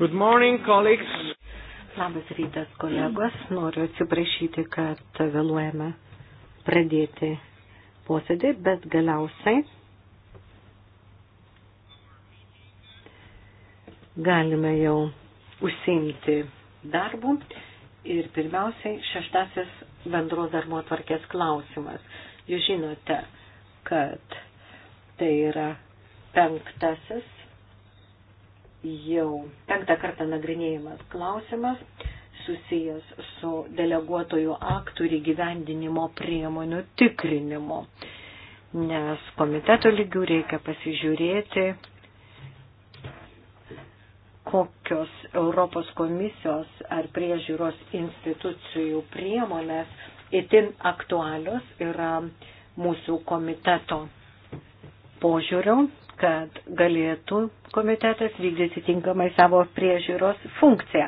Good morning, colleagues. Labas rytas, kolegos. Noriu atsiprašyti, kad vėluojame pradėti posėdį, bet galiausiai galime jau užsiimti darbų. Ir pirmiausiai šeštasis bendros darbo atvarkės klausimas. Jūs žinote, kad tai yra penktasis jau penktą kartą nagrinėjimas klausimas susijęs su deleguotojų aktų ir įgyvendinimo priemonių tikrinimu, nes komiteto lygių reikia pasižiūrėti, kokios Europos komisijos ar priežiūros institucijų priemonės itin aktualios yra mūsų komiteto požiūrio kad galėtų komitetas vykdyti tinkamai savo priežiūros funkciją.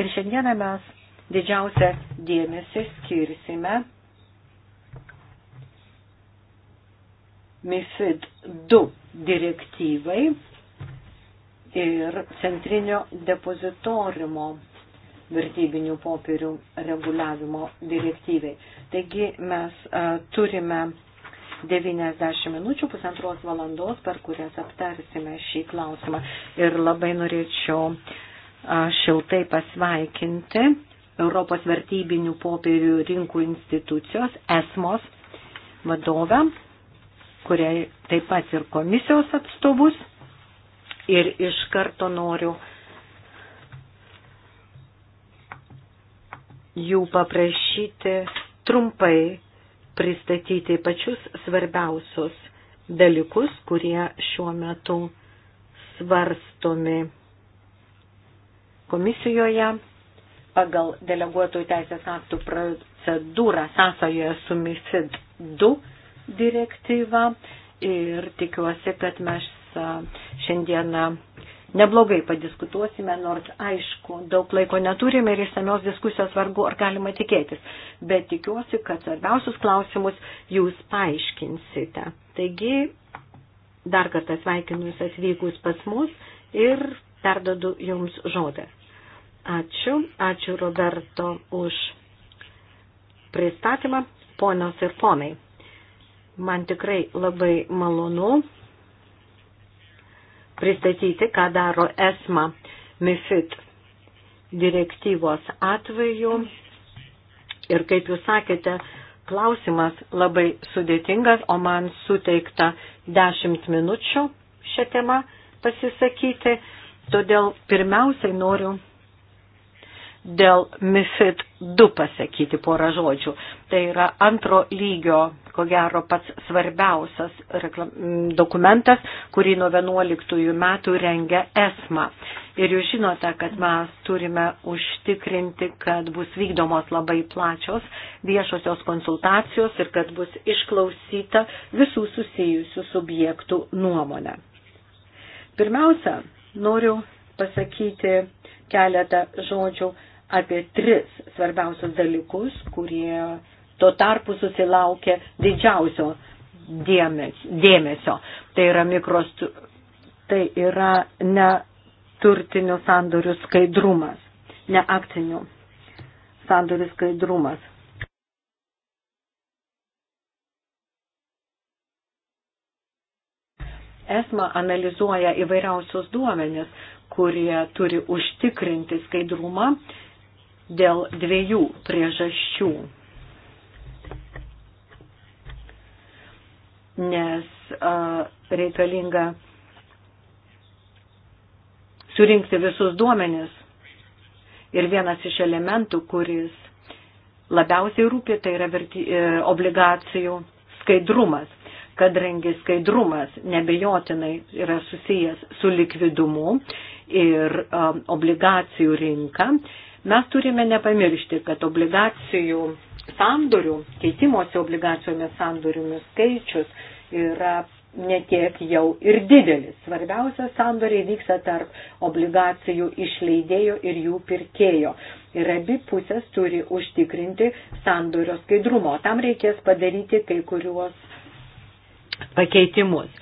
Ir šiandieną mes didžiausią dėmesį skirsime MIFID 2 direktyvai ir centrinio depozitorimo vertybinių popierių reguliavimo direktyvai. Taigi mes a, turime 90 minučių, pusantros valandos, per kurias aptarsime šį klausimą. Ir labai norėčiau šiltai pasveikinti Europos vertybinių popierių rinkų institucijos ESMOS vadovę, kuriai taip pat ir komisijos atstovus. Ir iš karto noriu jų paprašyti trumpai pristatyti pačius svarbiausius dalykus, kurie šiuo metu svarstomi komisijoje pagal deleguotojų teisės aktų procedūrą sąsajoje su MIFID 2 direktyva ir tikiuosi, kad mes šiandieną neblogai padiskutuosime, nors aišku, daug laiko neturime ir išsamios diskusijos vargu ar galima tikėtis. Bet tikiuosi, kad svarbiausius klausimus jūs paaiškinsite. Taigi, dar kartą sveikinu jūs atvykus pas mus ir perdodu jums žodę. Ačiū, ačiū Roberto už pristatymą, ponios ir ponai. Man tikrai labai malonu pristatyti, ką daro ESMA MIFID direktyvos atveju. Ir kaip jūs sakėte, klausimas labai sudėtingas, o man suteikta 10 minučių šią temą pasisakyti. Todėl pirmiausiai noriu dėl MIFID 2 pasakyti porą žodžių. Tai yra antro lygio ko gero pats svarbiausias dokumentas, kurį nuo 11 metų rengia ESMA. Ir jūs žinote, kad mes turime užtikrinti, kad bus vykdomos labai plačios viešosios konsultacijos ir kad bus išklausyta visų susijusių subjektų nuomonė. Pirmiausia, noriu pasakyti keletą žodžių apie tris svarbiausius dalykus, kurie tuo tarpu susilaukia didžiausio dėmesio. Tai yra, mikros, tai yra ne turtinių sandorių skaidrumas, ne akcinių sandorių skaidrumas. ESMA analizuoja įvairiausius duomenis, kurie turi užtikrinti skaidrumą dėl dviejų priežasčių. nes a, reikalinga surinkti visus duomenis. Ir vienas iš elementų, kuris labiausiai rūpi, tai yra verti, e, obligacijų skaidrumas, kadangi skaidrumas nebejotinai yra susijęs su likvidumu ir e, obligacijų rinka Mes turime nepamiršti, kad obligacijų sandorių, keitimosi obligacijomis sandorių skaičius yra netiek jau ir didelis. Svarbiausia, sandoriai vyksta tarp obligacijų išleidėjo ir jų pirkėjo. Ir abi pusės turi užtikrinti sandorio skaidrumo. Tam reikės padaryti kai kuriuos pakeitimus.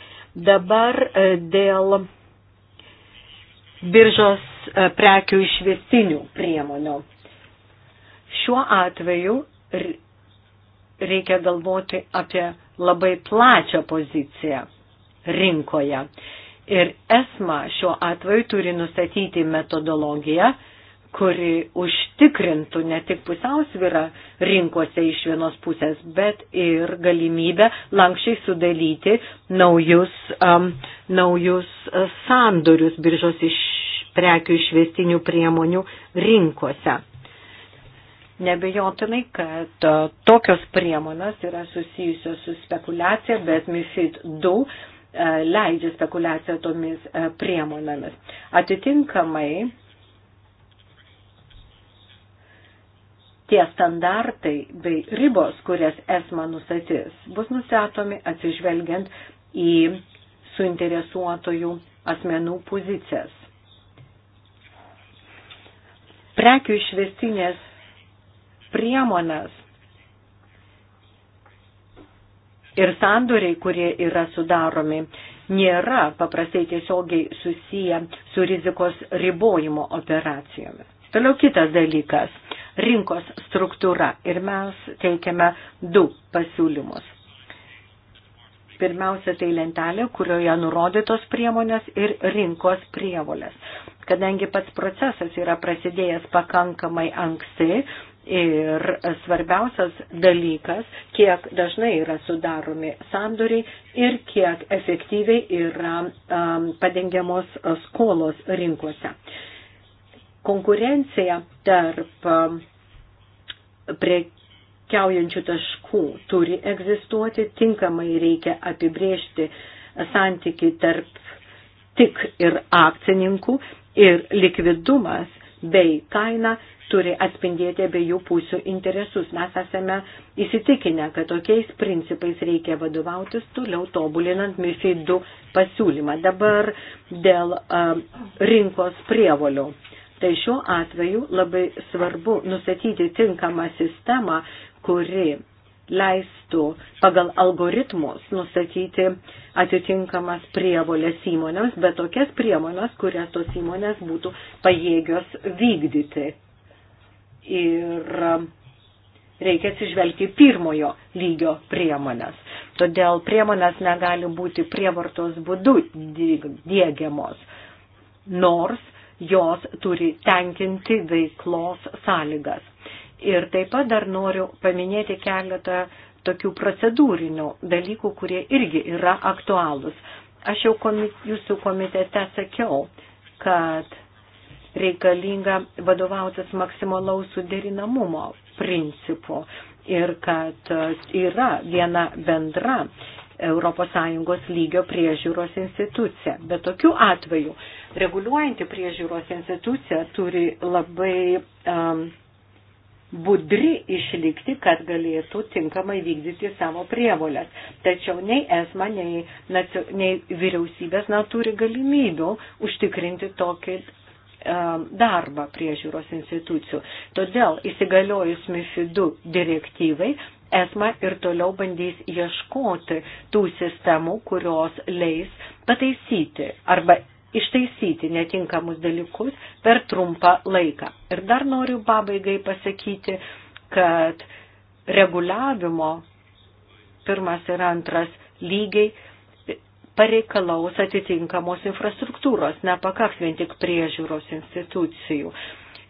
Dabar e, dėl biržos e, prekių išvestinių priemonių. Šiuo atveju reikia galvoti apie labai plačią poziciją rinkoje. Ir esma šiuo atveju turi nustatyti metodologiją, kuri užtikrintų ne tik pusiausvyrą rinkose iš vienos pusės, bet ir galimybę lankščiai sudalyti naujus, um, naujus e, sandorius biržos iš prekių išvestinių priemonių rinkose. Nebejotinai, kad e, tokios priemonės yra susijusios su spekulacija, bet MIFID 2 e, leidžia spekulaciją tomis priemonėmis. Atitinkamai tie standartai bei ribos, kurias esma nustatys, bus nustatomi atsižvelgiant į suinteresuotojų asmenų pozicijas. Prekių išvestinės priemonės ir sandoriai, kurie yra sudaromi, nėra paprastai tiesiogiai susiję su rizikos ribojimo operacijomis. Toliau kitas dalykas rinkos struktūra ir mes teikiame du pasiūlymus. Pirmiausia, tai lentelė, kurioje nurodytos priemonės ir rinkos prievolės. Kadangi pats procesas yra prasidėjęs pakankamai anksti, Ir svarbiausias dalykas, kiek dažnai yra sudaromi sandoriai ir kiek efektyviai yra um, padengiamos skolos rinkose. Uh, konkurencija tarp um, prekiaujančių taškų turi egzistuoti, tinkamai reikia apibriežti santyki tarp tik ir akcininkų ir likvidumas bei kaina turi atspindėti abiejų pusių interesus. Mes esame įsitikinę, kad tokiais principais reikia vadovautis toliau tobulinant MIFID 2 pasiūlymą. Dabar dėl uh, rinkos prievolių. Tai šiuo atveju labai svarbu nustatyti tinkamą sistemą, kuri leistų pagal algoritmus nustatyti atitinkamas prievolės įmonėms, bet tokias priemonės, kurias tos įmonės būtų pajėgios vykdyti. Ir reikia atsižvelgti pirmojo lygio priemonės. Todėl priemonės negali būti prievartos būdu diegiamos, nors jos turi tenkinti veiklos sąlygas. Ir taip pat dar noriu paminėti keletą tokių procedūrinių dalykų, kurie irgi yra aktualūs. Aš jau komit, jūsų komitete sakiau, kad reikalinga vadovautis maksimalaus suderinamumo principu ir kad yra viena bendra ES lygio priežiūros institucija. Bet tokiu atveju reguliuojanti priežiūros institucija turi labai um, budri išlikti, kad galėtų tinkamai vykdyti savo prievolės. Tačiau nei esma, nei, nei vyriausybės neturi galimybių užtikrinti tokį um, darbą priežiūros institucijų. Todėl įsigaliojus MIFIDU direktyvai esma ir toliau bandys ieškoti tų sistemų, kurios leis pataisyti arba ištaisyti netinkamus dalykus per trumpą laiką. Ir dar noriu pabaigai pasakyti, kad reguliavimo pirmas ir antras lygiai pareikalaus atitinkamos infrastruktūros, nepakaks vien tik priežiūros institucijų.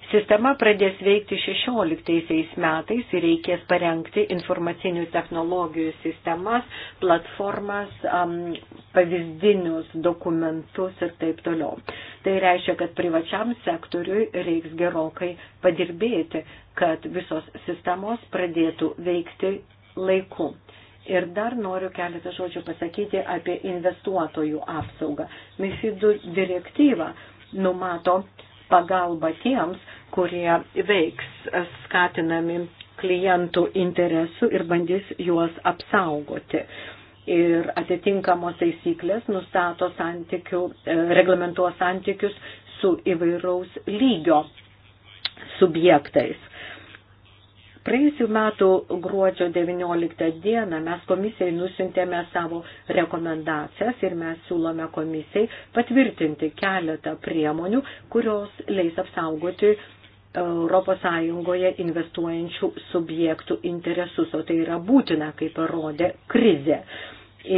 Sistema pradės veikti 16 metais ir reikės parengti informacinių technologijų sistemas, platformas, um, pavyzdinius dokumentus ir taip toliau. Tai reiškia, kad privačiam sektoriui reiks gerokai padirbėti, kad visos sistemos pradėtų veikti laiku. Ir dar noriu keletą žodžių pasakyti apie investuotojų apsaugą. MIFID direktyva numato pagalba tiems, kurie veiks skatinami klientų interesų ir bandys juos apsaugoti. Ir atitinkamos taisyklės nustato santykių, e, reglamentuos santykius su įvairaus lygio subjektais Praėjusių metų gruodžio 19 dieną mes komisijai nusintėme savo rekomendacijas ir mes siūlome komisijai patvirtinti keletą priemonių, kurios leis apsaugoti ES investuojančių subjektų interesus, o tai yra būtina, kaip parodė krizė.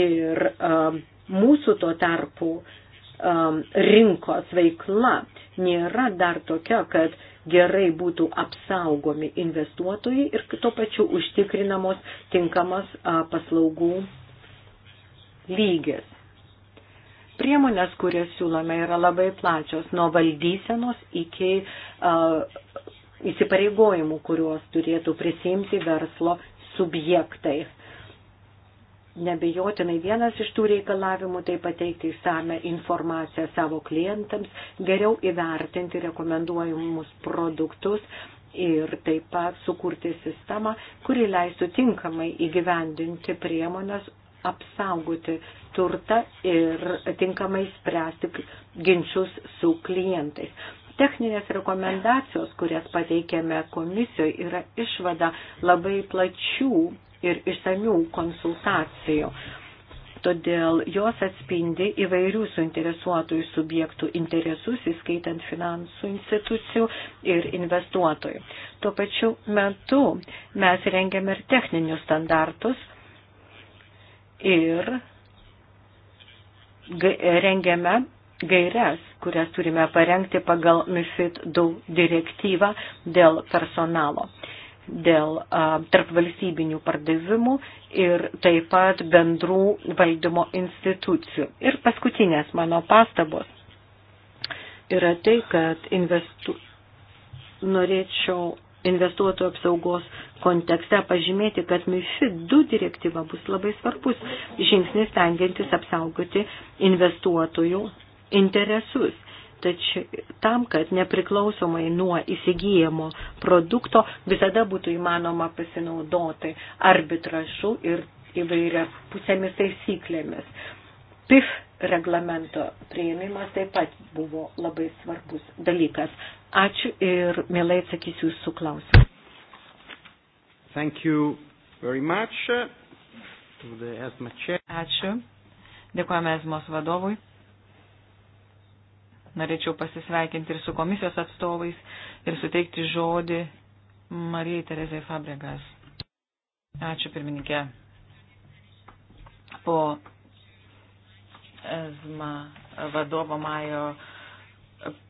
Ir um, mūsų tuo tarpu um, rinkos veikla nėra dar tokia, kad uh, gerai būtų apsaugomi investuotojai ir tuo pačiu užtikrinamos tinkamas paslaugų lygis. Priemonės, kurias siūlome, yra labai plačios, nuo valdysenos iki uh, įsipareigojimų, kuriuos turėtų prisimti verslo subjektai nebejotinai vienas iš tų reikalavimų tai pateikti įsame informaciją savo klientams, geriau įvertinti rekomenduojamus produktus ir taip pat sukurti sistemą, kuri leistų tinkamai įgyvendinti priemonas apsaugoti turtą ir tinkamai spręsti ginčius su klientais. Techninės rekomendacijos, kurias pateikėme komisijoje, yra išvada labai plačių ir išsamių konsultacijų. Todėl jos atspindi įvairių suinteresuotųjų subjektų interesus, įskaitant finansų institucijų ir investuotojų. Tuo pačiu metu mes rengiame ir techninius standartus ir rengiame gairias, kurias turime parengti pagal MIFID 2 direktyvą dėl personalo dėl tarpvalstybinių pardavimų ir taip pat bendrų valdymo institucijų. Ir paskutinės mano pastabos yra tai, kad investu... norėčiau investuotojų apsaugos kontekste pažymėti, kad MIFID 2 direktyva bus labai svarbus žingsnis tengiantis apsaugoti investuotojų interesus. Tačiau tam, kad nepriklausomai nuo įsigijimo produkto visada būtų įmanoma pasinaudoti arbitražu ir įvairia pusėmis taisyklėmis. PIF reglamento prieimimas taip pat buvo labai svarbus dalykas. Ačiū ir mielai atsakysiu jūsų klausimą. Thank you very much to the ESMA chair. Ačiū. Dėkojame ESMOS vadovui. Norėčiau pasisveikinti ir su komisijos atstovais ir suteikti žodį Marijai Terezai Fabregas. Ačiū pirmininkė. Po ESMA vadovo Majo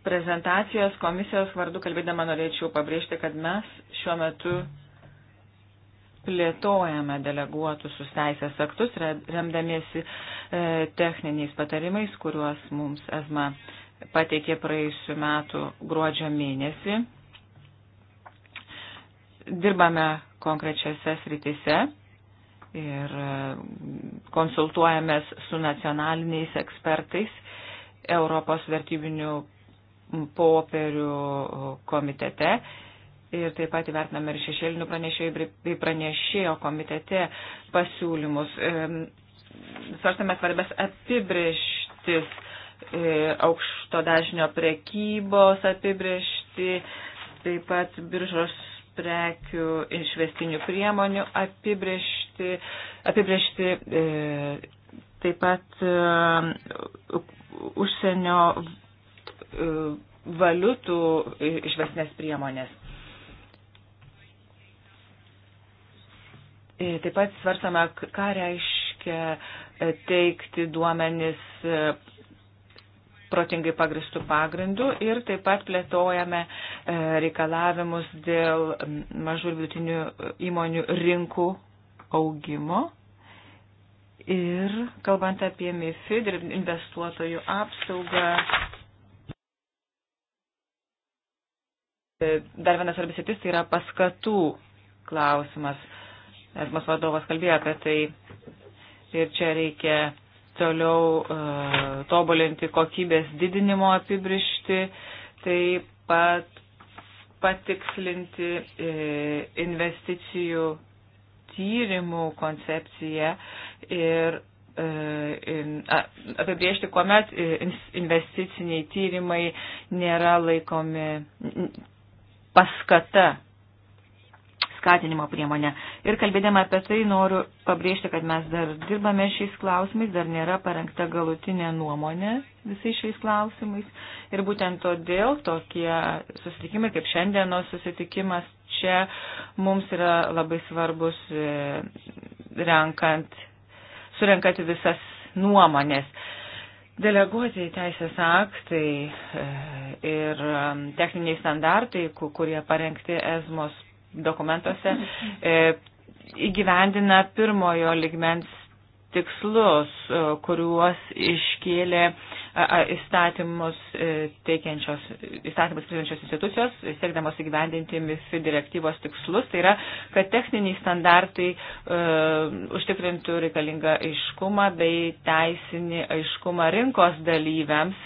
prezentacijos komisijos vardu kalbėdama norėčiau pabrėžti, kad mes šiuo metu plėtojame deleguotusius teisės aktus, remdamiesi e, techniniais patarimais, kuriuos mums ESMA pateikė praėjusiu metu gruodžio mėnesį. Dirbame konkrečiose sritise ir e, konsultuojamės su nacionaliniais ekspertais Europos vertybinių popierių e, komitete ir taip pat įvertiname ir šešėlinių pranešėjų bei pranešėjo komitete pasiūlymus. Svarstame svarbės apibrieštis E, aukšto dažnio prekybos apibriešti, taip pat biržos prekių išvestinių priemonių apibriešti, apibriešti e, taip pat e, užsienio e, valiutų išvestinės priemonės. E, taip pat svarstame, ką reiškia e, teikti duomenis e, protingai pagristų pagrindų ir taip pat plėtojame e, reikalavimus dėl mažų ir vidutinių e, įmonių rinkų augimo. Ir kalbant apie MIFID ir investuotojų apsaugą, e, dar vienas svarbis sritis tai yra paskatų klausimas. Esmas vadovas kalbėjo apie tai ir čia reikia toliau e, tobulinti kokybės didinimo apibrišti, taip pat patikslinti e, investicijų tyrimų koncepciją ir e, apibriežti, kuomet investiciniai tyrimai nėra laikomi paskata skatinimo priemonę. Ir kalbėdama apie tai noriu pabrėžti, kad mes dar dirbame šiais klausimais, dar nėra parengta galutinė nuomonė visais šiais klausimais. Ir būtent todėl tokie susitikimai kaip šiandienos susitikimas čia mums yra labai svarbus e, renkant, surenkant visas nuomonės. Deleguoti teisės aktai e, ir techniniai standartai, kurie parengti ESMOS dokumentuose e, įgyvendina pirmojo ligmens tikslus, e, kuriuos iškėlė e, įstatymus teikiančios, įstatymus priimančios institucijos, siekdamos įgyvendinti MIFI direktyvos tikslus. Tai yra, kad techniniai standartai uh, užtikrintų reikalingą aiškumą bei teisinį aiškumą rinkos dalyviams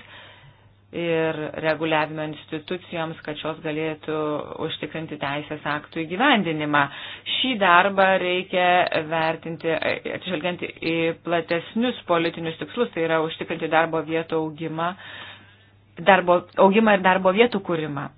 ir reguliavimo institucijoms, kad šios galėtų užtikrinti teisės aktų įgyvendinimą. Šį darbą reikia vertinti, atžvelgiant į platesnius politinius tikslus, tai yra užtikrinti darbo vietų augimą, darbo, augimą ir darbo vietų kūrimą.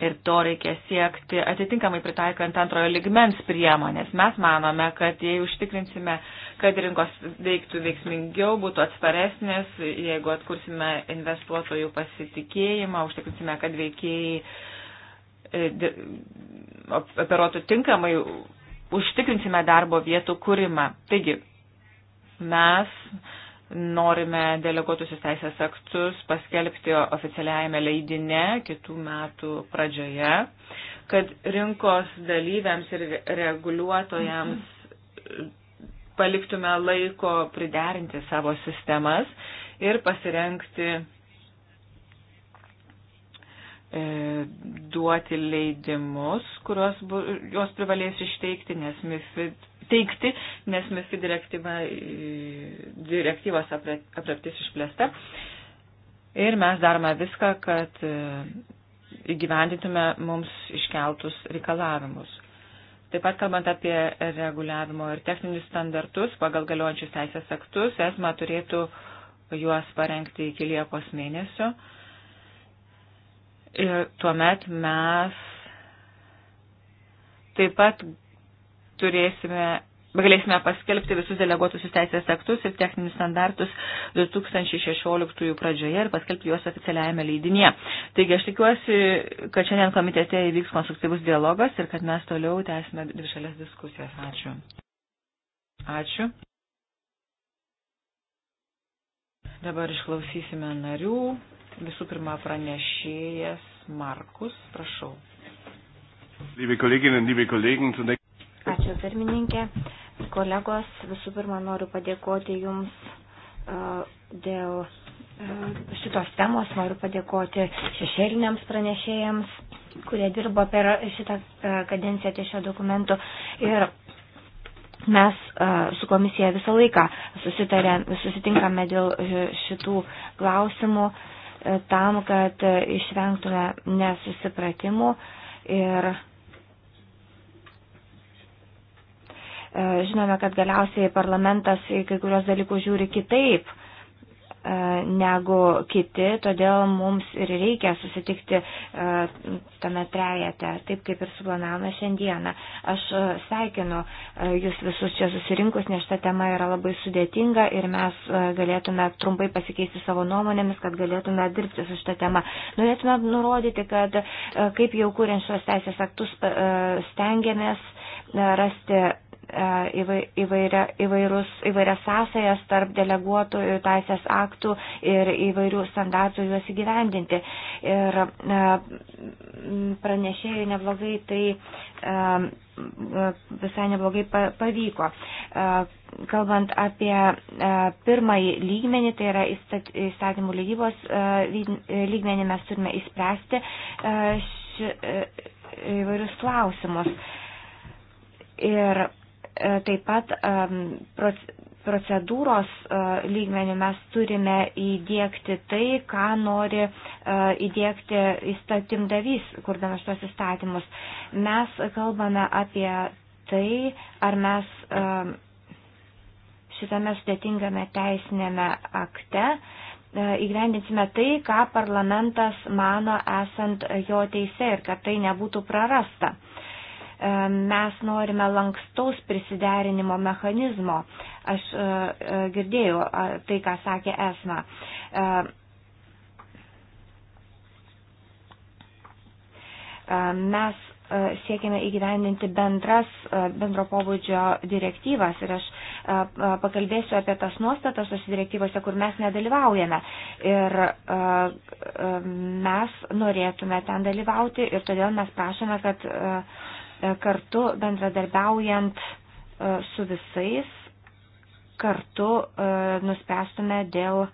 ir to reikia siekti atitinkamai pritaikant antrojo ligmens priemonės. Mes manome, kad jei užtikrinsime, kad rinkos veiktų veiksmingiau, būtų atsparesnės, jeigu atkursime investuotojų pasitikėjimą, užtikrinsime, kad veikėjai e, operuotų tinkamai, užtikrinsime darbo vietų kūrimą. Taigi, mes norime deleguotusius teisės aktus paskelbti oficialiajame leidinė kitų metų pradžioje, kad rinkos dalyviams ir reguliuotojams paliktume laiko priderinti savo sistemas ir pasirenkti e, duoti leidimus, kuriuos bu, juos privalės išteikti, nes MIFID teikti, nes MIFI direktyvos apreptis išplėsta. Ir mes darome viską, kad e, įgyvendintume mums iškeltus reikalavimus. Taip pat kalbant apie reguliavimo ir techninius standartus, pagal galiojančius teisės aktus, esma turėtų juos parengti iki Liepos mėnesio. Ir tuomet mes taip pat turėsime, galėsime paskelbti visus deleguotusius teisės aktus ir techninius standartus 2016 pradžioje ir paskelbti juos oficialiajame leidinėje. Taigi aš tikiuosi, kad šiandien komitete įvyks konstruktyvus dialogas ir kad mes toliau tęsime dvišalės diskusijas. Ačiū. Ačiū. Dabar išklausysime narių. Visų pirma, pranešėjas Markus, prašau. Liebe Kolleginnen, liebe Kollegen, zunächst Ačiū pirmininkė. Kolegos, visų pirma, noriu padėkoti Jums e, dėl e, šitos temos, noriu padėkoti šešėliniams pranešėjams, kurie dirbo per šitą e, kadenciją ties šio dokumentu. Ir mes su komisija visą laiką susitinkame dėl šitų klausimų tam, kad išvengtume nesusipratimų ir E, žinome, kad galiausiai parlamentas į kai kurios dalykus žiūri kitaip e, negu kiti, todėl mums ir reikia susitikti e, tame trejate, taip kaip ir suplanavome šiandieną. Aš sveikinu jūs visus čia susirinkus, nes šita tema yra labai sudėtinga ir mes galėtume trumpai pasikeisti savo nuomonėmis, kad galėtume dirbti su šita tema. Norėtume nurodyti, kad kaip jau kuriant šios teisės aktus stengiamės rasti E, įvairia, įvairus, įvairias sąsajas tarp deleguotų teisės aktų ir įvairių standartų juos įgyvendinti. Ir e, pranešėjai neblogai tai e, visai neblogai pavyko. Kalbant apie pirmąjį lygmenį, tai yra įstatymų lygybos lygmenį, mes turime įspręsti ši, įvairius klausimus. Ir E, taip pat procedūros e, lygmenių mes turime įdėkti tai, ką nori e, įdėkti įstatymdavys, kurdamas tuos įstatymus. Mes kalbame apie tai, ar mes šitame sudėtingame teisinėme akte įgyvendinsime tai, ką parlamentas mano esant jo teise ir kad tai nebūtų prarasta. E, mes norime lankstaus prisiderinimo mechanizmo. Aš e, e, girdėjau tai, ką sakė Esma. Mes siekiame įgyvendinti bendras, bendro pobūdžio direktyvas ir aš pakalbėsiu apie tas nuostatas tose direktyvose, kur mes nedalyvaujame. Ir mes norėtume ten dalyvauti ir todėl mes prašome, kad E, kartu bendradarbiaujant e, su visais, kartu e, nuspręstume dėl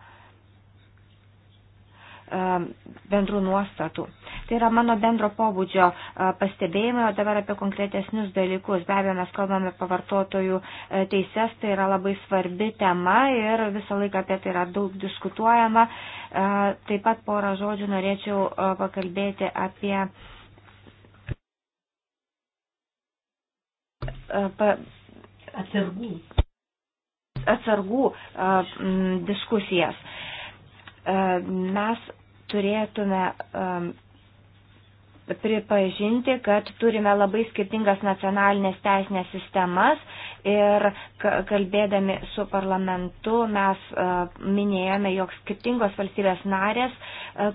bendrų nuostatų. Tai yra mano bendro pobūdžio pastebėjimai, o dabar apie konkretesnius dalykus. Be abejo, mes kalbame apie vartotojų teises, tai yra labai svarbi tema ir visą laiką apie tai yra daug diskutuojama. Taip pat porą žodžių norėčiau pakalbėti apie pa, atsargų, atsargų a, m, diskusijas. A, mes turėtume a, pripažinti, kad turime labai skirtingas nacionalinės teisinės sistemas ir kalbėdami su parlamentu mes minėjome, jog skirtingos valstybės narės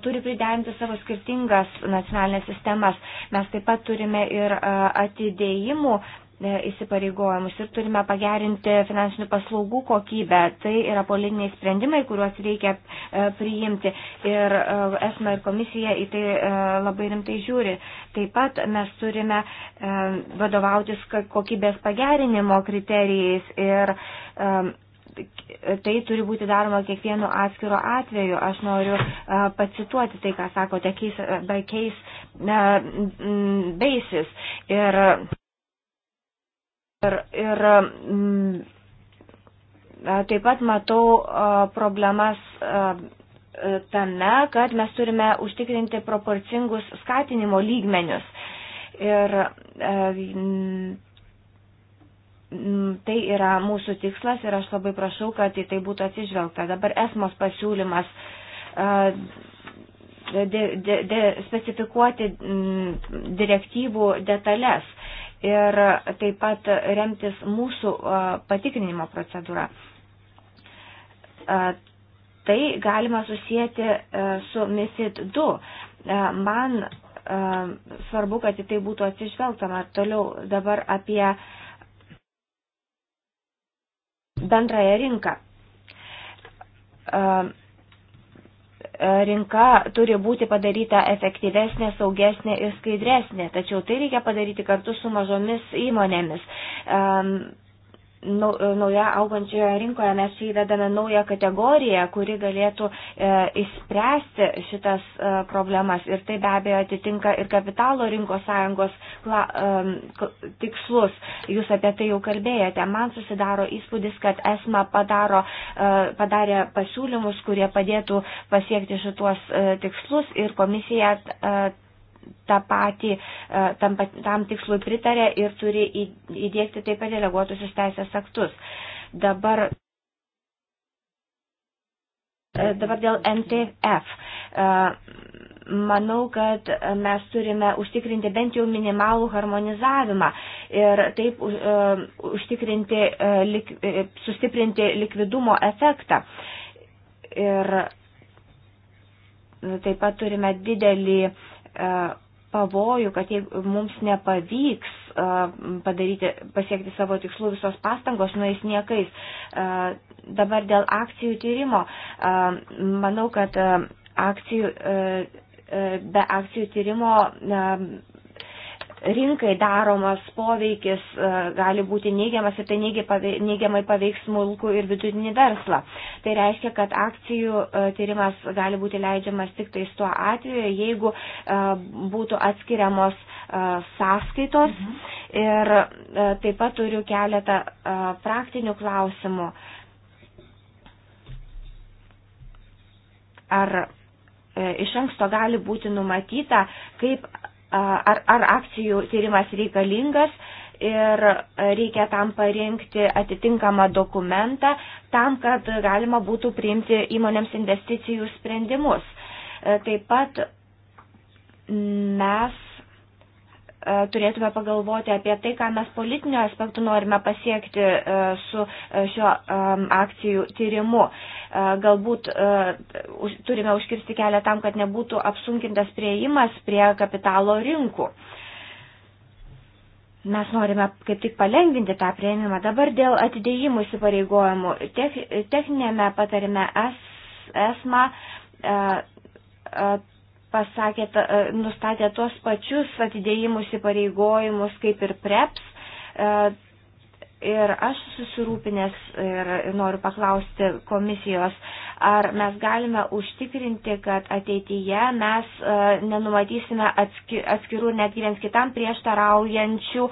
turi priderinti savo skirtingas nacionalinės sistemas. Mes taip pat turime ir atidėjimų E, įsipareigojimus ir turime pagerinti finansinių paslaugų kokybę. Tai yra politiniai sprendimai, kuriuos reikia e, priimti ir e, esma ir komisija į tai labai rimtai žiūri. Taip pat mes turime vadovautis kokybės pagerinimo kriterijais ir tai turi būti daroma kiekvienu atskiro atveju. Aš noriu pacituoti tai, ką sakote, case by case basis. Ir Ir, ir m, mm, taip pat matau problemas tame, kad mes turime užtikrinti proporcingus skatinimo lygmenius. Ir tai yra mūsų tikslas ir aš labai prašau, kad į tai būtų atsižvelgta. Dabar esmos pasiūlymas de, de, de, specifikuoti direktyvų detalės ir taip pat remtis mūsų patikrinimo procedūra. Tai galima susijęti su MISID 2. Man svarbu, kad į tai būtų atsižvelgtama. Toliau dabar apie bendrąją rinką rinka turi būti padaryta efektyvesnė, saugesnė ir skaidresnė, tačiau tai reikia padaryti kartu su mažomis įmonėmis. E, nauja augančioje rinkoje mes čia įvedame naują kategoriją, kuri galėtų e, išspręsti šitas e, problemas. Ir tai be abejo atitinka ir kapitalo rinkos sąjungos kla, e, tikslus. Jūs apie tai jau kalbėjote. Man susidaro įspūdis, kad ESMA padaro, e, padarė pasiūlymus, kurie padėtų pasiekti šitos e, tikslus ir komisija. E, tą patį, e, tam, tam tikslui pritarė ir turi įdėkti taip pat deleguotusius teisės aktus. Dabar e, Dabar dėl NTF. E, manau, kad mes turime užtikrinti bent jau minimalų harmonizavimą ir taip užtikrinti, sustiprinti likvidumo efektą. Ir nu, taip pat turime didelį uh, E, pavojų, kad jeigu mums nepavyks e, padaryti, pasiekti savo tikslų, visos pastangos nueis niekais. E, dabar dėl akcijų tyrimo. Manau, kad akcijų, be akcijų tyrimo rinkai daromas poveikis e, gali būti neigiamas ir tai neigiamai paveiks smulkų ir vidutinį verslą. Tai reiškia, kad akcijų e, tyrimas gali būti leidžiamas tik tais tuo atveju, jeigu e, būtų atskiriamos sąskaitos. Mhm. Ir taip pat turiu keletą praktinių klausimų. Ar iš anksto gali būti numatyta, kaip ar, ar akcijų tyrimas reikalingas ir reikia tam parinkti atitinkamą dokumentą, tam, kad galima būtų priimti įmonėms investicijų sprendimus. E, taip pat mes E, turėtume pagalvoti apie tai, ką mes politiniu aspektu norime pasiekti e, su e, šio akcijų tyrimu. Galbūt turime užkirsti kelią tam, kad nebūtų apsunkintas prieimas prie kapitalo rinkų. Mes norime kaip tik palengvinti tą prieimimą. Dabar dėl atidėjimų įsipareigojimų. Techninėme patarime esmą. Es, pasakė, e, nustatė tuos pačius atidėjimus įpareigojimus kaip ir preps. E, ir aš susirūpinęs ir noriu paklausti komisijos, ar mes galime užtikrinti, kad ateityje mes e, nenumatysime atskirų net vienas kitam prieštaraujančių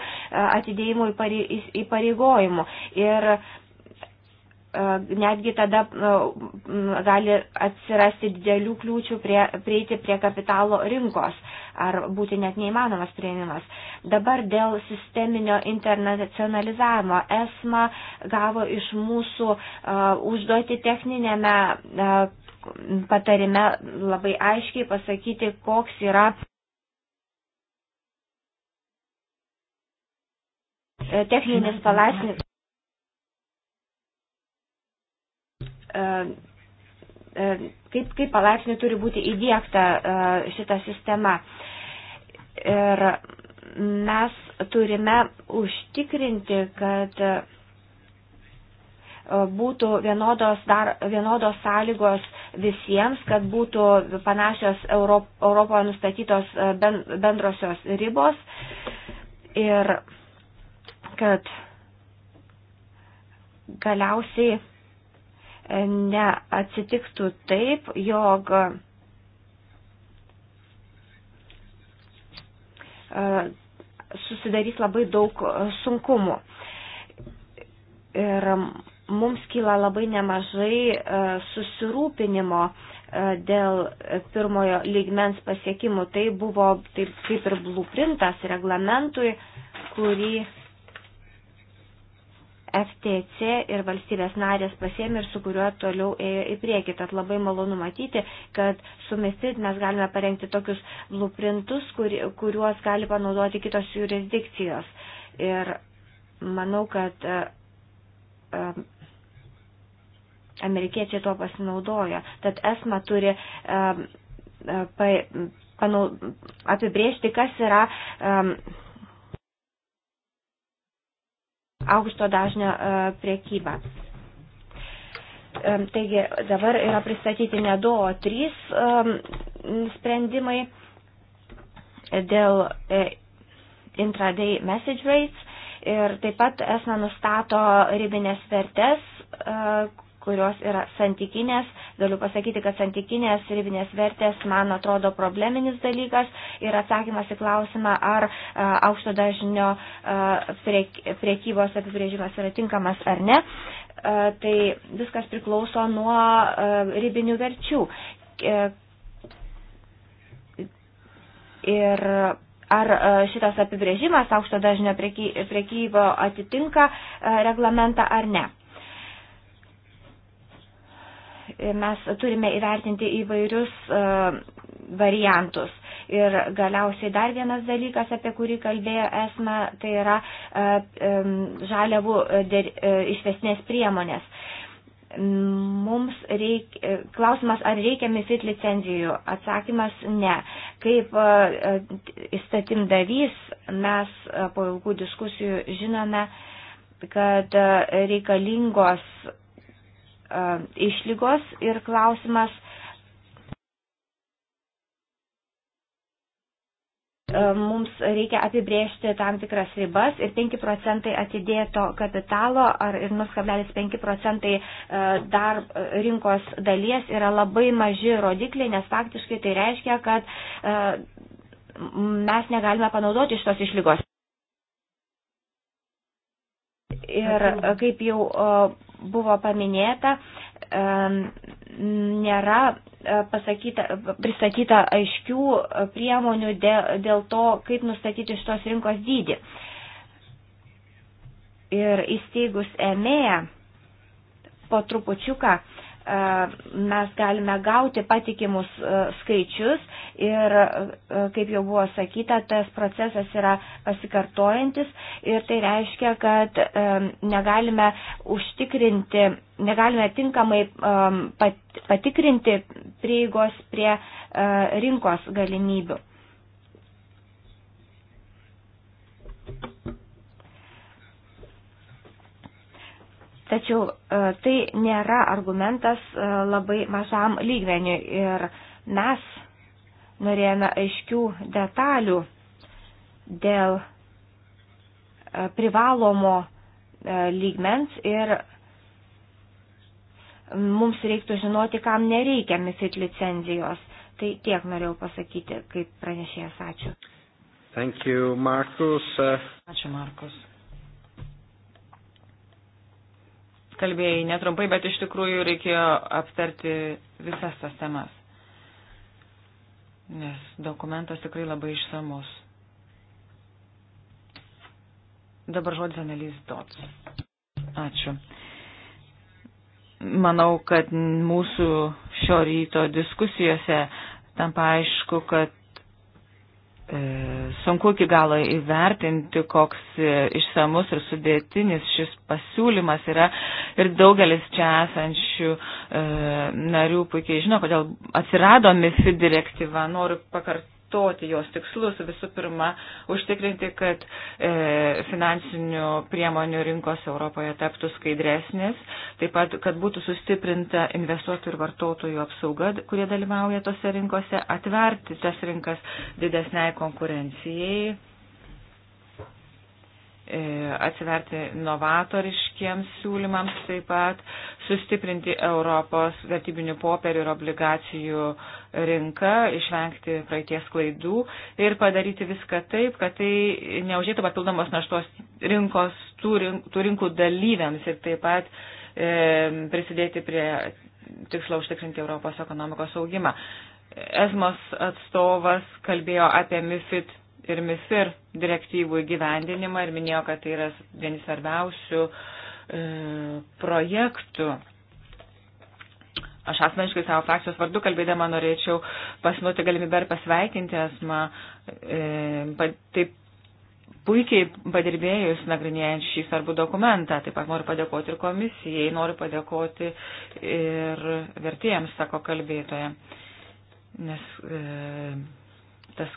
atidėjimų įpareigojimų. Ir E, netgi tada e, gali atsirasti didelių kliūčių prie, prieiti prie kapitalo rinkos ar būti net neįmanomas prieimimas. Dabar dėl sisteminio internacionalizavimo ESMA gavo iš mūsų uh, e, užduoti techninėme uh, patarime labai aiškiai pasakyti, koks yra techninis palaipsnis E, e, kaip, kaip palaipsniui turi būti įdėkta e, šita sistema. Ir mes turime užtikrinti, kad būtų vienodos, dar, vienodos sąlygos visiems, kad būtų panašios Europ, Europoje nustatytos bendrosios ribos ir kad galiausiai neatsitiktų taip, jog e, susidarys labai daug sunkumų. Ir mums kyla labai nemažai e, susirūpinimo e, dėl pirmojo lygmens pasiekimų. Tai buvo taip kaip ir blueprintas reglamentui, kurį FTC ir valstybės narės pasėmė ir su kuriuo toliau ėjo į priekį. Tad labai malonu matyti, kad su MISID mes galime parengti tokius blueprintus, kur, kuriuos gali panaudoti kitos jurisdikcijos. Ir manau, kad e, e, amerikiečiai tuo pasinaudojo. Tad esma turi um, pa, panau, apibriežti, kas yra um, aukšto dažnio e, priekybą. E, taigi dabar yra pristatyti ne 2, o 3 e, sprendimai dėl intraday message rates ir taip pat esna nustato ribinės vertes, kurios yra santykinės. Galiu pasakyti, kad santykinės ribinės vertės, man atrodo, probleminis dalykas ir atsakymas į klausimą, ar a, e, aukšto dažnio a, e, priek, priekybos apibrėžimas yra tinkamas ar ne. A, e, tai viskas priklauso nuo a, ribinių verčių. Ir ar šitas apibrėžimas aukšto dažnio priekybo atitinka reglamentą ar ne. Mes turime įvertinti įvairius e, variantus. Ir galiausiai dar vienas dalykas, apie kurį kalbėjo esma, tai yra e, e, žaliavų išvesnės priemonės. Mums reik, klausimas, ar reikia MIFID licenzijų? Atsakymas - ne. Kaip įstatymdavys mes po ilgų diskusijų žinome, kad reikalingos E, išlygos ir klausimas, e, mums reikia apibriežti tam tikras ribas ir 5 procentai atidėto kapitalo ar ir 0,5 procentai e, dar rinkos dalies yra labai maži rodikliai, nes faktiškai tai reiškia, kad mes negalime panaudoti šitos išlygos. Ir kaip jau buvo paminėta, nėra e, pasakyta, pristatyta aiškių priemonių dėl, dėl to, kaip nustatyti šitos rinkos dydį. Ir įsteigus EMEA po trupučiuką E, mes galime gauti patikimus e, skaičius ir, e, kaip jau buvo sakyta, tas procesas yra pasikartojantis ir tai reiškia, kad negalime užtikrinti, negalime tinkamai patikrinti prieigos prie rinkos galimybių. Tačiau e, tai nėra argumentas e, labai mažam lygmeniui ir mes norėjome aiškių detalių dėl e, privalomo lygmens ir mums reiktų žinoti, kam nereikia MIFID licenzijos. Tai tiek norėjau pasakyti, kaip pranešėjas. Ačiū. Thank you, Markus. Ačiū, Markus. kalbėjai netrumpai, bet iš tikrųjų reikėjo aptarti visas tas temas. Nes dokumentas tikrai labai išsamus. Dabar žodis analys dots. Ačiū. Manau, kad mūsų šio ryto diskusijose tampa aišku, kad e, sunku iki galo įvertinti, koks išsamus ir sudėtinis šis pasiūlymas yra ir daugelis čia esančių e, narių puikiai žino, kodėl atsirado MIFI direktyva. Noriu pakart, atstoti jos tikslus, visų pirma, užtikrinti, kad e, finansinių priemonių rinkos Europoje taptų skaidresnės, taip pat, kad būtų sustiprinta investuotojų ir vartotojų apsauga, kurie dalyvauja tose rinkose, atverti tas rinkas didesniai konkurencijai E, atsiverti novatoriškiems siūlymams, taip pat sustiprinti Europos vertybinių popierių ir obligacijų rinką, išvengti praeities klaidų ir padaryti viską taip, kad tai neužėtų papildomos naštos rinkos tų, rink, tų rinkų dalyviams ir taip pat e, prisidėti prie tikslo užtikrinti Europos ekonomikos augimą. Esmos atstovas kalbėjo apie MIFID ir MIFIR direktyvų įgyvendinimą ir minėjo, kad tai yra vieni svarbiausių e, projektų. Aš asmeniškai savo frakcijos vardu kalbėdama norėčiau pasinuoti galimybę ir pasveikinti esmą. E, taip puikiai padirbėjus nagrinėjant šį svarbų dokumentą. Taip pat noriu padėkoti ir komisijai, noriu padėkoti ir vertėjams, sako kalbėtoja. Nes e, tas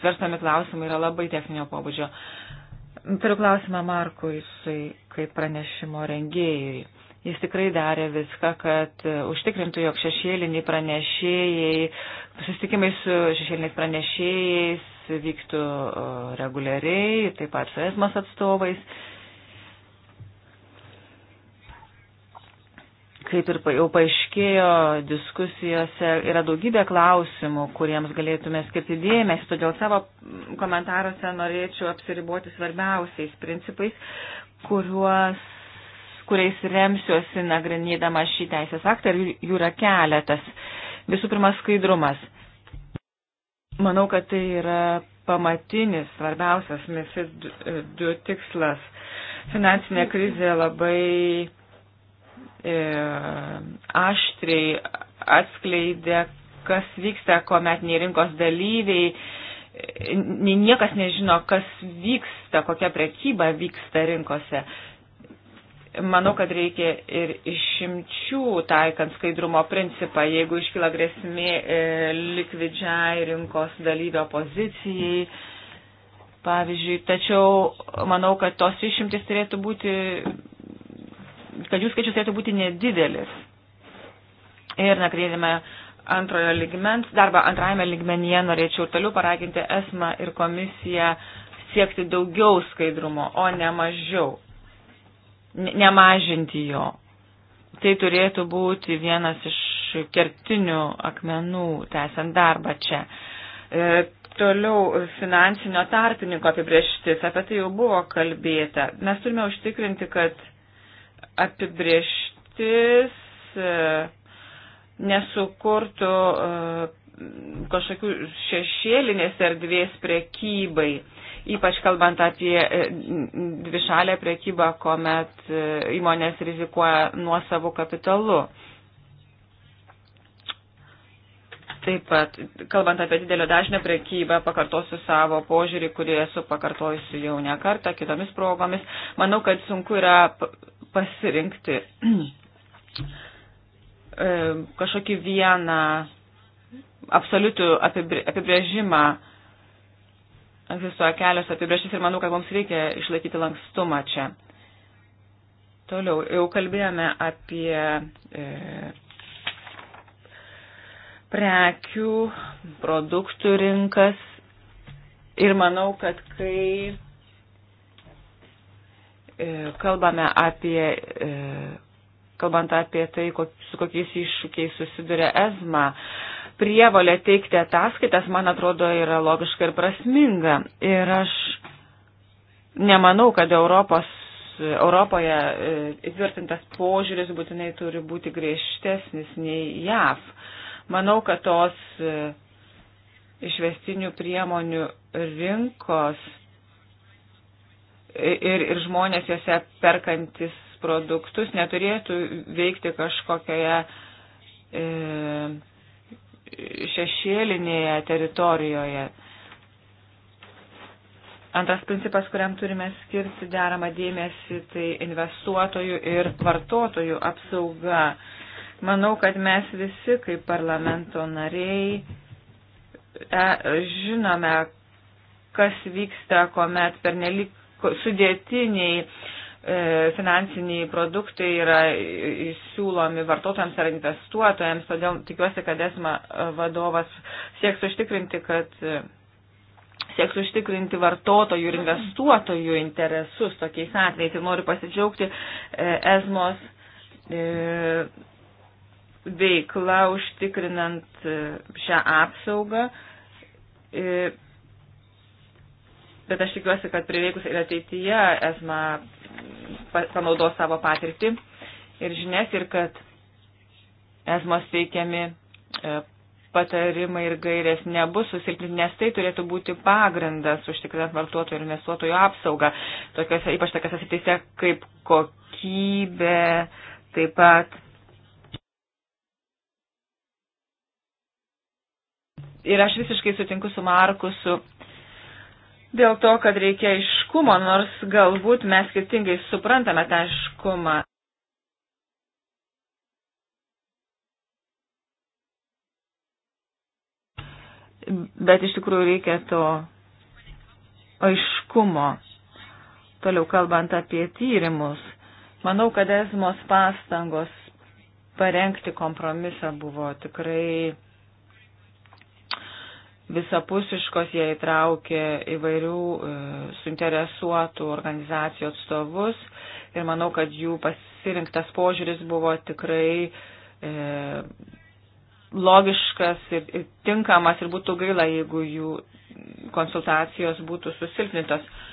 svarstami klausimai yra labai techninio pobūdžio. Turiu klausimą Markui, jisai kaip pranešimo rengėjui. Jis tikrai darė viską, kad užtikrintų, jog šešėliniai pranešėjai, susitikimai su šešėliniais pranešėjais vyktų uh, reguliariai, taip pat su esmas atstovais kaip ir jau paaiškėjo diskusijose, yra daugybė klausimų, kuriems galėtume skirti dėmesį, todėl savo komentaruose norėčiau apsiriboti svarbiausiais principais, kuriuos, kuriais remsiuosi nagrinėdama šį teisės aktą ir jų yra keletas. Visų pirma, skaidrumas. Manau, kad tai yra pamatinis, svarbiausias MIFID 2 tikslas. Finansinė krizė labai E, aštriai atskleidė, kas vyksta, kuomet nei rinkos dalyviai, e, nei niekas nežino, kas vyksta, kokia prekyba vyksta rinkose. Manau, kad reikia ir išimčių taikant skaidrumo principą, jeigu iškyla grėsmė e, likvidžiai rinkos dalyvio pozicijai. Pavyzdžiui, tačiau manau, kad tos išimtis turėtų būti kad jų skaičius turėtų būti nedidelis. Ir nakrėdėme antrojo ligmens, darbą antrajame ligmenyje norėčiau toliau paraginti esmą ir komisiją siekti daugiau skaidrumo, o ne mažiau. Nemažinti jo. Tai turėtų būti vienas iš kertinių akmenų, tęsiant darbą čia. E, toliau finansinio tarpininko apibrieštis, apie tai jau buvo kalbėta. Mes turime užtikrinti, kad apibrieštis e, nesukurtų e, kažkokių šešėlinės erdvės prekybai, ypač kalbant apie e, dvišalę prekybą, kuomet įmonės rizikuoja nuo savo kapitalu. Taip pat, kalbant apie didelio dažnio prekybą, pakartosiu savo požiūrį, kurį esu pakartojusi jau ne kartą, kitomis progomis. Manau, kad sunku yra pasirinkti e, kažkokį vieną absoliutų apibrėžimą. Egzistuoja kelios apibrėžtis ir manau, kad mums reikia išlaikyti lankstumą čia. Toliau, jau kalbėjome apie e, prekių, produktų rinkas ir manau, kad kai E, kalbame apie, e, kalbant apie tai, su kokiais iššūkiais susiduria ESMA, prievalė teikti ataskaitas, man atrodo, yra logiška ir prasminga. Ir aš nemanau, kad Europos, Europoje e, įtvirtintas požiūris būtinai turi būti griežtesnis nei JAV. Manau, kad tos išvestinių priemonių rinkos ir, ir žmonės juose perkantis produktus neturėtų veikti kažkokioje e, šešėlinėje teritorijoje. Antras principas, kuriam turime skirti deramą dėmesį, tai investuotojų ir vartotojų apsauga. Manau, kad mes visi kaip parlamento nariai e, žinome, kas vyksta, kuomet pernelik sudėtiniai e, finansiniai produktai yra siūlomi vartotojams ar investuotojams, todėl tikiuosi, kad esma e, vadovas sieks užtikrinti, kad e, sieks užtikrinti vartotojų ir investuotojų interesus tokiais atvejais. Ir noriu pasidžiaugti esmos veikla užtikrinant šią apsaugą bet aš tikiuosi, kad prireikus ir ateityje esma panaudos savo patirtį ir žinias ir kad esmos teikiami e, patarimai ir gairės nebus susilpninti, nes tai turėtų būti pagrindas užtikrinant vartotojų ir investuotojų apsaugą, tokiose, ypač tokiose srityse kaip kokybė, taip pat ir aš visiškai sutinku su Markusu, dėl to, kad reikia iškumo, nors galbūt mes skirtingai suprantame tą iškumą. Bet iš tikrųjų reikia to aiškumo. Toliau kalbant apie tyrimus, manau, kad esmos pastangos parengti kompromisą buvo tikrai visapusiškos, jie įtraukė įvairių e, suinteresuotų organizacijų atstovus ir manau, kad jų pasirinktas požiūris buvo tikrai e, logiškas ir, ir tinkamas ir būtų gaila, jeigu jų konsultacijos būtų susilpnintos. E,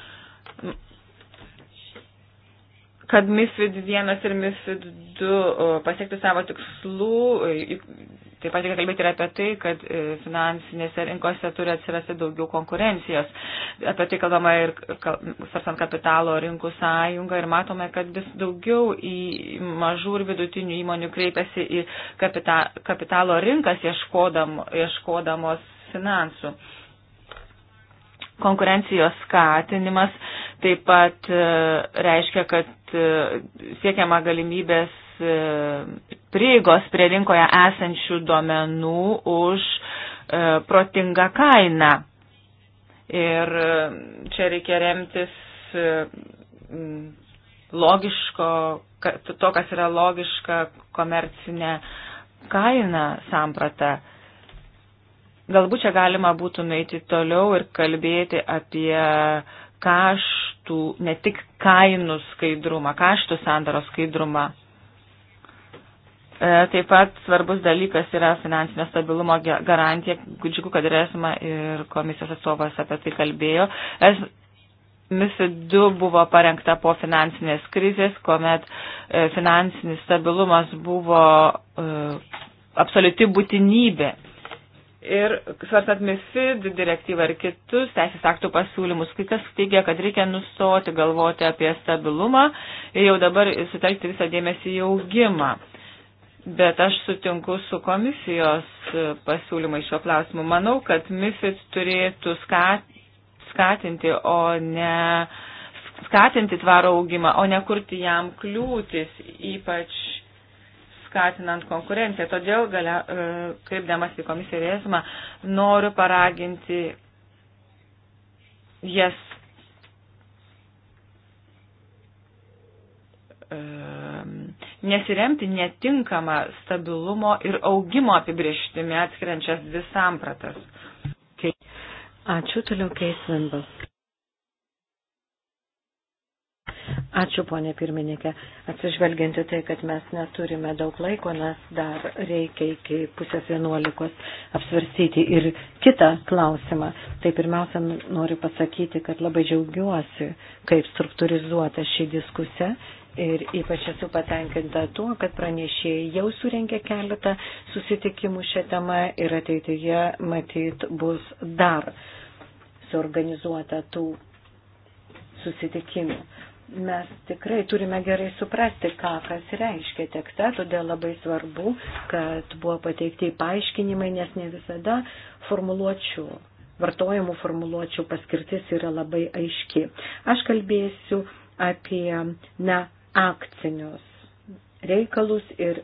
kad MISFID 1 ir MISFID 2 pasiektų savo tikslų. E, taip pat reikia kalbėti ir apie tai, kad e, finansinėse rinkose turi atsirasti daugiau konkurencijos. Apie tai kalbama ir svarstant kapitalo rinkų sąjungą ir matome, kad vis daugiau į mažų ir vidutinių įmonių kreipiasi į kapita, kapitalo rinkas ieškodam, ieškodamos finansų konkurencijos skatinimas taip pat e, reiškia, kad e, siekiama galimybės e, prieigos prie rinkoje esančių duomenų už protingą kainą. Ir čia reikia remtis logiško, to, kas yra logiška komercinė kaina samprata. Galbūt čia galima būtų nueiti toliau ir kalbėti apie uh, kaštų, ne tik kainų skaidrumą, kaštų sandaro skaidrumą. E, taip pat svarbus dalykas yra finansinio stabilumo garantija. Džiugu, kad ir esama ir komisijos atstovas apie tai kalbėjo. Es, MIFID 2 buvo parengta po finansinės krizės, kuomet e, finansinis stabilumas buvo e, absoliuti būtinybė. Ir svarstant MIFID direktyvą ir kitus teisės aktų pasiūlymus, kai kas teigia, kad reikia nustoti galvoti apie stabilumą ir jau dabar sutelkti visą dėmesį į augimą. Bet aš sutinku su komisijos pasiūlymai šiuo klausimu. Manau, kad MIFID turėtų skatinti, o ne skatinti tvarą augimą, o ne kurti jam kliūtis, ypač skatinant konkurenciją. Todėl, galia, e, kreipdamas į komisiją esmą, noriu paraginti jas e, nesiremti netinkamą stabilumo ir augimo apibrieštimi atskiriančias dvi sampratas. Ačiū toliau, Keisvenbas. Ačiū, ponė pirmininkė. Atsižvelginti tai, kad mes neturime daug laiko, nes dar reikia iki pusės vienuolikos apsvarstyti ir kitą klausimą. Tai pirmiausia, noriu pasakyti, kad labai džiaugiuosi, kaip struktūrizuota ši diskusija Ir ypač esu patenkinta tuo, kad pranešėjai jau surenkė keletą susitikimų šią temą ir ateityje matyt bus dar suorganizuota tų susitikimų mes tikrai turime gerai suprasti, ką kas reiškia tekste, todėl labai svarbu, kad buvo pateikti paaiškinimai, nes ne visada formuluočių, vartojimų formuluočių paskirtis yra labai aiški. Aš kalbėsiu apie neakcinius reikalus ir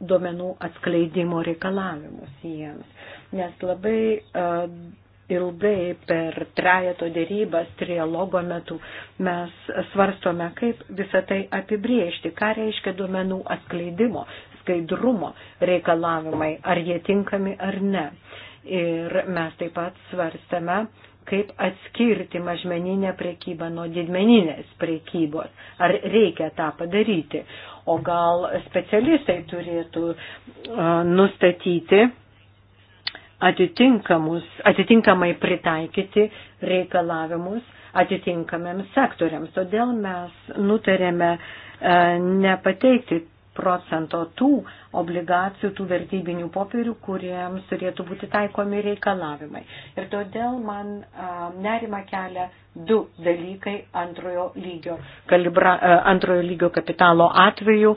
duomenų atskleidimo reikalavimus jiems, nes labai uh, ilgai per trejato dėrybas, trialogo metu mes svarstome, kaip visą tai apibriežti, ką reiškia duomenų atskleidimo, skaidrumo reikalavimai, ar jie tinkami ar ne. Ir mes taip pat svarstame, kaip atskirti mažmeninę priekybą nuo didmeninės priekybos. Ar reikia tą padaryti? O gal specialistai turėtų uh, nustatyti atitinkamai pritaikyti reikalavimus atitinkamiems sektoriams. Todėl mes nutarėme e, nepateikti procento tų obligacijų, tų vertybinių popierių, kuriems turėtų būti taikomi reikalavimai. Ir todėl man a, e, nerima kelia du dalykai antrojo lygio, kalibra, a, e, antrojo lygio kapitalo atveju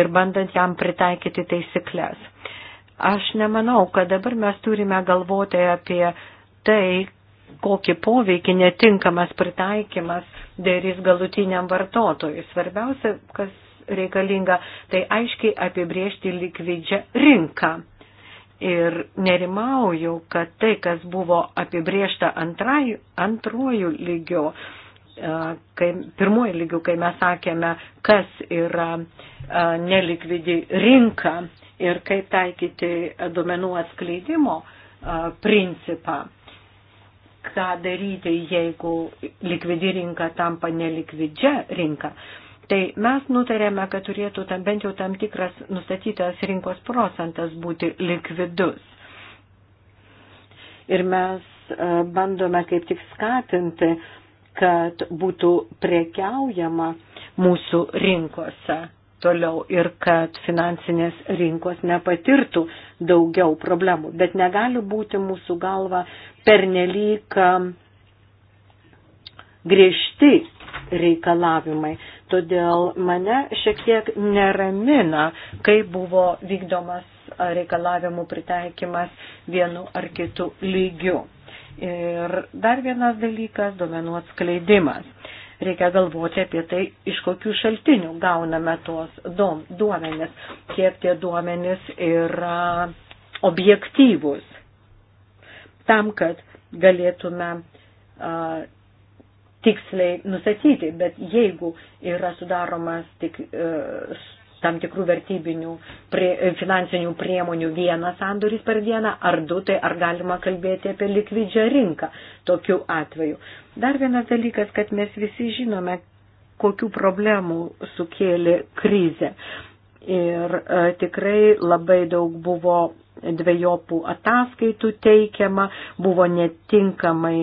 ir bandant jam pritaikyti taisyklės. Aš nemanau, kad dabar mes turime galvoti apie tai, kokį poveikį netinkamas pritaikymas darys galutiniam vartotojui. Svarbiausia, kas reikalinga, tai aiškiai apibriežti likvidžią rinką. Ir nerimauju, kad tai, kas buvo apibriešta antrajų, antrojų lygių, kai, pirmojų lygių, kai mes sakėme, kas yra nelikvidi rinka, ir kaip taikyti duomenų atskleidimo principą, ką daryti, jeigu likvidi rinka tampa nelikvidžia rinka. Tai mes nutarėme, kad turėtų tam, bent jau tam tikras nustatytas rinkos procentas būti likvidus. Ir mes bandome kaip tik skatinti, kad būtų prekiaujama mūsų rinkose toliau ir kad finansinės rinkos nepatirtų daugiau problemų. Bet negali būti mūsų galva pernelyg um, griežti reikalavimai. Todėl mane šiek tiek neramina, kai buvo vykdomas reikalavimų pritaikymas vienu ar kitu lygiu. Ir dar vienas dalykas - duomenų atskleidimas reikia galvoti apie tai, iš kokių šaltinių gauname tuos duomenis, kiek tie duomenis yra objektyvus. Tam, kad galėtume uh, tiksliai nusatyti, bet jeigu yra sudaromas tik uh, tam tikrų vertybinių prie, finansinių priemonių vienas sandoris per dieną ar du, tai ar galima kalbėti apie likvidžią rinką tokiu atveju. Dar vienas dalykas, kad mes visi žinome, kokių problemų sukėlė krizė. Ir e, tikrai labai daug buvo dviejopų ataskaitų teikiama, buvo netinkamai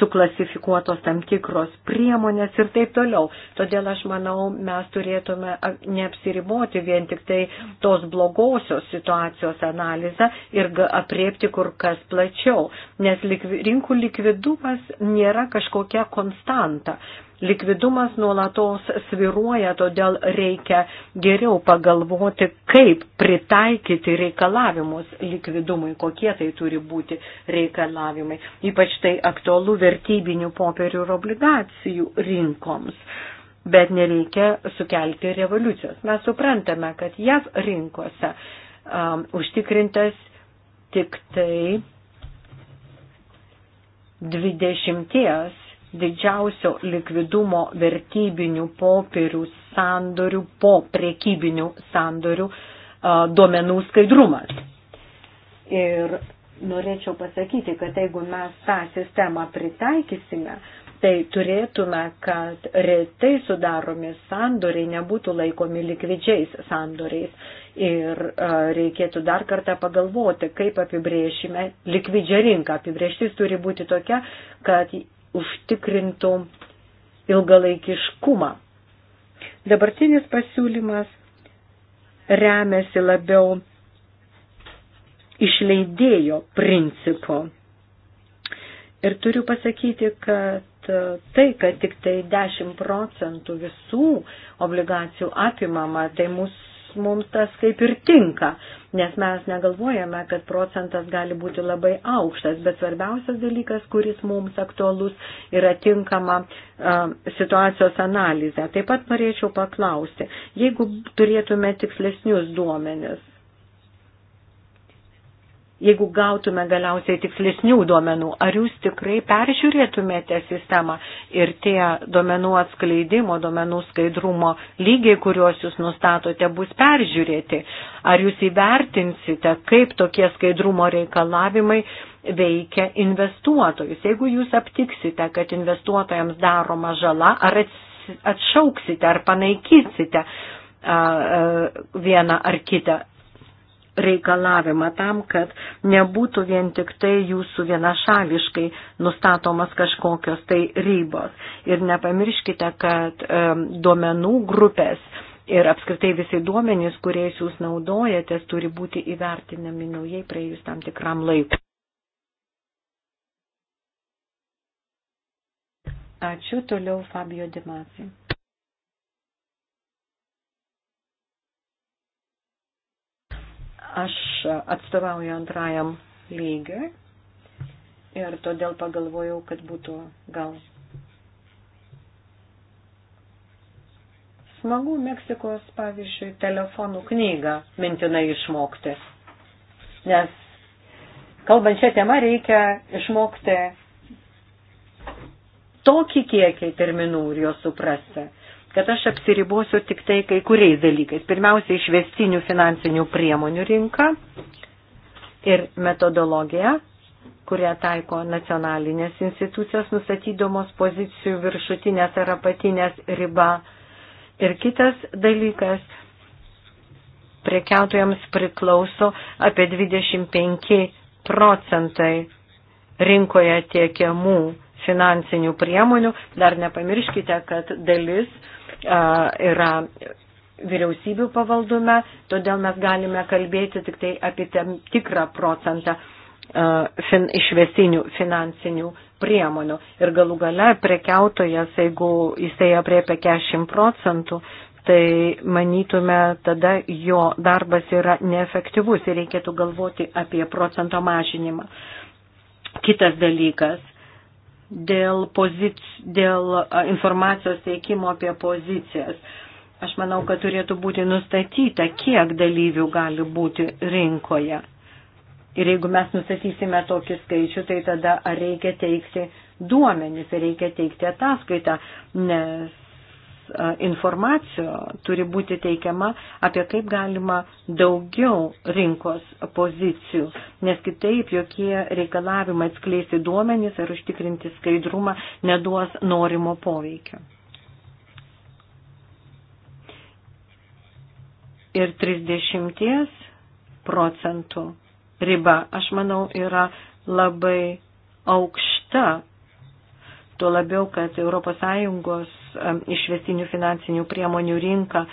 suklasifikuotos tam tikros priemonės ir taip toliau. Todėl aš manau, mes turėtume neapsiriboti vien tik tai tos blogosios situacijos analizą ir apriepti kur kas plačiau, nes rinkų likvidumas nėra kažkokia konstanta likvidumas nuolatos sviruoja, todėl reikia geriau pagalvoti, kaip pritaikyti reikalavimus likvidumui, kokie tai turi būti reikalavimai. Ypač tai aktualu vertybinių popierių ir obligacijų rinkoms. Bet nereikia sukelti revoliucijos. Mes suprantame, kad JAV rinkose um, užtikrintas tik tai 20 didžiausio likvidumo vertybinių popierių sandorių po prekybinių sandorių duomenų skaidrumas. Ir norėčiau pasakyti, kad jeigu mes tą sistemą pritaikysime, tai turėtume, kad retai sudaromi sandoriai nebūtų laikomi likvidžiais sandoriais. Ir reikėtų dar kartą pagalvoti, kaip apibrėšime likvidžią rinką. Apibrėžtis turi būti tokia, kad užtikrintų ilgalaikiškumą. Dabartinis pasiūlymas remiasi labiau išleidėjo principu. Ir turiu pasakyti, kad tai, kad tik tai 10 procentų visų obligacijų apimama, tai mūsų mums tas kaip ir tinka, nes mes negalvojame, kad procentas gali būti labai aukštas, bet svarbiausias dalykas, kuris mums aktualus, yra tinkama uh, situacijos analizė. Taip pat norėčiau paklausti, jeigu turėtume tikslesnius duomenis, jeigu gautume galiausiai tikslesnių duomenų, ar jūs tikrai peržiūrėtumėte sistemą ir tie duomenų atskleidimo, duomenų skaidrumo lygiai, kuriuos jūs nustatote, bus peržiūrėti, ar jūs įvertinsite, kaip tokie skaidrumo reikalavimai veikia investuotojus. Jeigu jūs aptiksite, kad investuotojams daroma žala, ar atšauksite, ar panaikysite vieną ar kitą reikalavimą tam, kad nebūtų vien tik tai jūsų vienašališkai nustatomas kažkokios tai rybos. Ir nepamirškite, kad e, duomenų grupės ir apskritai visi duomenys, kuriais jūs naudojatės, turi būti įvertinami naujai praėjus tam tikram laikui. Ačiū toliau Fabio Dimasi. Aš atstovauju antrajam lygiui ir todėl pagalvojau, kad būtų gal smagu Meksikos, pavyzdžiui, telefonų knygą mintinai išmokti. Nes kalbant šią temą reikia išmokti tokį kiekį terminų ir juos suprasti kad aš apsiribosiu tik tai kai kuriais dalykais. Pirmiausia, išvestinių finansinių priemonių rinka ir metodologija, kurią taiko nacionalinės institucijos nustatydamos pozicijų viršutinės ar apatinės riba. Ir kitas dalykas, prekiautojams priklauso apie 25 procentai rinkoje tiekiamų finansinių priemonių. Dar nepamirškite, kad dalis yra vyriausybių pavaldume, todėl mes galime kalbėti tik tai apie tam tikrą procentą fin, išvesinių finansinių priemonių. Ir galų gale prekiautojas, jeigu jisai apriepia 40 procentų, tai manytume tada jo darbas yra neefektyvus ir reikėtų galvoti apie procento mažinimą. Kitas dalykas dėl, pozic, dėl informacijos teikimo apie pozicijas. Aš manau, kad turėtų būti nustatyta, kiek dalyvių gali būti rinkoje. Ir jeigu mes nustatysime tokį skaičių, tai tada ar reikia teikti duomenis, ar reikia teikti ataskaitą, nes E, informacija turi būti teikiama apie kaip galima daugiau rinkos pozicijų, nes kitaip jokie reikalavimai atskleisti duomenys ar užtikrinti skaidrumą neduos norimo poveikio. Ir 30 procentų riba, aš manau, yra labai aukšta Tuo labiau, kad ES Um, išvestinių finansinių priemonių rinka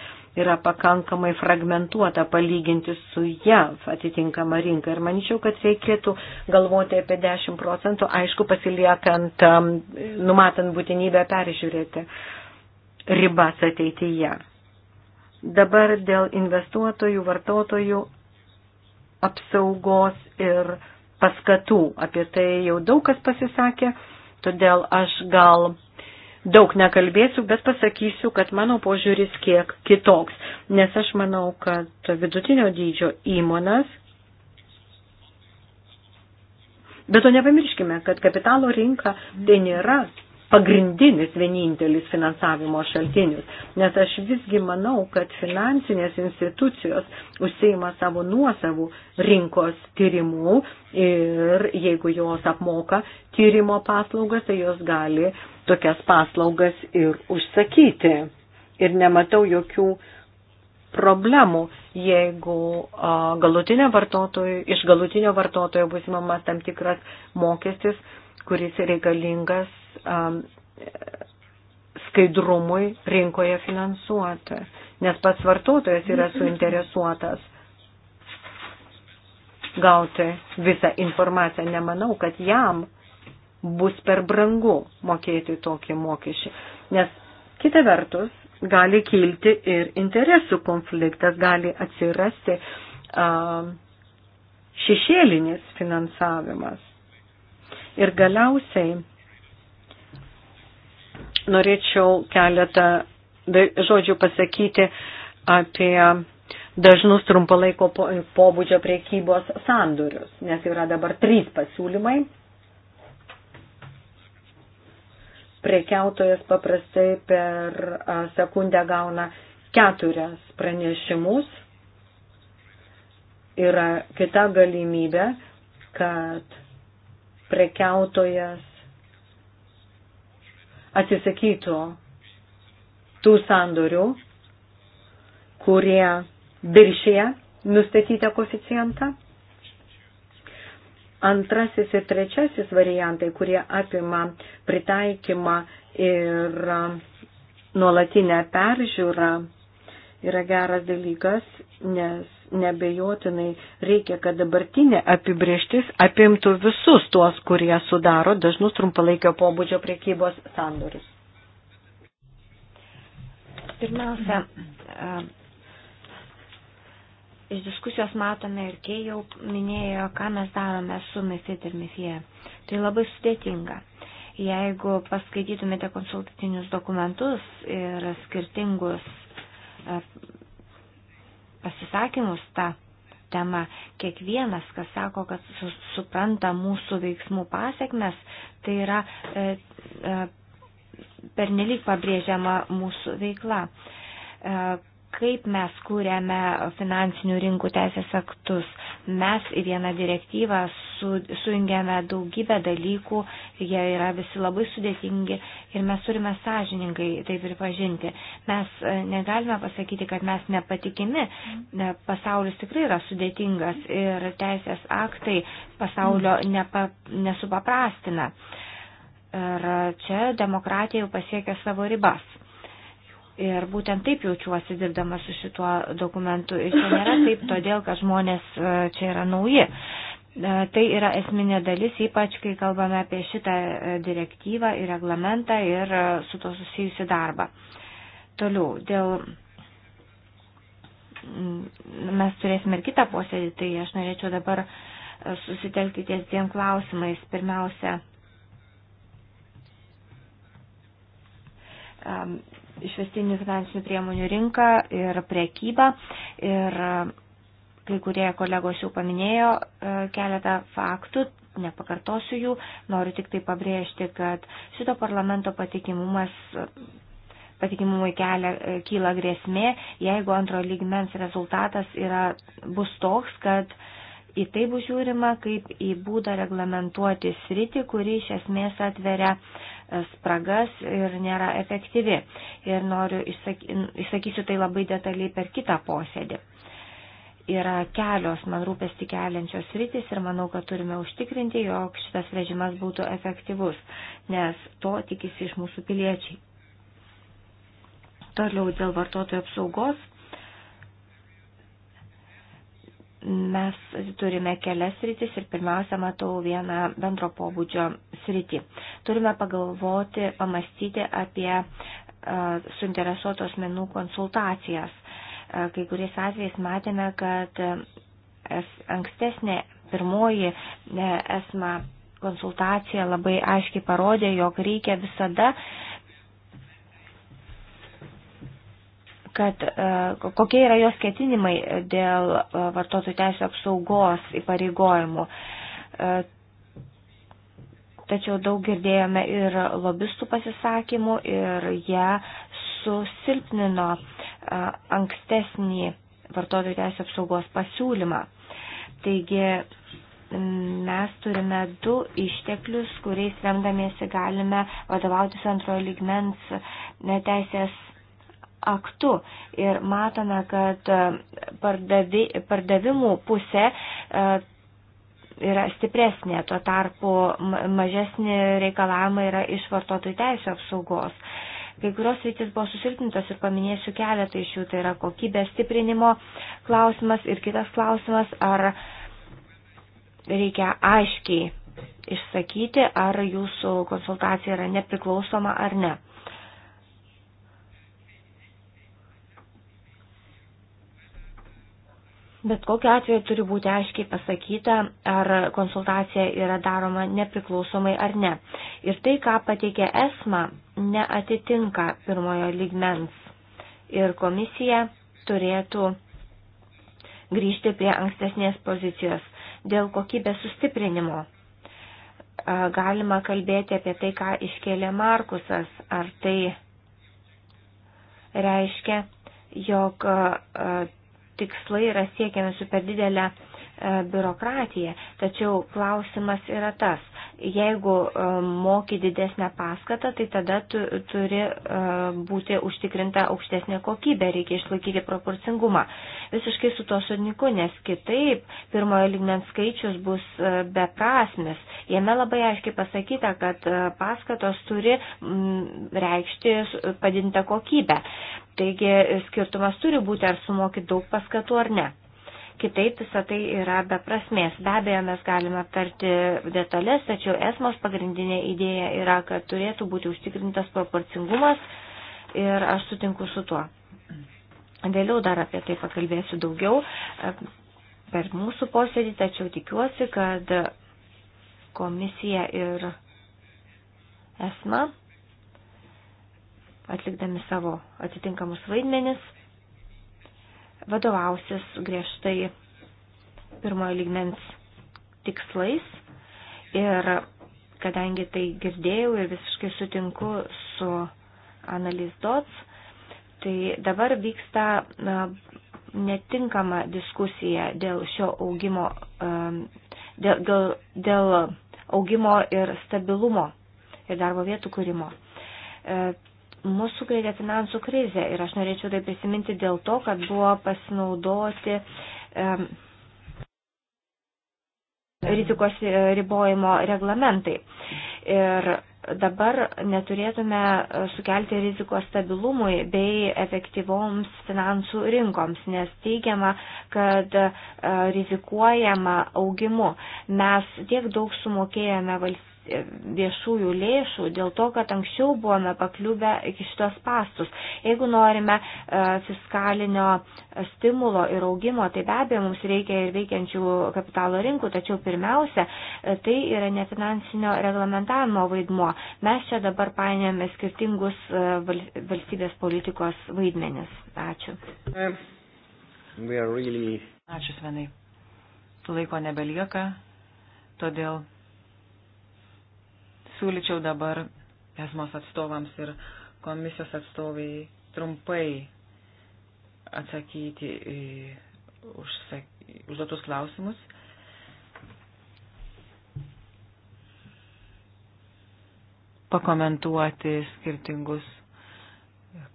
yra pakankamai fragmentuota palyginti su JAV atitinkama rinka. Ir manyčiau, kad reikėtų galvoti apie 10 procentų, aišku, pasiliekant, um, numatant būtinybę peržiūrėti ribas ateityje. Dabar dėl investuotojų, vartotojų apsaugos ir paskatų. Apie tai jau daug kas pasisakė, todėl aš gal daug nekalbėsiu, bet pasakysiu, kad mano požiūris kiek kitoks, nes aš manau, kad vidutinio dydžio įmonas, bet to nepamirškime, kad kapitalo rinka tai nėra pagrindinis, vienintelis finansavimo šaltinius. Nes aš visgi manau, kad finansinės institucijos užseima savo nuosavų rinkos tyrimų ir jeigu jos apmoka tyrimo paslaugas, tai jos gali tokias paslaugas ir užsakyti. Ir nematau jokių problemų, jeigu galutinio vartotojo, iš galutinio vartotojo bus įmamas tam tikras mokestis, kuris reikalingas um, skaidrumui rinkoje finansuoti, nes pats vartotojas yra suinteresuotas gauti visą informaciją. Nemanau, kad jam bus per brangu mokėti tokį mokesčių, nes kita vertus gali kilti ir interesų konfliktas, gali atsirasti um, šešėlinis finansavimas. Ir galiausiai norėčiau keletą žodžių pasakyti apie dažnus trumpalaiko pobūdžio priekybos sandurius, nes yra dabar trys pasiūlymai. Prekiautojas paprastai per sekundę gauna keturias pranešimus. Yra kita galimybė, kad prekiautojas atsisakytų tų sandorių, kurie viršėje nustatytą koficijantą. Antrasis ir trečiasis variantai, kurie apima pritaikymą ir nuolatinę peržiūrą, yra geras dalykas, nes nebejotinai reikia, kad dabartinė apibrieštis apimtų visus tuos, kurie sudaro dažnus trumpalaikio pobūdžio priekybos sandorius. Pirmiausia, e, iš diskusijos matome ir kai jau minėjo, ką mes darome su MIFID ir MIFIE. Tai labai sudėtinga. Jeigu paskaitytumėte konsultacinius dokumentus ir skirtingus e, pasisakymus tą tema. Kiekvienas, kas sako, kad su, supranta mūsų veiksmų pasiekmes, tai yra e, e, pernelyg pabrėžiama mūsų veikla. E, kaip mes kūrėme finansinių rinkų teisės aktus. Mes į vieną direktyvą su, sujungėme daugybę dalykų, jie yra visi labai sudėtingi ir mes turime sąžiningai tai pripažinti. Mes e, negalime pasakyti, kad mes nepatikimi. Pasaulis tikrai yra sudėtingas ir teisės aktai pasaulio nepa, nesupaprastina. Ir čia demokratija jau pasiekia savo ribas. Ir būtent taip jaučiuosi dirbdama su šituo dokumentu. Ir čia nėra taip todėl, kad žmonės e, čia yra nauji. E, tai yra esminė dalis, ypač kai kalbame apie šitą e, direktyvą ir reglamentą ir su to susijusi darbą. Toliau, dėl. Mes turėsime ir kitą posėdį, tai aš norėčiau dabar susitelkti ties dviem klausimais. Pirmiausia, išvestinių finansinių priemonių rinką ir priekybą. Ir e, kai kurie kolegos jau paminėjo e, keletą faktų, nepakartosiu jų, noriu tik tai pabrėžti, kad šito parlamento patikimumas e, patikimumui kelia, kyla grėsmė, jeigu antro lygmens rezultatas yra, bus toks, kad į tai bus žiūrima kaip į būdą reglamentuoti sritį, kuri iš esmės atveria uh, spragas ir nėra efektyvi. Ir noriu išsaky, išsakysiu tai labai detaliai per kitą posėdį. Yra kelios man rūpesti keliančios rytis ir manau, kad turime užtikrinti, jog šitas režimas būtų efektyvus, nes to tikisi iš mūsų piliečiai. Toliau dėl vartotojų apsaugos mes turime kelias rytis ir pirmiausia matau vieną bendro pobūdžio sritį. Turime pagalvoti, pamastyti apie suinteresuotos menų konsultacijas. Kai kuriais atvejais matėme, kad ankstesnė pirmoji e, esma konsultacija labai aiškiai parodė, jog reikia visada uh, kad e, kokie yra jos ketinimai dėl e, vartotojų teisų apsaugos įpareigojimų. E, tačiau daug girdėjome ir lobistų pasisakymų ir jie susilpnino ankstesnį vartotojų teisų apsaugos pasiūlymą. Taigi mes turime du išteklius, kuriais remdamiesi galime vadovautis antrojo lygmens teisės aktu ir matome, kad e, pardavi, pardavimų pusė e, yra stipresnė, tuo tarpu mažesnė reikalavimai yra iš vartotojų teisų apsaugos. Kai kurios rytis buvo susilpnintos ir paminėsiu keletą iš jų, tai yra kokybės stiprinimo klausimas ir kitas klausimas, ar reikia aiškiai išsakyti, ar jūsų konsultacija yra nepriklausoma ar ne. Bet kokiu atveju turi būti aiškiai pasakyta, ar konsultacija yra daroma nepriklausomai ar ne. Ir tai, ką pateikė ESMA, neatitinka pirmojo lygmens. Ir komisija turėtų grįžti prie ankstesnės pozicijos dėl kokybės sustiprinimo. Galima kalbėti apie tai, ką iškėlė Markusas. Ar tai reiškia, jog tikslai yra siekiami su per didelė E, biurokratiją. Tačiau klausimas yra tas, jeigu e, moki didesnę paskatą, tai tada tu, turi e, būti užtikrinta aukštesnė kokybė, reikia išlaikyti proporcingumą. Visiškai su to sudniku, nes kitaip pirmojo lygmens skaičius bus beprasmis. Jame labai aiškiai pasakyta, kad paskatos turi reikšti padintą kokybę. Taigi skirtumas turi būti, ar sumoki daug paskatų ar ne. Kitaip visą tai yra be prasmės. Be abejo, mes galime aptarti detalės, tačiau esmos pagrindinė idėja yra, kad turėtų būti užtikrintas proporcingumas ir aš sutinku su tuo. Vėliau dar apie tai pakalbėsiu daugiau e, per mūsų posėdį, tačiau tikiuosi, kad komisija ir esma atlikdami savo atitinkamus vaidmenis vadovausis griežtai pirmojo lygmens tikslais ir kadangi tai girdėjau ir visiškai sutinku su Analis Dots, tai dabar vyksta netinkama diskusija dėl šio augimo, dėl, dėl, dėl augimo ir stabilumo ir darbo vietų kūrimo. E, Mūsų sukrėtė finansų krizė ir aš norėčiau tai prisiminti dėl to, kad buvo pasinaudoti um, rizikos e, ribojimo reglamentai. Ir dabar neturėtume e, sukelti rizikos stabilumui bei efektyvoms finansų rinkoms, nes teigiama, kad e, rizikuojama augimu. Mes tiek daug sumokėjome valstybės viešųjų lėšų dėl to, kad anksčiau buvome pakliūbę iki šitos pastus. Jeigu norime e, fiskalinio stimulo ir augimo, tai be abejo mums reikia ir veikiančių kapitalo rinkų, tačiau pirmiausia, e, tai yra nefinansinio reglamentavimo vaidmuo. Mes čia dabar painėjame skirtingus e, valstybės politikos vaidmenis. Ačiū. Really... Ačiū, Svenai. Laiko nebelieka, todėl Siūlyčiau dabar esmos atstovams ir komisijos atstoviai trumpai atsakyti į užduotus klausimus. pakomentuoti skirtingus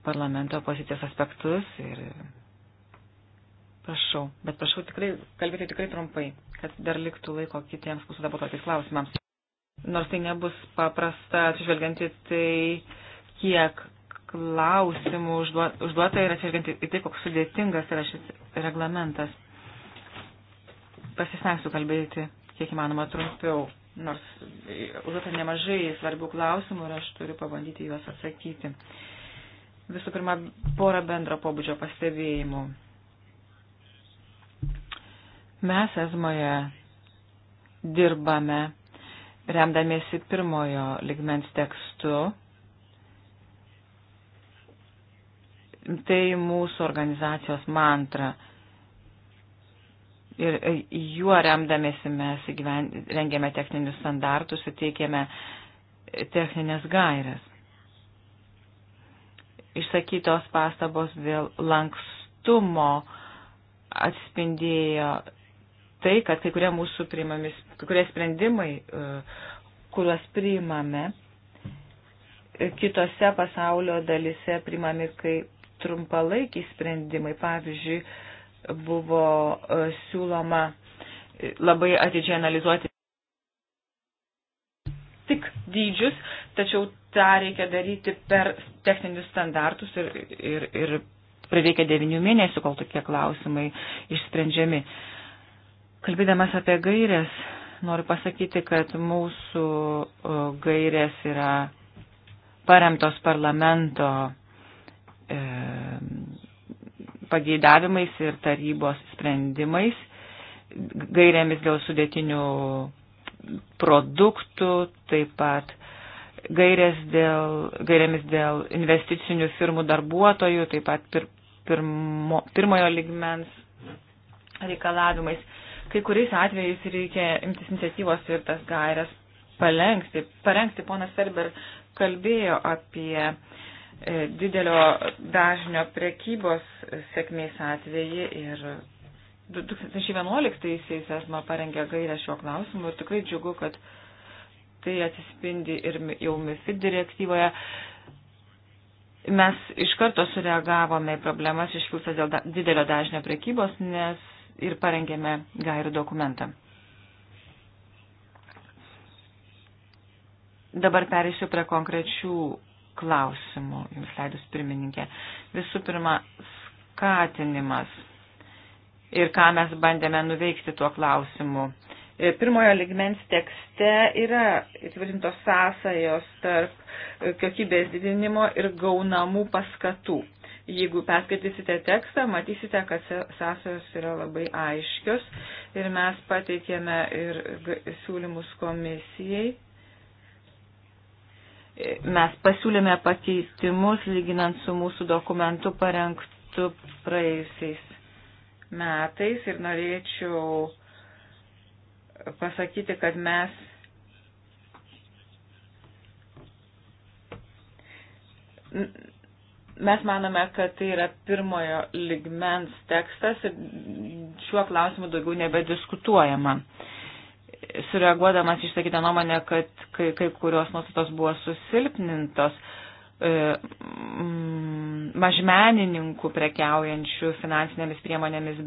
parlamento pozicijos aspektus ir prašau, bet prašau tikrai kalbėti tikrai trumpai, kad dar liktų laiko kitiems mūsų dabar klausimams nors tai nebus paprasta, atsižvelgianti tai, kiek klausimų užduota ir atsižvelgianti į tai, koks sudėtingas yra šis reglamentas. Pasisnegsiu kalbėti kiek įmanoma trumpiau, nors užduota nemažai svarbių klausimų ir aš turiu pabandyti juos atsakyti. Visų pirma, porą bendro pobūdžio pastebėjimų. Mes esmoje dirbame remdamiesi pirmojo ligmens tekstu, tai mūsų organizacijos mantra. Ir juo remdamėsi mes rengėme techninius standartus ir teikėme techninės gairias. Išsakytos pastabos dėl lankstumo atspindėjo tai, kad kai kurie mūsų priimami, kai kurie sprendimai, e, kuriuos priimame, e, kitose pasaulio dalise priimami kaip trumpalaikiai sprendimai. Pavyzdžiui, buvo e, siūloma labai atidžiai analizuoti tik dydžius, tačiau tą reikia daryti per techninius standartus ir, ir, ir prireikia devinių mėnesių, kol tokie klausimai išsprendžiami. Uh, Kalbėdamas apie gairės, noriu pasakyti, kad mūsų gairės yra paremtos parlamento e, pageidavimais ir tarybos sprendimais, gairėmis dėl sudėtinių produktų, taip pat gairės dėl, gairėmis dėl investicinių firmų darbuotojų, taip pat pir, pirmo, pirmojo ligmens reikalavimais kai kuriais atvejais reikia imtis iniciatyvos ir tas gairias palengsti. Parengti ponas Ferber kalbėjo apie e, didelio dažnio prekybos sėkmės atvejį ir 2011-aisiais esma parengė gairę šiuo klausimu ir tikrai džiugu, kad tai atsispindi ir jau MIFID direktyvoje. Mes iš karto sureagavome į problemas iškilusias dėl didelio dažnio prekybos, nes ir parengėme gairių dokumentą. Dabar perėsiu prie konkrečių klausimų, jums leidus pirmininkė. Visų pirma, skatinimas ir ką mes bandėme nuveikti tuo klausimu. E, pirmojo ligmens tekste yra įtvirtintos sąsajos tarp e, kokybės didinimo ir gaunamų paskatų. Jeigu perskaitysite tekstą, matysite, kad sąsajos yra labai aiškios ir mes pateikėme ir siūlymus komisijai. Mes pasiūlėme pakeitimus lyginant su mūsų dokumentu parengtu praėjusiais metais ir norėčiau pasakyti, kad mes Mes manome, kad tai yra pirmojo ligmens tekstas ir šiuo klausimu daugiau nebediskutuojama. Sureaguodamas išsakytą nuomonę, kad kai, kai kurios nuostatos buvo susilpnintos, e, mm, mažmenininkų prekiaujančių finansinėmis priemonėmis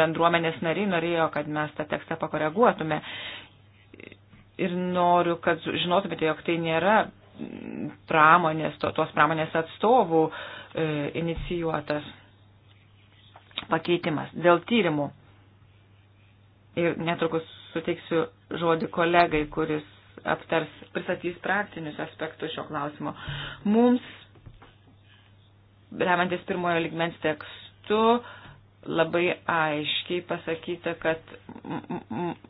bendruomenės nariai norėjo, kad mes tą tekstą pakoreguotume. Ir noriu, kad žinotumėte, jog tai nėra pramonės, to, tos pramonės atstovų e, inicijuotas pakeitimas dėl tyrimų. Ir netrukus suteiksiu žodį kolegai, kuris aptars, pristatys praktinius aspektus šio klausimo. Mums, remantis pirmojo ligmens tekstu, labai aiškiai pasakyta, kad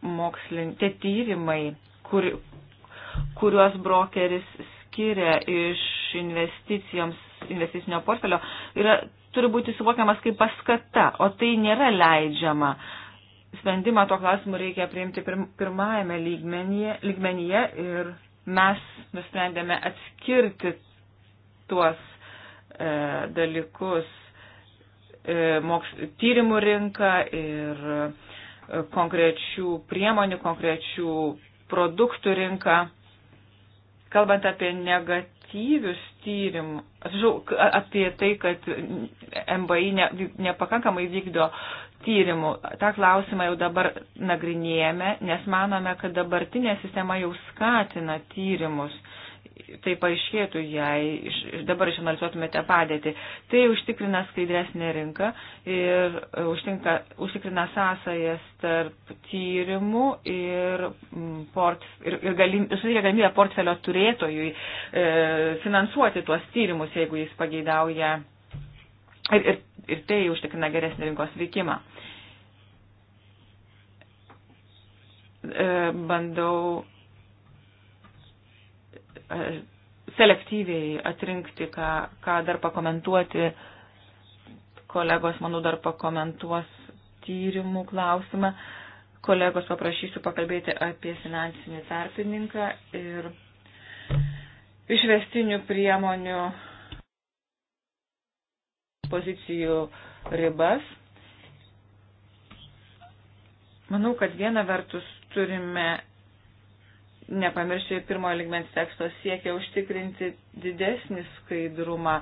mokslin, tie tyrimai, kur, kuriuos brokeris skiria iš investicijoms, investicinio portfelio, yra, turi būti suvokiamas kaip paskata, o tai nėra leidžiama. Sprendimą to klausimu reikia priimti pirmajame lygmenyje, lygmenyje ir mes nusprendėme atskirti tuos e, dalykus e, moks, tyrimų rinką ir e, konkrečių priemonių, konkrečių produktų rinką kalbant apie negatyvius tyrimus, atsižau, apie tai, kad MBI ne, nepakankamai vykdo tyrimų, tą klausimą jau dabar nagrinėjame, nes manome, kad dabartinė sistema jau skatina tyrimus. Uh, tai paaiškėtų, jei iš, dabar išanalizuotumėte padėtį. Tai užtikrina skaidresnė rinka ir e, užtinka, užtikrina sąsajas tarp tyrimų ir, mm, port, ir, ir galim, suteikia galimybę portfelio turėtojui e, finansuoti tuos tyrimus, jeigu jis pageidauja. Ir, ir, ir tai užtikrina geresnį rinkos veikimą. E, bandau selektyviai atrinkti, ką, ką dar pakomentuoti. Kolegos, manau, dar pakomentuos tyrimų klausimą. Kolegos paprašysiu pakalbėti apie finansinį tarpininką ir išvestinių priemonių pozicijų ribas. Manau, kad viena vertus turime nepamiršti pirmojo ligmens teksto siekia užtikrinti didesnį skaidrumą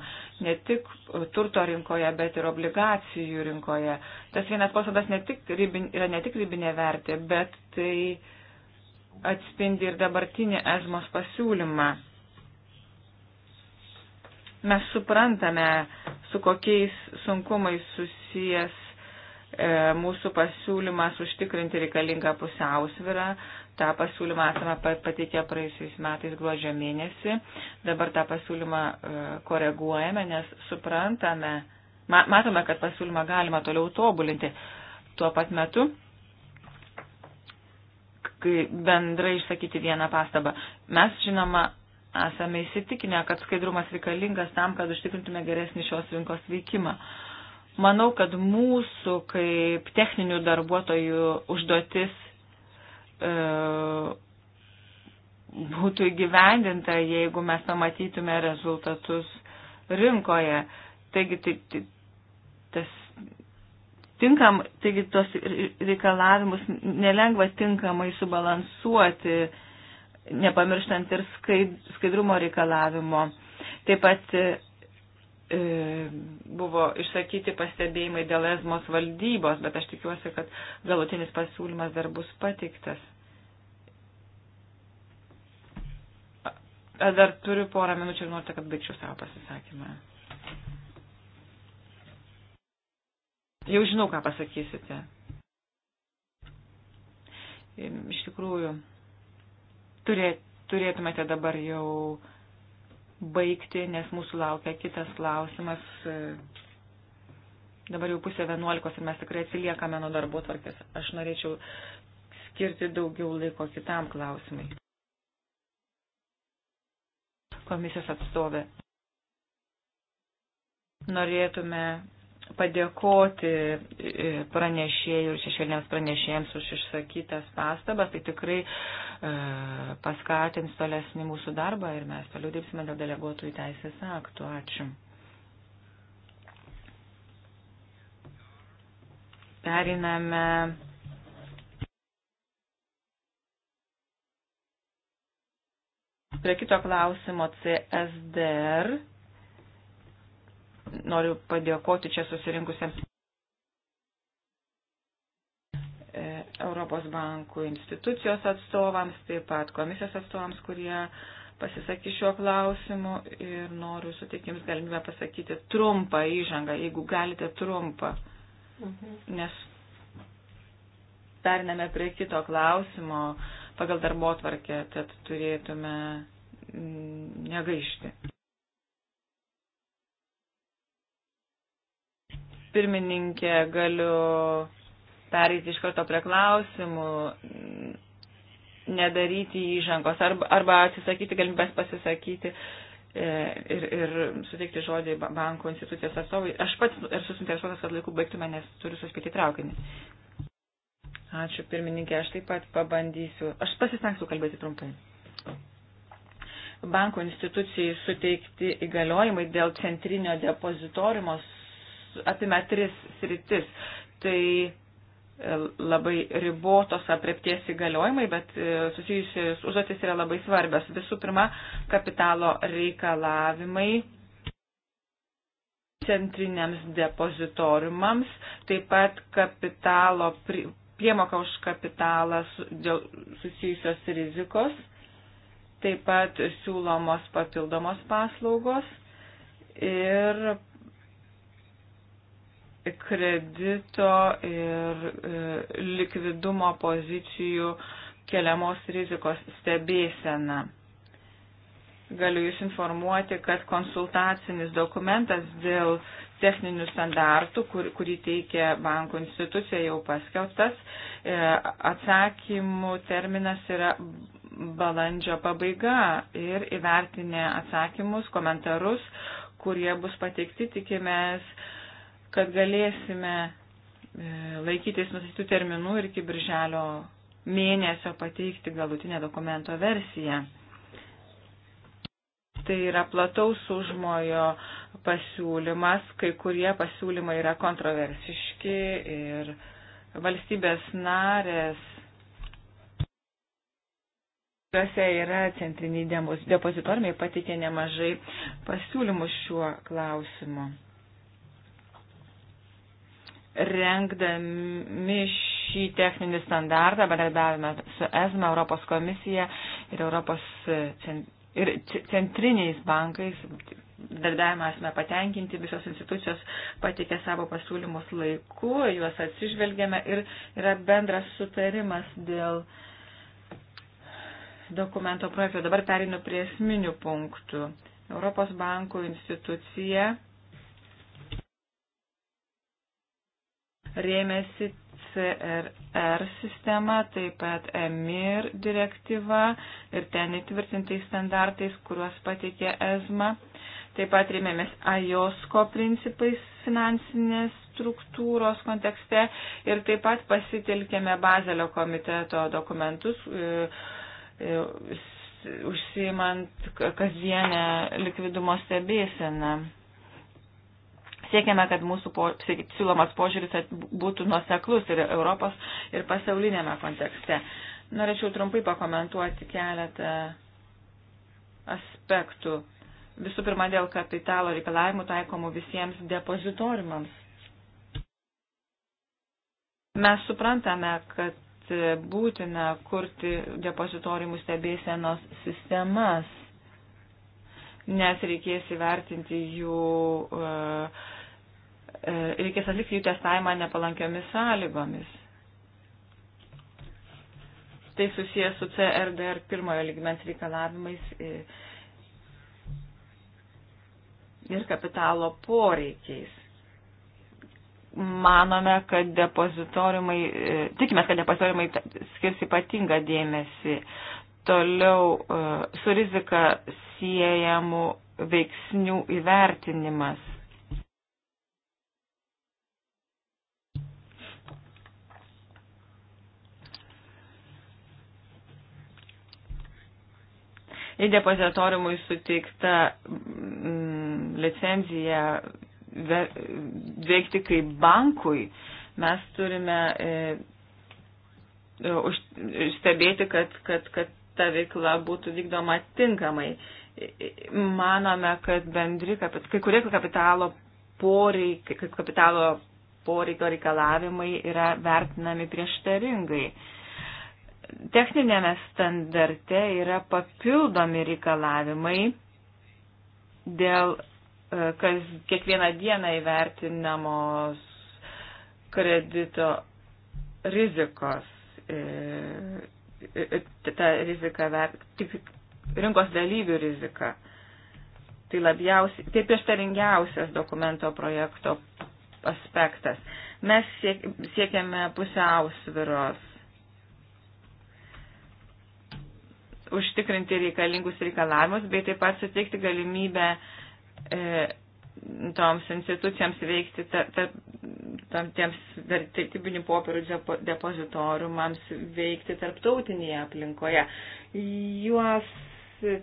ne tik turto rinkoje, bet ir obligacijų rinkoje. Tas vienas procentas ne tik ribin, yra ne tik ribinė vertė, bet tai atspindi ir dabartinį esmos pasiūlymą. Mes suprantame, su kokiais sunkumais susijęs e, mūsų pasiūlymas užtikrinti reikalingą pusiausvirą, e, tą pasiūlymą esame pateikę praėjusiais metais gruodžio mėnesį. Dabar tą pasiūlymą e, koreguojame, nes suprantame, matome, kad pasiūlymą galima toliau tobulinti. Tuo pat metu bendrai išsakyti vieną pastabą. Mes, žinoma, esame įsitikinę, kad skaidrumas reikalingas tam, kad užtikrintume geresnį šios rinkos veikimą. Manau, kad mūsų kaip techninių darbuotojų užduotis E, būtų įgyvendinta, jeigu mes pamatytume rezultatus rinkoje. Taigi, tai, tai, tas tinkam, taigi tos reikalavimus nelengva tinkamai subalansuoti, nepamirštant ir skaidrumo reikalavimo. Taip pat E, buvo išsakyti pastebėjimai dėl esmos valdybos, bet aš tikiuosi, kad galutinis pasiūlymas dar bus patiktas. Aš dar turiu porą minučių ir norite, kad baigčiau savo pasisakymą. Jau žinau, ką pasakysite. Iš tikrųjų, turėtumėte dabar jau baigti, nes mūsų laukia kitas klausimas. Dabar jau pusė vienuolikos ir mes tikrai atsiliekame nuo darbo tvarkės. Aš norėčiau skirti daugiau laiko kitam klausimai. Komisijos atstovė. Norėtume padėkoti e, pranešėjų ir šešėliniams pranešėjams už išsakytas pastabas. Tai tikrai e, paskatins tolesnį mūsų darbą ir mes toliau dirbsime dėl deleguotojų teisės aktų. Ačiū. Periname. Prie kito klausimo CSDR Noriu padėkoti čia susirinkusiems e, Europos bankų institucijos atstovams, taip pat komisijos atstovams, kurie pasisakys šiuo klausimu ir noriu suteikti jums galimybę pasakyti trumpą įžangą, jeigu galite trumpą, mhm. nes periname prie kito klausimo pagal darbo tvarkę, tad turėtume mm, negaišti. pirmininkė, galiu pereiti iš karto prie klausimų, nedaryti įžangos arba, arba atsisakyti galimybės pasisakyti e, ir, ir suteikti žodį bankų institucijos atstovui. Aš pats esu suinteresuotas, kad laiku baigtume, nes turiu suspėti traukinį. Ačiū pirmininkė, aš taip pat pabandysiu. Aš pasistengsiu kalbėti trumpai. Banko institucijai suteikti įgaliojimai dėl centrinio depozitorimo apima tris sritis. Tai e, labai ribotos apriepties įgaliojimai, bet e, susijusios užduotis yra labai svarbios. Visų pirma, kapitalo reikalavimai centriniams depozitoriumams, taip pat kapitalo, priemoka už kapitalą dėl susijusios rizikos, taip pat siūlomos papildomos paslaugos ir kredito ir e, likvidumo pozicijų keliamos rizikos stebėsena. Galiu Jūs informuoti, kad konsultacinis dokumentas dėl techninių standartų, kur, kurį teikia banko institucija, jau paskelbtas. E, atsakymų terminas yra balandžio pabaiga ir įvertinę atsakymus, komentarus, kurie bus pateikti, tikimės kad galėsime e, laikytis nustatytų terminų ir iki birželio mėnesio pateikti galutinę dokumento versiją. Tai yra plataus užmojo pasiūlymas, kai kurie pasiūlymai yra kontroversiški ir valstybės narės, kuriuose yra centriniai depozitormiai, patikė nemažai pasiūlymų šiuo klausimu rengdami šį techninį standartą, bendradarbiavime su ESMA, Europos komisija ir Europos e, ir centriniais bankais, bendradarbiavimą esame patenkinti, visos institucijos patikė savo pasiūlymus laiku, juos atsižvelgėme ir yra bendras sutarimas dėl dokumento projekto. Dabar perinu prie esminių punktų. Europos bankų institucija rėmėsi CRR sistema, taip pat EMIR direktyva ir ten įtvirtintais standartais, kuriuos pateikė ESMA. Taip pat rėmėmės AJOSKO principais finansinės struktūros kontekste ir taip pat pasitelkėme Bazelio komiteto dokumentus, e, e, užsiimant kasdienę likvidumo stebėseną. Siekiame, kad mūsų po, siūlomas požiūris būtų nuoseklus ir Europos ir pasaulinėme kontekste. Norėčiau trumpai pakomentuoti keletą aspektų. Visų pirma, dėl kapitalo reikalavimų taikomų visiems depozitorimams. Mes suprantame, kad būtina kurti depozitorimų stebėsenos sistemas, nes reikės įvertinti jų uh, E, reikės atlikti jų testavimą nepalankiomis sąlygomis. Tai susijęs su CRDR pirmojo lygmens reikalavimais e, ir kapitalo poreikiais. Manome, kad depozitoriumai, e, tikime, kad depozitoriumai skirs ypatingą dėmesį toliau su rizika siejamų veiksnių įvertinimas į depozitoriumui suteikta mm, licenzija ve, veikti kaip bankui, mes turime e, už, stebėti, kad, kad, kad ta veikla būtų vykdoma tinkamai. E, e, manome, kad bendri, kapit, kai kurie kapitalo poreikiai, kapitalo poreikio reikalavimai yra vertinami prieštaringai. E, techninėme standarte yra papildomi reikalavimai dėl e, kas kiekvieną dieną įvertinamos kredito rizikos. E, e, ta rizika, tik rinkos dalyvių rizika. Tai labiausiai, tai prieštaringiausias dokumento projekto aspektas. Mes siek, siekiame pusiausviros užtikrinti reikalingus reikalavimus, bei taip pat suteikti galimybę e, toms institucijams veikti ta, ta, tam tiems vertybinių popierių depozitoriumams veikti tarptautinėje aplinkoje. Juos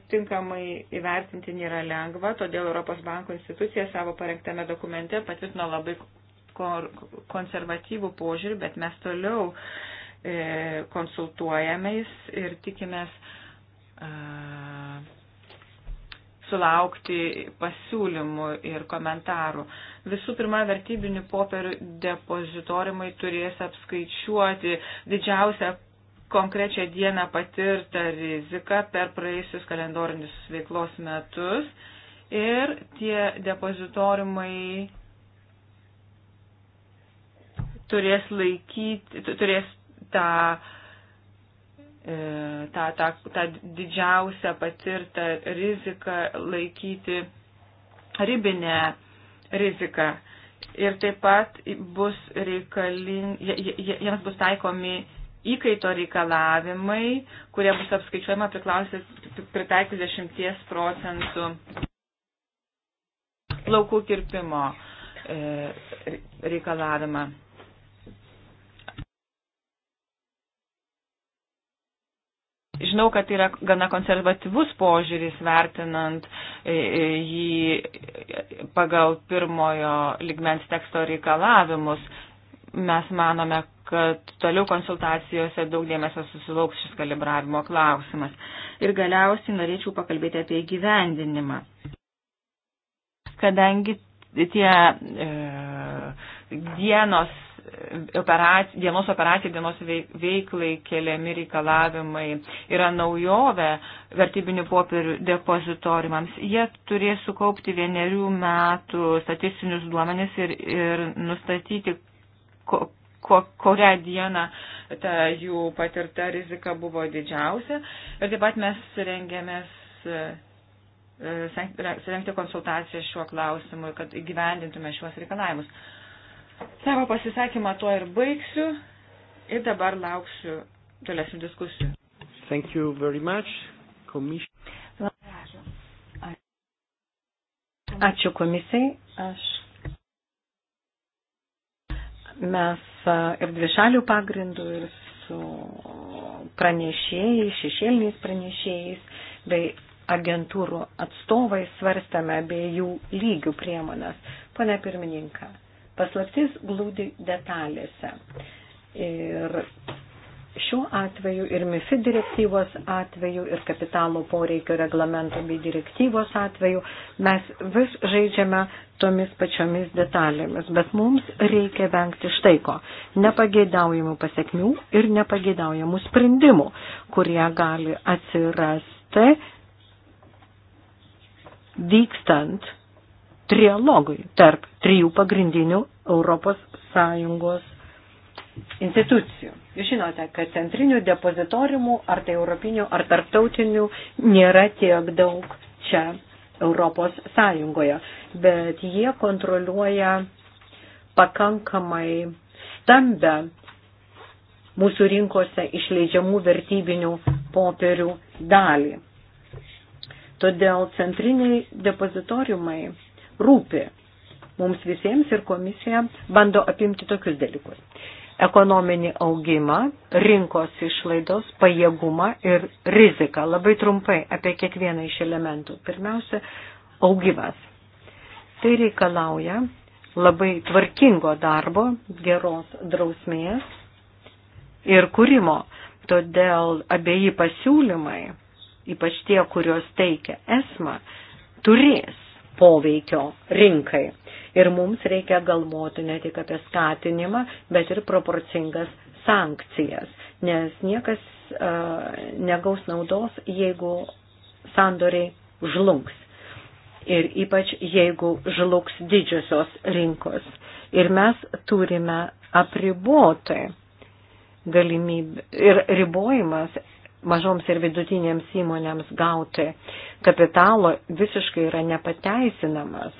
tinkamai įvertinti nėra lengva, todėl Europos banko institucija savo parengtame dokumente patvirtino labai konservatyvų požiūrį, bet mes toliau e, konsultuojamės ir tikimės sulaukti pasiūlymų ir komentarų. Visų pirma, vertybinių popierių depozitorimai turės apskaičiuoti didžiausią konkrečią dieną patirtą riziką per praėjusius kalendorinius veiklos metus ir tie depozitorimai turės laikyti, turės tą uh, E, tą, tą, tą didžiausią patirtą riziką laikyti ribinę riziką. Ir taip pat bus reikaling, jiems bus taikomi įkaito reikalavimai, kurie bus apskaičiuojama pritaikius 10 procentų laukų kirpimo e, reikalavimą. Žinau, kad yra gana konservatyvus požiūris vertinant e, e, jį pagal pirmojo ligmens teksto reikalavimus. Mes manome, kad toliau konsultacijose daug dėmesio susilauks šis kalibravimo klausimas. Ir galiausiai norėčiau pakalbėti apie gyvendinimą. Kadangi tie e, dienos operac, dienos operacijai, dienos veiklai keliami reikalavimai yra naujovė vertybinių popierių depozitorimams. Jie turės sukaupti vienerių metų statistinius duomenis ir, ir nustatyti, ko, ko, kurią dieną ta jų patirta rizika buvo didžiausia. Ir taip pat mes rengiamės e, e, surengti konsultaciją šiuo klausimu, kad gyvendintume šiuos reikalavimus. Savo pasisakymą tuo ir baigsiu ir dabar lauksiu tolesnių diskusijų. Thank you very much. Commission. Ačiū komisijai. Aš. Mes e, ir dvišalių pagrindų, ir su pranešėjais, šešėliniais pranešėjais, bei agentūrų atstovais svarstame abiejų lygių priemonės. Pone pirmininką, Paslaptis glūdi detalėse. Ir šiuo atveju ir MIFID direktyvos atveju ir kapitalo poreikio reglamento bei direktyvos atveju mes vis žaidžiame tomis pačiomis detalėmis, bet mums reikia vengti štai ko - nepageidaujamų pasiekmių ir nepageidaujamų sprendimų, kurie gali atsirasti vykstant trialogui tarp trijų pagrindinių Europos Sąjungos institucijų. Jūs žinote, kad centrinių depozitoriumų, ar tai europinių, ar tarptautinių, nėra tiek daug čia Europos Sąjungoje, bet jie kontroliuoja pakankamai stambę mūsų rinkose išleidžiamų vertybinių popierių dalį. Todėl centriniai depozitoriumai rūpi mums visiems ir komisija bando apimti tokius dalykus. Ekonominį augimą, rinkos išlaidos, pajėgumą ir riziką. Labai trumpai apie kiekvieną iš elementų. Pirmiausia, augimas. Tai reikalauja labai tvarkingo darbo, geros drausmės ir kūrimo. Todėl abieji pasiūlymai, ypač tie, kuriuos teikia ESMA, turės poveikio rinkai. Ir mums reikia galvoti ne tik apie skatinimą, bet ir proporcingas sankcijas, nes niekas uh, negaus naudos, jeigu sandoriai žlugs. Ir ypač jeigu žlugs didžiosios rinkos. Ir mes turime apriboti galimybę ir ribojimas mažoms ir vidutinėms įmonėms gauti kapitalo visiškai yra nepateisinamas.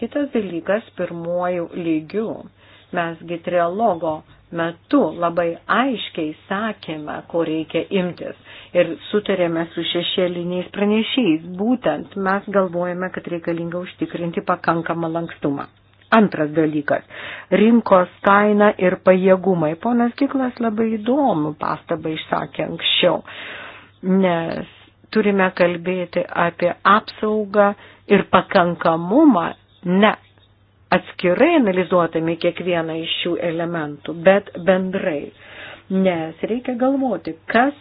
Kitas dalykas, pirmojų lygių. Mesgi trialogo metu labai aiškiai sakėme, ko reikia imtis ir sutarėme su šešėliniais pranešiais. Būtent mes galvojame, kad reikalinga užtikrinti pakankamą lankstumą. Antras dalykas - rinkos kaina ir pajėgumai. Ponas Giklas labai įdomų pastabą išsakė anksčiau, nes turime kalbėti apie apsaugą ir pakankamumą, ne atskirai analizuotami kiekvieną iš šių elementų, bet bendrai. Nes reikia galvoti, kas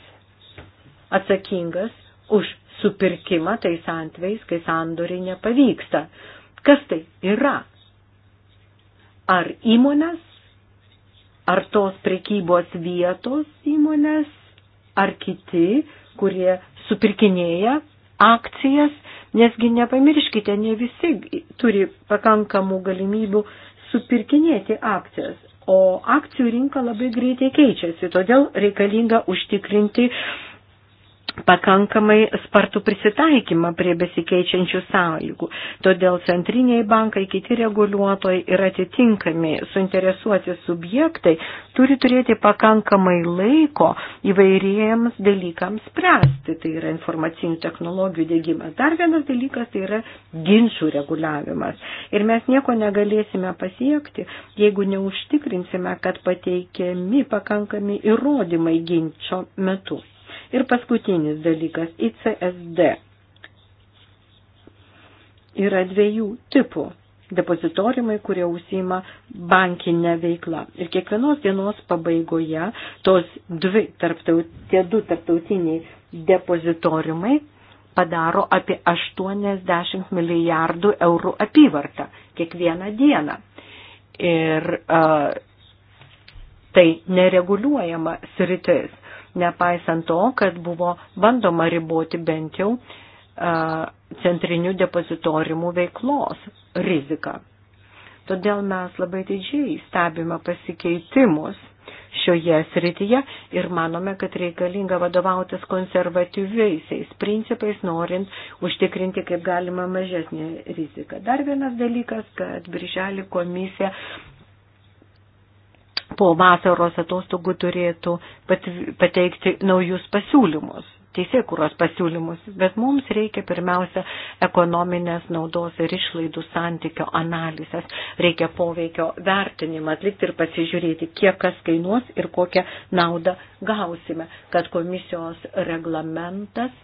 atsakingas už supirkimą tais antvejais, kai sandoriai nepavyksta. Kas tai yra? ar įmonės, ar tos prekybos vietos įmonės, ar kiti, kurie supirkinėja akcijas, nesgi nepamirškite, ne visi turi pakankamų galimybių supirkinėti akcijas. O akcijų rinka labai greitai keičiasi, todėl reikalinga užtikrinti pakankamai spartų prisitaikymą prie besikeičiančių sąlygų. Todėl centriniai bankai, kiti reguliuotojai ir atitinkami suinteresuoti subjektai turi turėti pakankamai laiko įvairiems dalykams spręsti. Tai yra informacinių technologijų dėgymas. Dar vienas dalykas tai yra ginčių reguliavimas. Ir mes nieko negalėsime pasiekti, jeigu neužtikrinsime, kad pateikiami pakankami įrodymai ginčio metu. Ir paskutinis dalykas - ICSD. Yra dviejų tipų depozitorimai, kurie užsima bankinę veiklą. Ir kiekvienos dienos pabaigoje tos dvi tarptaut, tie du tarptautiniai depozitorimai padaro apie 80 milijardų eurų apyvartą kiekvieną dieną. Ir uh, tai nereguliuojama sritis nepaisant to, kad buvo bandoma riboti bent jau centrinių depozitorimų veiklos riziką. Todėl mes labai didžiai stebime pasikeitimus šioje srityje ir manome, kad reikalinga vadovautis konservatyviaisiais principais, norint užtikrinti kaip galima mažesnį riziką. Dar vienas dalykas, kad Birželį komisija po vasaros atostogų turėtų pateikti naujus pasiūlymus teisėkuros pasiūlymus, bet mums reikia pirmiausia ekonominės naudos ir išlaidų santykio analizės, reikia poveikio vertinimą atlikti ir pasižiūrėti, kiek kas kainuos ir kokią naudą gausime, kad komisijos reglamentas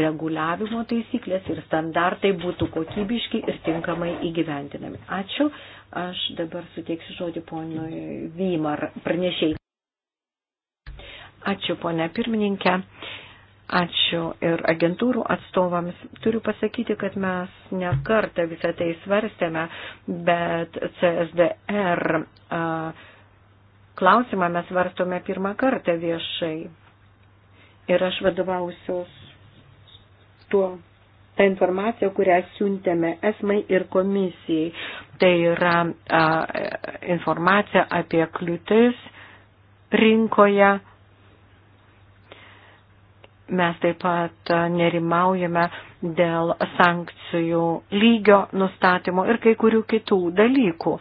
reguliavimo taisyklės ir standartai būtų kokybiški ir tinkamai įgyvendinami. Ačiū. Aš dabar suteiksiu žodį ponui Vymar pranešiai. Ačiū, ponia pirmininkė. Ačiū ir agentūrų atstovams. Turiu pasakyti, kad mes ne kartą visą tai svarstėme, bet CSDR a, klausimą mes svarstome pirmą kartą viešai. Ir aš vadovausios tuo tą informaciją, kurią siuntėme esmai ir komisijai tai yra a, informacija apie kliūtis rinkoje. Mes taip pat nerimaujame dėl sankcijų lygio nustatymo ir kai kurių kitų dalykų,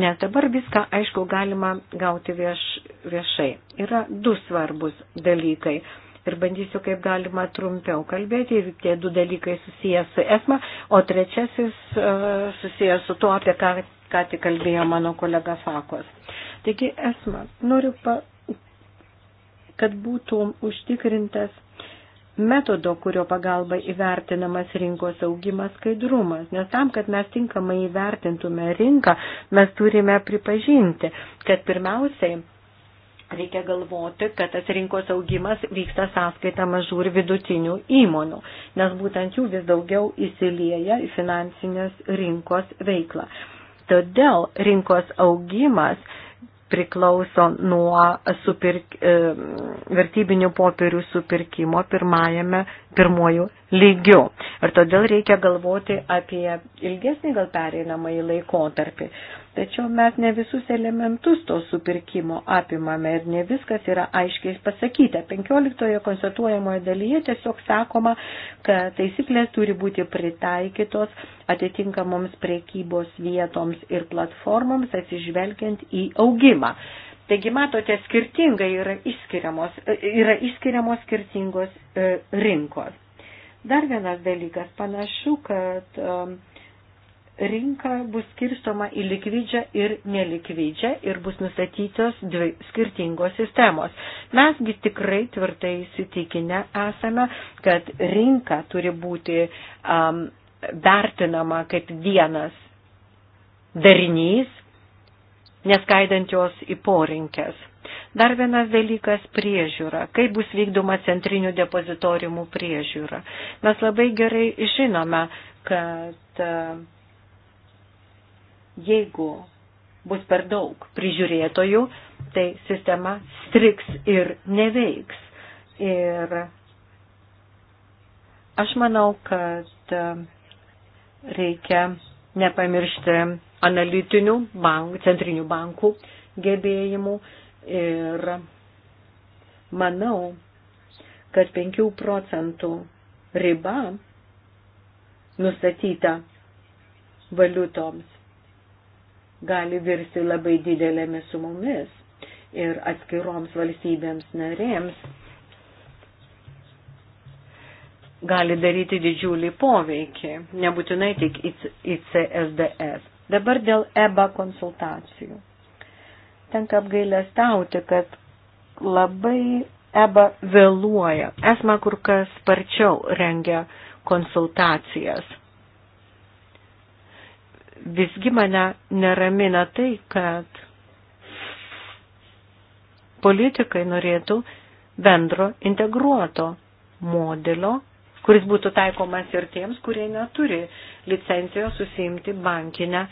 nes dabar viską, aišku, galima gauti vieš, viešai. Yra du svarbus dalykai ir bandysiu kaip galima trumpiau kalbėti. Ir tie du dalykai susijęs su esma, o trečiasis e, susijęs su tuo, apie ką, ką tik kalbėjo mano kolega Fakos. Taigi esma, noriu, pa, kad būtų užtikrintas metodo, kurio pagalba įvertinamas rinkos augimas skaidrumas. Nes tam, kad mes tinkamai įvertintume rinką, mes turime pripažinti, kad pirmiausiai reikia galvoti, kad tas rinkos augimas vyksta sąskaita mažų ir vidutinių įmonių, nes būtent jų vis daugiau įsilieja į finansinės rinkos veiklą. Todėl rinkos augimas priklauso nuo supirk, e, vertybinių popierių supirkimo pirmajame, pirmojų lygių. Ir todėl reikia galvoti apie ilgesnį gal pereinamąjį laikotarpį tačiau mes ne visus elementus to supirkimo apimame ir ne viskas yra aiškiai pasakyta. 15 konstatuojamoje dalyje tiesiog sakoma, kad taisyklės turi būti pritaikytos atitinkamoms priekybos vietoms ir platformoms atsižvelgiant į augimą. Taigi, matote, skirtingai yra išskiriamos, yra išskiriamos skirtingos e, rinkos. Dar vienas dalykas, panašu, kad um, rinka bus skirstoma į likvidžią ir nelikvidžią ir bus nustatytos dvi skirtingos sistemos. Mesgi tikrai tvirtai įsitikinę esame, kad rinka turi būti um, vertinama kaip vienas darinys, neskaidant jos į porinkės. Dar vienas dalykas - priežiūra. Kaip bus vykdoma centrinių depozitorimų priežiūra? Mes labai gerai žinome, kad uh, Jeigu bus per daug prižiūrėtojų, tai sistema striks ir neveiks. Ir aš manau, kad e, reikia nepamiršti analitinių bank, centrinių bankų gebėjimų ir manau, kad 5 procentų riba nustatyta valiutoms gali virsti labai didelėmis sumomis ir atskiroms valstybėms narėms gali daryti didžiulį poveikį, nebūtinai tik į CSDS. Dabar dėl EBA konsultacijų. Tenka apgailestauti, kad labai EBA vėluoja. Esma kur kas sparčiau rengia konsultacijas Visgi mane neramina tai, kad politikai norėtų bendro integruoto modelio, kuris būtų taikomas ir tiems, kurie neturi licencijos susiimti bankinę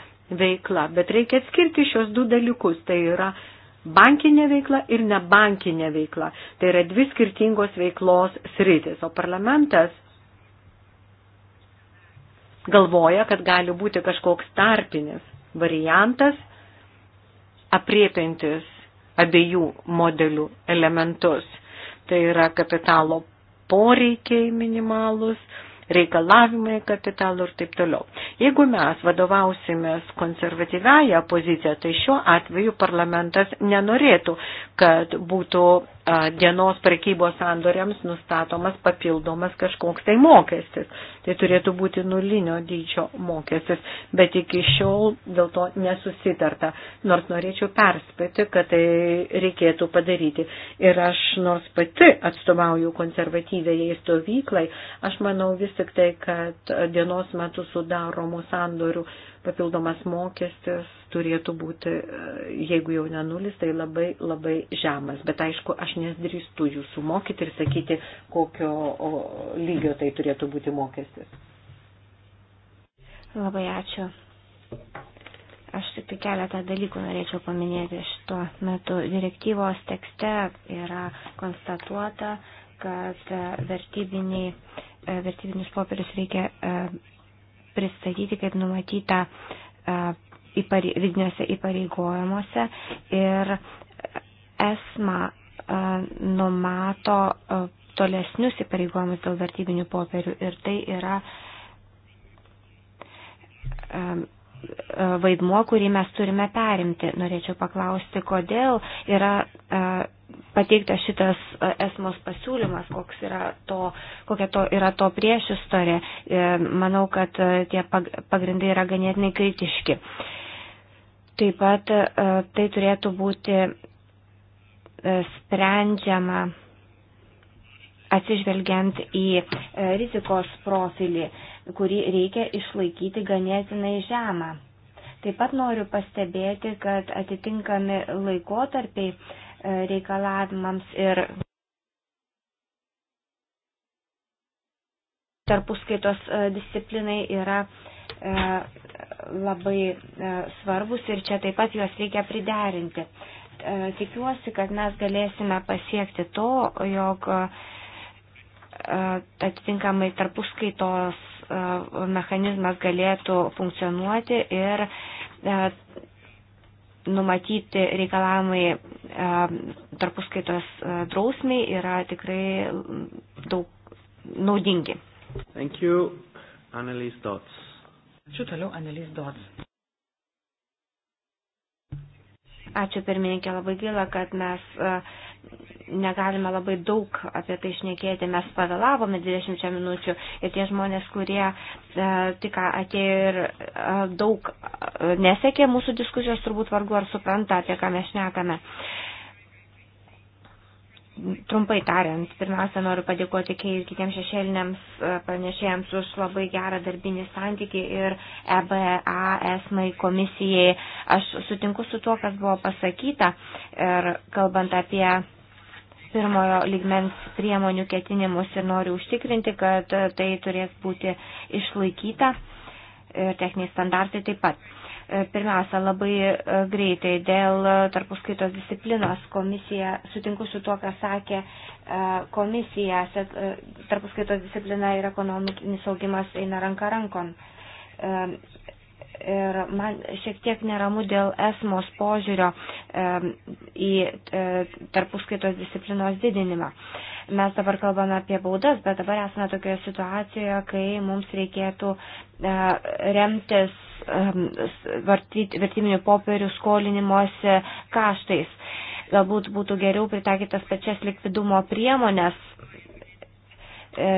veiklą. Bet reikia atskirti šios du dalykus. Tai yra bankinė veikla ir nebankinė veikla. Tai yra dvi skirtingos veiklos sritis. O parlamentas galvoja, kad gali būti kažkoks tarpinis variantas, apriepintis abiejų modelių elementus. Tai yra kapitalo poreikiai minimalus, reikalavimai kapitalų ir taip toliau. Jeigu mes vadovausimės konservatyviają poziciją, tai šiuo atveju parlamentas nenorėtų, kad būtų dienos prekybos sandoriams nustatomas papildomas kažkoks tai mokestis. Tai turėtų būti nulinio dydžio mokestis, bet iki šiol dėl to nesusitarta. Nors norėčiau perspėti, kad tai reikėtų padaryti. Ir aš nors pati atstovauju konservatyviai stovyklai, aš manau vis tik tai, kad dienos metu sudaromų sandorių papildomas mokestis turėtų būti, e, jeigu jau ne nulis, tai labai labai žemas. Bet aišku, aš nesdrįstu jūsų mokyti ir sakyti, kokio lygio tai turėtų būti mokestis. Labai ačiū. Aš tik tai keletą dalykų norėčiau paminėti. Šituo metu direktyvos tekste yra konstatuota, kad e, vertybiniai e, vertybinius popierius reikia pristatyti kaip numatyta e, vidiniuose įpareigojimuose ir esma e, numato e, tolesnius įpareigojimus dėl vertybinių popierių ir tai yra vaidmuo, kurį mes turime perimti. Norėčiau paklausti, kodėl yra pateiktas šitas e, esmos pasiūlymas, koks yra to, kokia to yra to priešistorė, e, manau, kad e, tie pagrindai yra ganėtinai kritiški. Taip pat tai turėtų būti sprendžiama atsižvelgiant į rizikos profilį, kurį reikia išlaikyti ganėtinai žemą. Taip pat noriu pastebėti, kad atitinkami laikotarpiai reikalavimams ir tarpuskaitos e, disciplinai yra e, labai e, svarbus ir čia taip pat juos reikia priderinti. Tikiuosi, kad mes galėsime pasiekti to, jog atitinkamai tarpuskaitos mechanizmas galėtų funkcionuoti ir numatyti reikalavimai e, tarpuskaitos e, drausmiai yra tikrai daug naudingi. Thank you, Annelies Dots. Ačiū toliau, Annelies Dots. Ačiū pirmininkė, labai gaila, kad mes e, negalime labai daug apie tai šnekėti, mes pavėlavome 20 minučių ir tie žmonės, kurie e, tik atėjo ir e, daug e, nesekė mūsų diskusijos, turbūt vargu ar supranta, apie ką mes šnekame. Trumpai tariant, pirmiausia, noriu padėkoti ir kitiems šešėliniams e, pranešėjams už labai gerą darbinį santykį ir EBA esmai komisijai. Aš sutinku su tuo, kas buvo pasakyta ir kalbant apie pirmojo lygmens priemonių ketinimus ir noriu užtikrinti, kad tai turės būti išlaikyta ir techniniai standartai taip pat. Pirmiausia, labai greitai dėl tarpuskaitos disciplinos komisija, sutinku su tuo, ką sakė e, komisija, e, tarpuskaitos disciplina ir ekonominis augimas eina ranka rankon. E, Ir man šiek tiek neramu dėl esmos požiūrio į e, tarpuskaitos disciplinos didinimą. Mes dabar kalbame apie baudas, bet dabar esame tokioje situacijoje, kai mums reikėtų e, remtis vertiminių popierių skolinimuose kaštais. Galbūt būtų geriau pritaikytas pačias likvidumo priemonės e,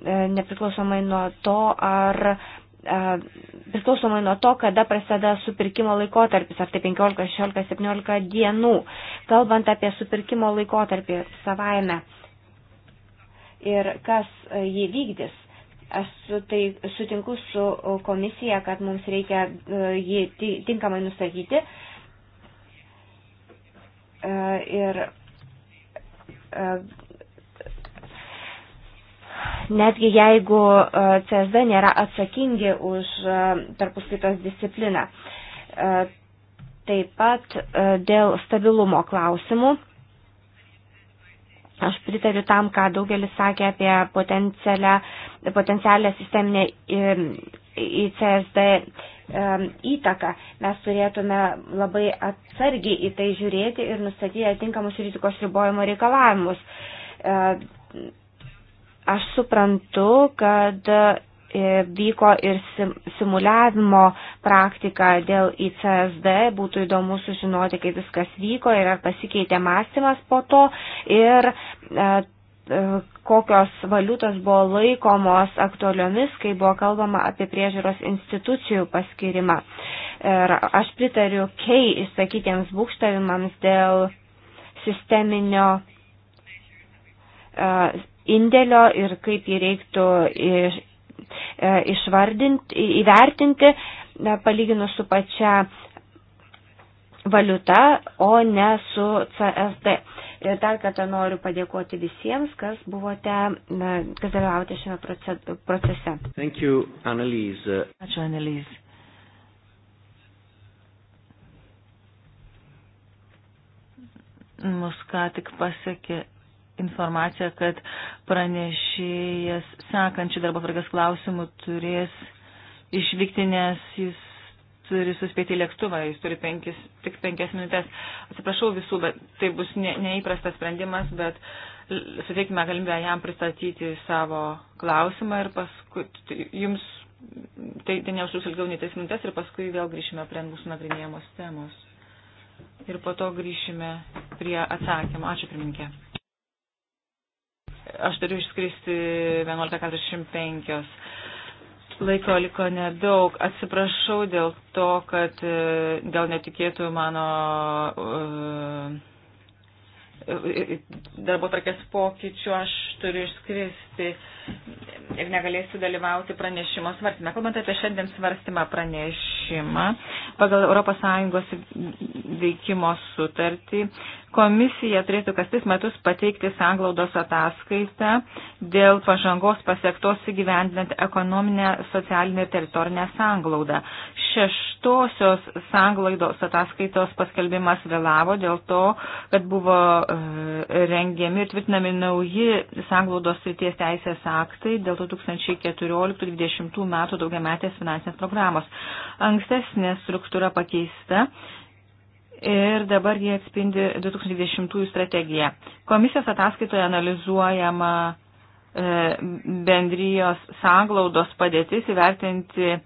nepriklausomai nuo to, ar priklausomai nuo to, kada prasideda supirkimo laikotarpis, ar tai 15, 16, 17 dienų, kalbant apie supirkimo laikotarpį savaime ir kas e, jį vykdys. Aš tai sutinku su komisija, kad mums reikia e, jį tinkamai nustatyti. E, ir netgi jeigu e, CSD nėra atsakingi už e, tarpuskaitos discipliną. E, taip pat dėl stabilumo klausimų. Aš pritariu tam, ką daugelis sakė apie potencialę, potencialę sisteminę ICSD įtaką. Mes turėtume labai atsargiai į tai žiūrėti ir nustatyti atinkamus rizikos ribojimo reikalavimus. Aš suprantu, kad e, vyko ir sim, simuliavimo praktika dėl ICSD. Būtų įdomu sužinoti, kaip viskas vyko ir ar pasikeitė mąstymas po to ir e, e kokios valiutos buvo laikomos aktualiomis, kai buvo kalbama apie priežiūros institucijų paskirimą. Ir aš pritariu Kei išsakytiems būkštavimams dėl sisteminio e, indėlio ir kaip jį reiktų iš, e, išvardinti, įvertinti, e, palyginus su pačia valiuta, o ne su CSD. Ir dar kartą noriu padėkoti visiems, kas buvote, kas dalyvavote šiame procese. Thank you, Annalise. Ačiū, Annalise. Mus ką tik pasiekė informaciją, kad pranešėjas sekančių darbo tvarkės klausimų turės išvykti, nes jis turi suspėti lėktuvą, jis turi penkis, tik penkias minutės. Atsiprašau visų, bet tai bus ne, neįprastas sprendimas, bet suteikime galimybę jam pristatyti savo klausimą ir paskui tai jums tai, tai neužtruks ilgiau nei tris minutės ir paskui vėl grįšime prie mūsų nagrinėjamos temos. Ir po to grįšime prie atsakymų. Ačiū, pirminkė. Aš turiu išskristi 11.45. Laiko liko nedaug. Atsiprašau dėl to, kad gal e, netikėtų mano uh, darbo tarkės pokyčių. Aš turiu išskristi. Uh, ir negalėsiu dalyvauti pranešimo svarstymą. Kalbant apie šiandien svarstymą pranešimą, pagal ES veikimo sutartį, komisija turėtų kas tris metus pateikti sanglaudos ataskaitą dėl pažangos pasiektos įgyvendinant ekonominę, socialinę ir teritorinę sanglaudą. Šeštosios sanglaudos ataskaitos paskelbimas vėlavo dėl to, kad buvo e, rengiami ir tvirtinami nauji sanglaudos srities teisės aktai aktai dėl 2014-2020 metų daugiametės finansinės programos. Ankstesnė struktūra pakeista ir dabar jie atspindi 2020 strategiją. Komisijos ataskaitoje analizuojama e, bendrijos sanglaudos padėtis įvertinti e,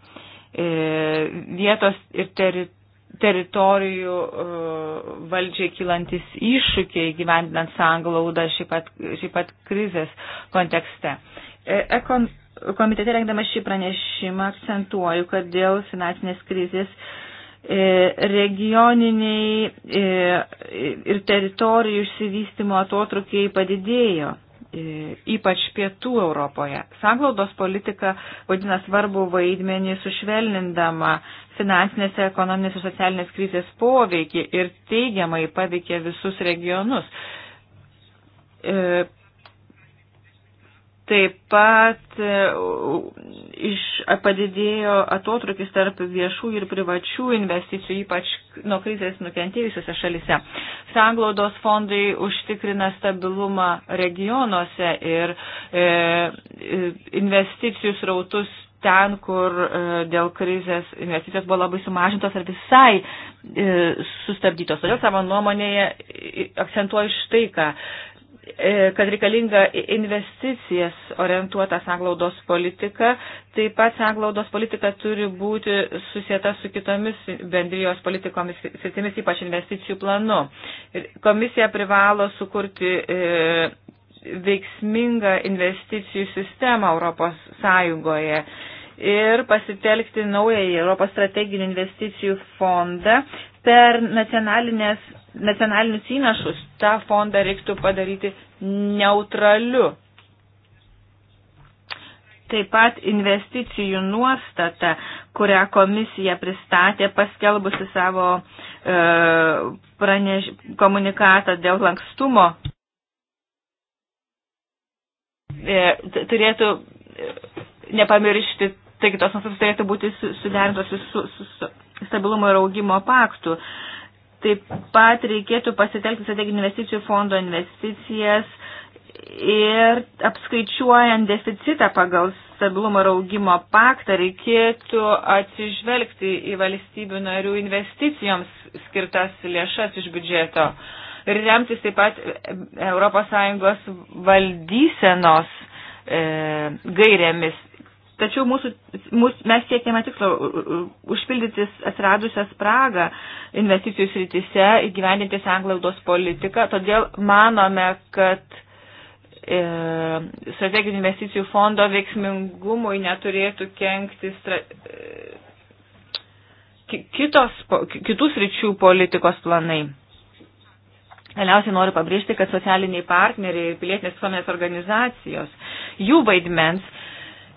vietos ir teritorijos teritorijų e, valdžiai kylantis iššūkiai gyvendinant sąnglaudą šį pat, šį pat krizės kontekste. E, ekon, komitete rengdama šį pranešimą akcentuoju, kad dėl finansinės krizės e, regioniniai ir teritorijų išsivystimo atotrukiai padidėjo. E, ypač pietų Europoje. Sanglaudos politika vadina svarbu vaidmenį sušvelnindama finansinės, ekonominės ir socialinės krizės poveikį ir teigiamai paveikė visus regionus. E, Taip pat e, iš, padidėjo atotrukis tarp viešų ir privačių investicijų, ypač nuo krizės nukentėjusiuose šalise. Sanglaudos fondai užtikrina stabilumą regionuose ir e, investicijų srautus ten, kur e, dėl krizės investicijos buvo labai sumažintos ar visai e, sustabdytos. Todėl savo nuomonėje akcentuoju štai ką. E, E, kad reikalinga investicijas orientuota sanglaudos politika. Taip pat sanglaudos politika turi būti susieta su kitomis bendrijos politikomis sritimis, ypač investicijų planu. Komisija privalo sukurti e, veiksmingą investicijų sistemą Europos Sąjungoje ir pasitelkti naują Europos strateginių investicijų fondą, per nacionalinius įnašus tą fondą reiktų padaryti neutraliu. Taip pat investicijų nuostata, kurią komisija pristatė paskelbusi savo e, pranež, komunikatą dėl lankstumo, e, turėtų e, nepamiršti Taigi tos nuostatos turėtų būti suderintos su, su, su stabilumo ir augimo paktu. Taip pat reikėtų pasitelkti strateginių investicijų fondo investicijas ir apskaičiuojant deficitą pagal stabilumo ir augimo paktą reikėtų atsižvelgti į valstybių narių investicijoms skirtas lėšas iš biudžeto ir remtis taip pat ES valdysenos e, gairėmis. Tačiau mūsų, mūs, mes siekiame tikslo užpildyti atsiradusią spragą investicijų srityse, įgyvendinti sanglaudos politiką. Todėl manome, kad e, strateginių investicijų fondo veiksmingumui neturėtų kenkti stra, e, kitos, kitų sričių politikos planai. Galiausiai noriu pabrėžti, kad socialiniai partneriai ir pilietinės visuomenės organizacijos, jų vaidmens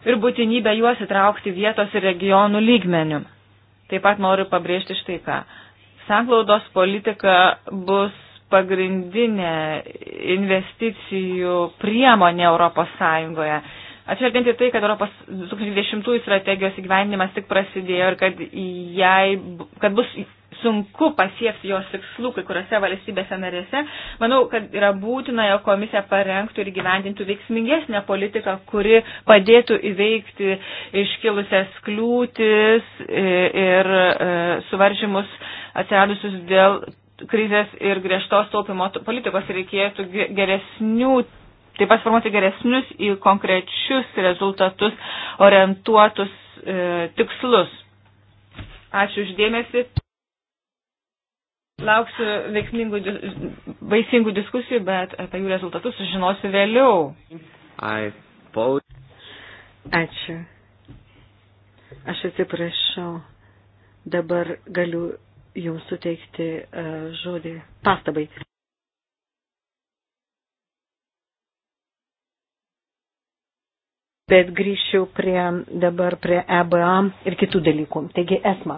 ir būtinybę juos įtraukti vietos ir regionų lygmenių. Taip pat noriu pabrėžti štai ką. Sanklaudos politika bus pagrindinė investicijų priemonė Europos Sąjungoje Atsižvelgiant į tai, kad Europos 2020 strategijos įgyvenimas tik prasidėjo ir kad, jai, kad bus sunku pasiekti jos tikslų kai kuriuose valstybėse narėse, manau, kad yra būtina, jog komisija parengtų ir gyvendintų veiksmingesnę politiką, kuri padėtų įveikti iškilusias kliūtis e, ir e, suvaržymus atsiradusius dėl krizės ir griežtos taupimo politikos reikėtų geresnių taip pat formuoti geresnius į konkrečius rezultatus orientuotus e, tikslus. Ačiū uždėmesi. Lauksiu veiksmingų, vaisingų diskusijų, bet apie jų rezultatus sužinosiu vėliau. Ačiū. Aš atsiprašau. Dabar galiu jums suteikti uh, žodį pastabai. bet grįšiu prie, dabar prie EBA ir kitų dalykų. Taigi ESMA.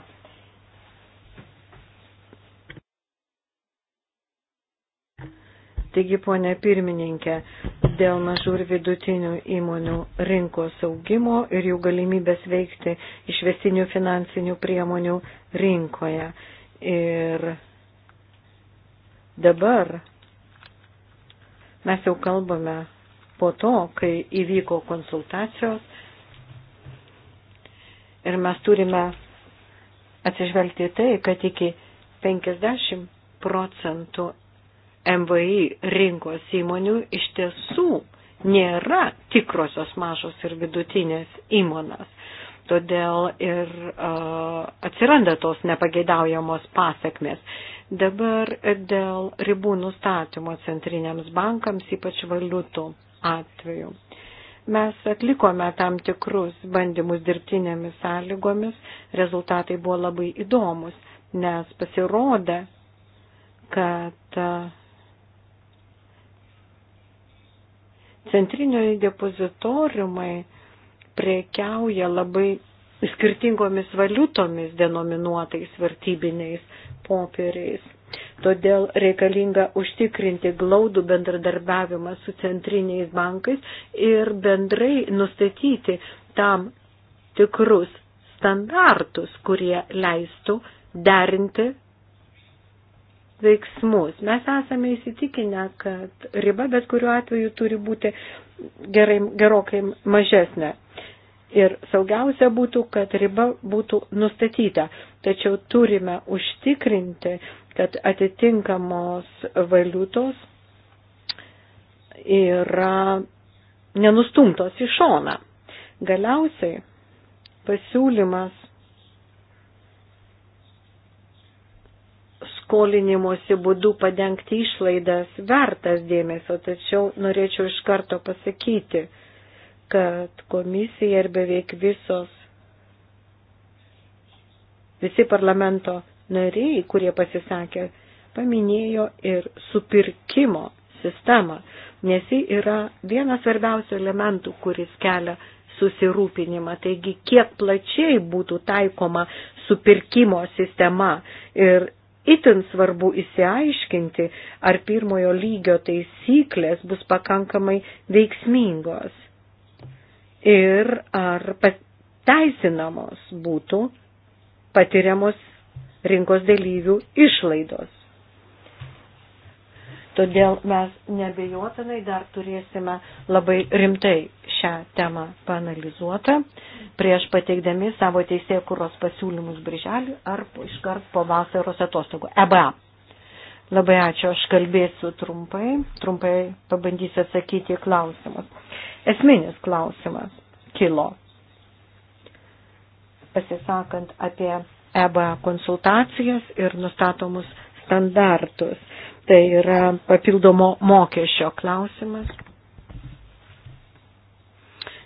Taigi, ponė pirmininkė, dėl mažų ir vidutinių įmonių rinkos augimo ir jų galimybės veikti išvestinių finansinių priemonių rinkoje. Ir dabar mes jau kalbame po to, kai įvyko konsultacijos ir mes turime atsižvelgti tai, kad iki 50 procentų MVI rinkos įmonių iš tiesų nėra tikrosios mažos ir vidutinės įmonas. Todėl ir uh, atsiranda tos nepageidaujamos pasiekmes. Dabar dėl ribų nustatymo centriniams bankams, ypač valiutų atveju. Mes atlikome tam tikrus bandymus dirbtinėmis sąlygomis, rezultatai buvo labai įdomus, nes pasirodė, kad centriniai depozitoriumai priekiauja labai skirtingomis valiutomis denominuotais vertybiniais popieriais. Todėl reikalinga užtikrinti glaudų bendradarbiavimą su centriniais bankais ir bendrai nustatyti tam tikrus standartus, kurie leistų derinti veiksmus. Mes esame įsitikinę, kad riba bet kuriuo atveju turi būti gerai, gerokai mažesnė. Ir saugiausia būtų, kad riba būtų nustatyta. Tačiau turime užtikrinti, kad atitinkamos valiutos yra nenustumtos į šoną. Galiausiai pasiūlymas skolinimuose būdu padengti išlaidas vertas dėmesio, tačiau norėčiau iš karto pasakyti, kad komisija ir beveik visos, visi parlamento nariai, kurie pasisakė, paminėjo ir supirkimo sistemą, nes ji yra vienas svarbiausių elementų, kuris kelia susirūpinimą. Taigi, kiek plačiai būtų taikoma supirkimo sistema ir itin svarbu įsiaiškinti, ar pirmojo lygio taisyklės bus pakankamai veiksmingos ir ar pateisinamos būtų patiriamos rinkos dalyvių išlaidos. Todėl mes nebejotinai dar turėsime labai rimtai šią temą panalizuotą prieš pateikdami savo teisėjų kuros pasiūlymus brželį ar iškart po vasaros atostogų. EBA. Labai ačiū, aš kalbėsiu trumpai, trumpai pabandysiu atsakyti klausimus esminis klausimas kilo. Pasisakant apie EBA konsultacijas ir nustatomus standartus. Tai yra papildomo mokesčio klausimas.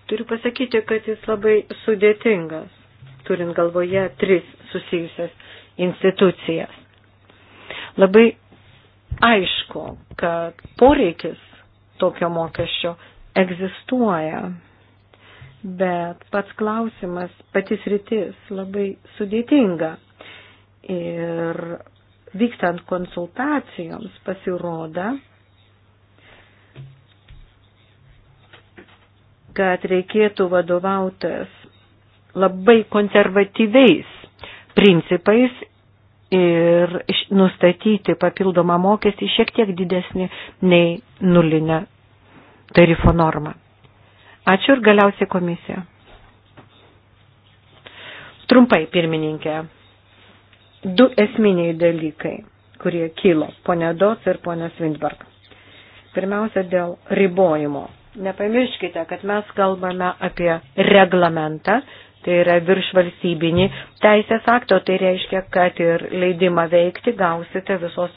Turiu pasakyti, kad jis labai sudėtingas, turint galvoje tris susijusias institucijas. Labai aišku, kad poreikis tokio mokesčio egzistuoja. Bet pats klausimas, patys rytis labai sudėtinga. Ir vykstant konsultacijoms pasirodo, kad reikėtų vadovautas labai konservatyviais principais ir nustatyti papildomą mokestį šiek tiek didesnį nei nulinę tarifo normą. Ačiū ir galiausiai komisija. Trumpai, pirmininkė, du esminiai dalykai, kurie kilo, ponė Dots ir ponė Svindberg. Pirmiausia, dėl ribojimo. Nepamirškite, kad mes kalbame apie reglamentą, tai yra viršvalstybinį teisės akto, tai reiškia, kad ir leidimą veikti gausite visos,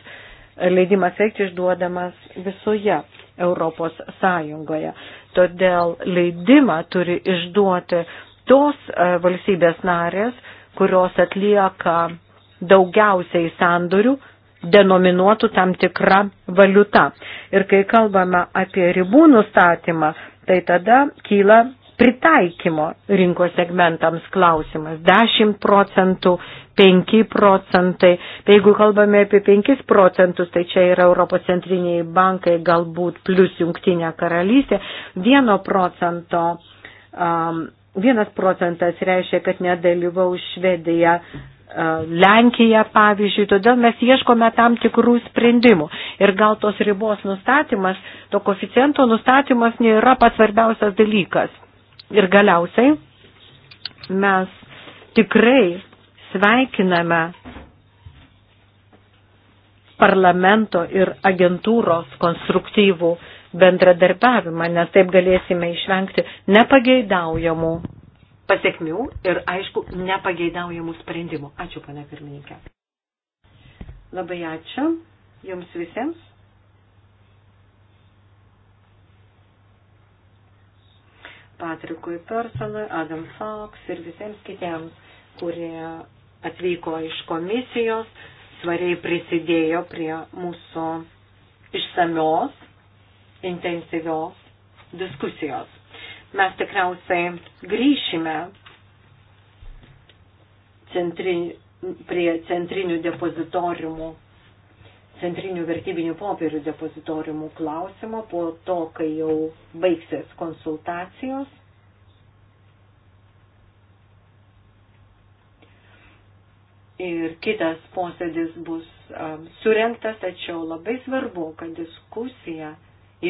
leidimas veikti išduodamas visoje Europos Sąjungoje. Todėl leidimą turi išduoti tos e, valstybės narės, kurios atlieka daugiausiai sandorių denominuotų tam tikrą valiutą. Ir kai kalbame apie ribų nustatymą, tai tada kyla pritaikymo rinkos segmentams klausimas. 10 procentų 5 procentai. Tai jeigu kalbame apie 5 procentus, tai čia yra Europos centriniai bankai, galbūt plus jungtinė karalystė, 1 procento. Um, Vienas procentas reiškia, kad nedalyvau Švedija uh, Lenkija, pavyzdžiui, todėl mes ieškome tam tikrų sprendimų. Ir gal tos ribos nustatymas, to koficiento nustatymas nėra pats svarbiausias dalykas. Ir galiausiai mes tikrai sveikiname parlamento ir agentūros konstruktyvų bendradarbiavimą, nes taip galėsime išvengti nepageidaujamų pasiekmių ir, aišku, nepageidaujamų sprendimų. Ačiū, pane pirmininkė. Labai ačiū jums visiems. Patrikui Personui, Adam Fox ir visiems kitiems, kurie atvyko iš komisijos, svariai prisidėjo prie mūsų išsamios, intensyvios diskusijos. Mes tikriausiai grįšime centri, prie centrinių depozitoriumų, centrinių vertybinių popierių depozitoriumų klausimo po to, kai jau baigsis konsultacijos ir kitas posėdis bus um, surinktas, tačiau labai svarbu, kad diskusija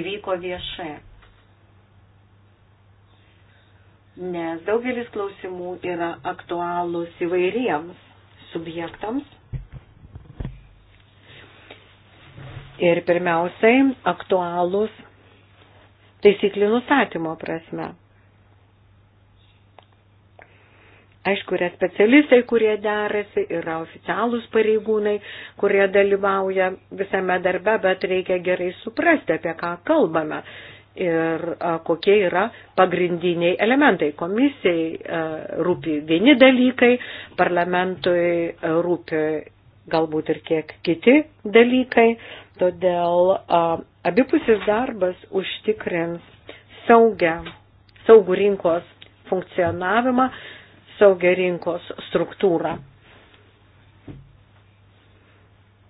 įvyko viešai. Nes daugelis klausimų yra aktualūs įvairiems subjektams. Ir pirmiausiai aktualūs taisyklių nustatymo prasme. Aišku, yra specialistai, kurie derasi, yra oficialūs pareigūnai, kurie dalyvauja visame darbe, bet reikia gerai suprasti, apie ką kalbame ir a, kokie yra pagrindiniai elementai. Komisijai a, rūpi vieni dalykai, parlamentui a, rūpi galbūt ir kiek kiti dalykai, todėl a, abipusis darbas užtikrins saugę, saugų rinkos funkcionavimą, saugia rinkos struktūrą.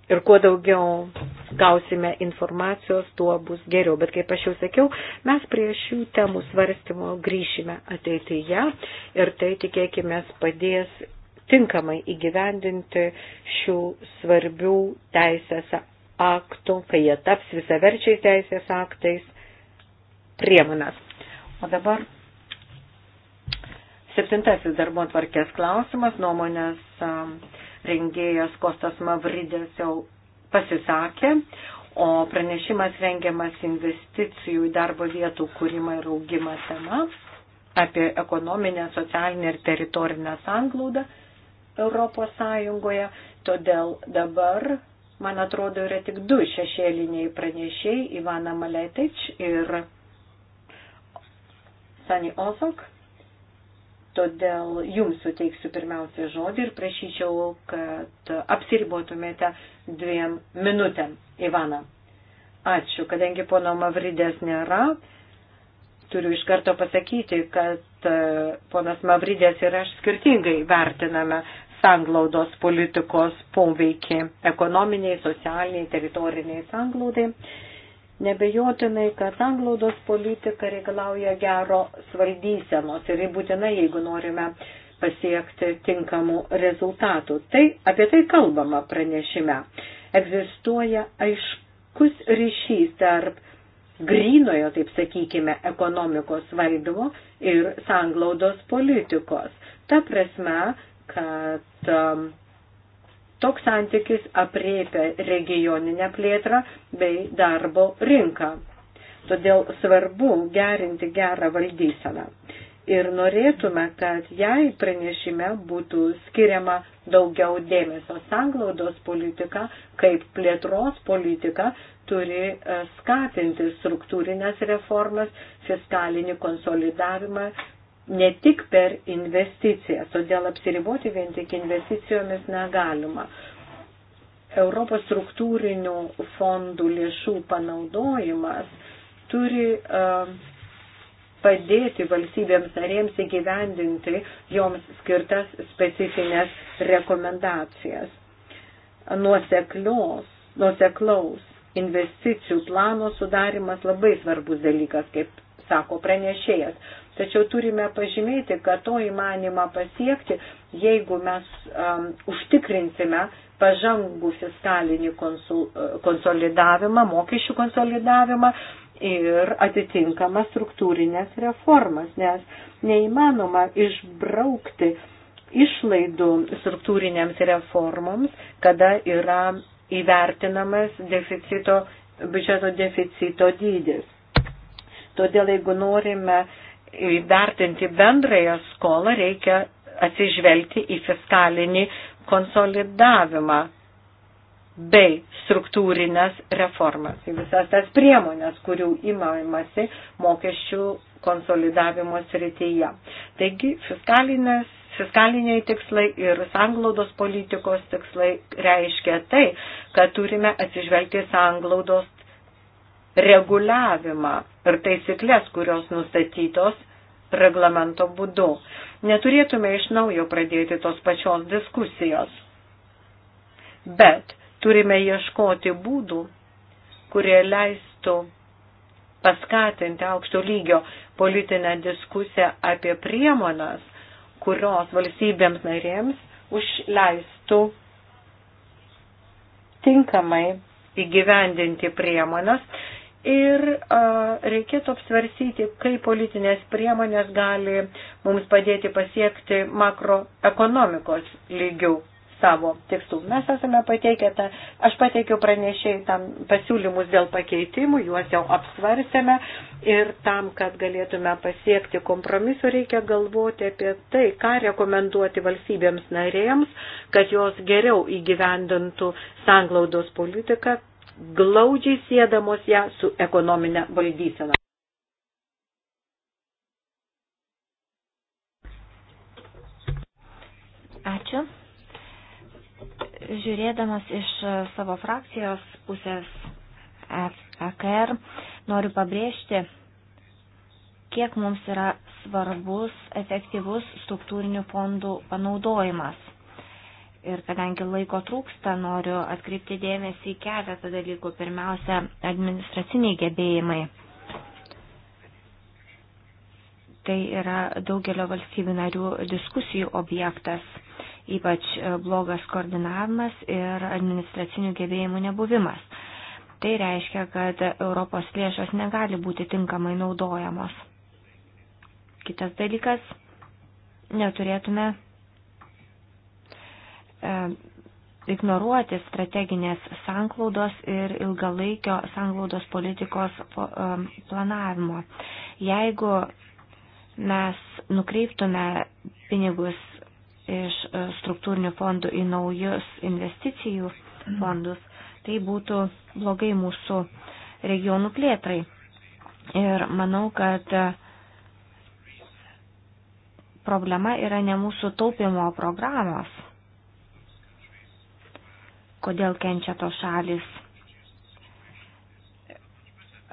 Ir kuo daugiau gausime informacijos, tuo bus geriau. Bet kaip aš jau sakiau, mes prie šių temų svarstymo grįšime ateityje ir tai tikėkime padės tinkamai įgyvendinti šių svarbių teisės aktų, kai jie taps visaverčiais teisės aktais, priemonės. O dabar Septintasis darbo atvarkės klausimas, nuomonės rengėjas Kostas Mavridės jau pasisakė, o pranešimas rengiamas investicijų į darbo vietų kūrimą ir augimą tema apie ekonominę, socialinę ir teritorinę sanglaudą Europos Sąjungoje. Todėl dabar, man atrodo, yra tik du šešėliniai pranešiai, Ivana Maletič ir Sani Osok Todėl jums suteiksiu pirmiausia žodį ir prašyčiau, kad apsiribotumėte dviem minutėm. Ivana. Ačiū, kadangi pono Mavridės nėra, turiu iš karto pasakyti, kad e, ponas Mavridės ir aš skirtingai vertiname sanglaudos politikos poveikį ekonominiai, socialiniai, teritoriniai sanglaudai. Nebejotinai, kad anglaudos politika reikalauja gero svaldysenos ir būtinai, jeigu norime pasiekti tinkamų rezultatų. Tai apie tai kalbama pranešime. Egzistuoja aiškus ryšys tarp grinojo, taip sakykime, ekonomikos valdymo ir sanglaudos politikos. Ta prasme, kad um, Toks santykis apriepia regioninę plėtrą bei darbo rinką. Todėl svarbu gerinti gerą valdyseną. Ir norėtume, kad jai pranešime būtų skiriama daugiau dėmesio. Sanglaudos politika kaip plėtros politika turi e, skatinti struktūrinės reformas, fiskalinį konsolidavimą, ne tik per investicijas, todėl apsiriboti vien tik investicijomis negalima. Europos struktūrinių fondų lėšų panaudojimas turi uh, padėti valstybėms narėms įgyvendinti joms skirtas specifines rekomendacijas. Nuoseklios, nuoseklaus investicijų plano sudarimas labai svarbus dalykas, kaip sako pranešėjas. Tačiau turime pažymėti, kad to įmanima pasiekti, jeigu mes um, užtikrinsime pažangų fiskalinį konsul, uh, konsolidavimą, mokesčių konsolidavimą ir atitinkamas struktūrinės reformas, nes neįmanoma išbraukti išlaidų struktūrinėms reformoms, kada yra įvertinamas deficito, biudžeto deficito dydis. Todėl jeigu norime įvertinti bendrąją skolą, reikia atsižvelgti į fiskalinį konsolidavimą bei struktūrinės reformas. Į visas tas priemonės, kurių įmamasi mokesčių konsolidavimo srityje. Taigi fiskalinės fiskaliniai tikslai ir sanglaudos politikos tikslai reiškia tai, kad turime atsižvelgti sanglaudos reguliavimą ir taisyklės, kurios nustatytos reglamento būdu. Neturėtume iš naujo pradėti tos pačios diskusijos, bet turime ieškoti būdų, kurie leistų paskatinti aukšto lygio politinę diskusiją apie priemonas, kurios valstybėms narėms užleistų tinkamai įgyvendinti priemonas ir a, reikėtų apsvarsyti, kaip politinės priemonės gali mums padėti pasiekti makroekonomikos lygių savo tikslų. Mes esame pateikę, tą, aš pateikiau pranešėjai tam pasiūlymus dėl pakeitimų, juos jau apsvarstėme ir tam, kad galėtume pasiekti kompromisu, reikia galvoti apie tai, ką rekomenduoti valstybėms narėms, kad jos geriau įgyvendintų sanglaudos politiką, glaudžiai siedamos ją su ekonominė valdysena. Ačiū. Žiūrėdamas iš savo frakcijos pusės AKR, noriu pabrėžti, kiek mums yra svarbus efektyvus struktūrinių fondų panaudojimas. Ir kadangi laiko trūksta, noriu atkreipti dėmesį į keletą dalykų. Pirmiausia, administraciniai gebėjimai. Tai yra daugelio valstybių narių diskusijų objektas, ypač blogas koordinavimas ir administracinių gebėjimų nebuvimas. Tai reiškia, kad Europos lėšos negali būti tinkamai naudojamos. Kitas dalykas, neturėtume E, ignoruoti strateginės sanklaudos ir ilgalaikio sanklaudos politikos e, planavimo. Jeigu mes nukreiptume pinigus iš e, struktūrinių fondų į naujus investicijų fondus, tai būtų blogai mūsų regionų plėtrai. Ir manau, kad problema yra ne mūsų taupimo programos kodėl kenčia tos šalis.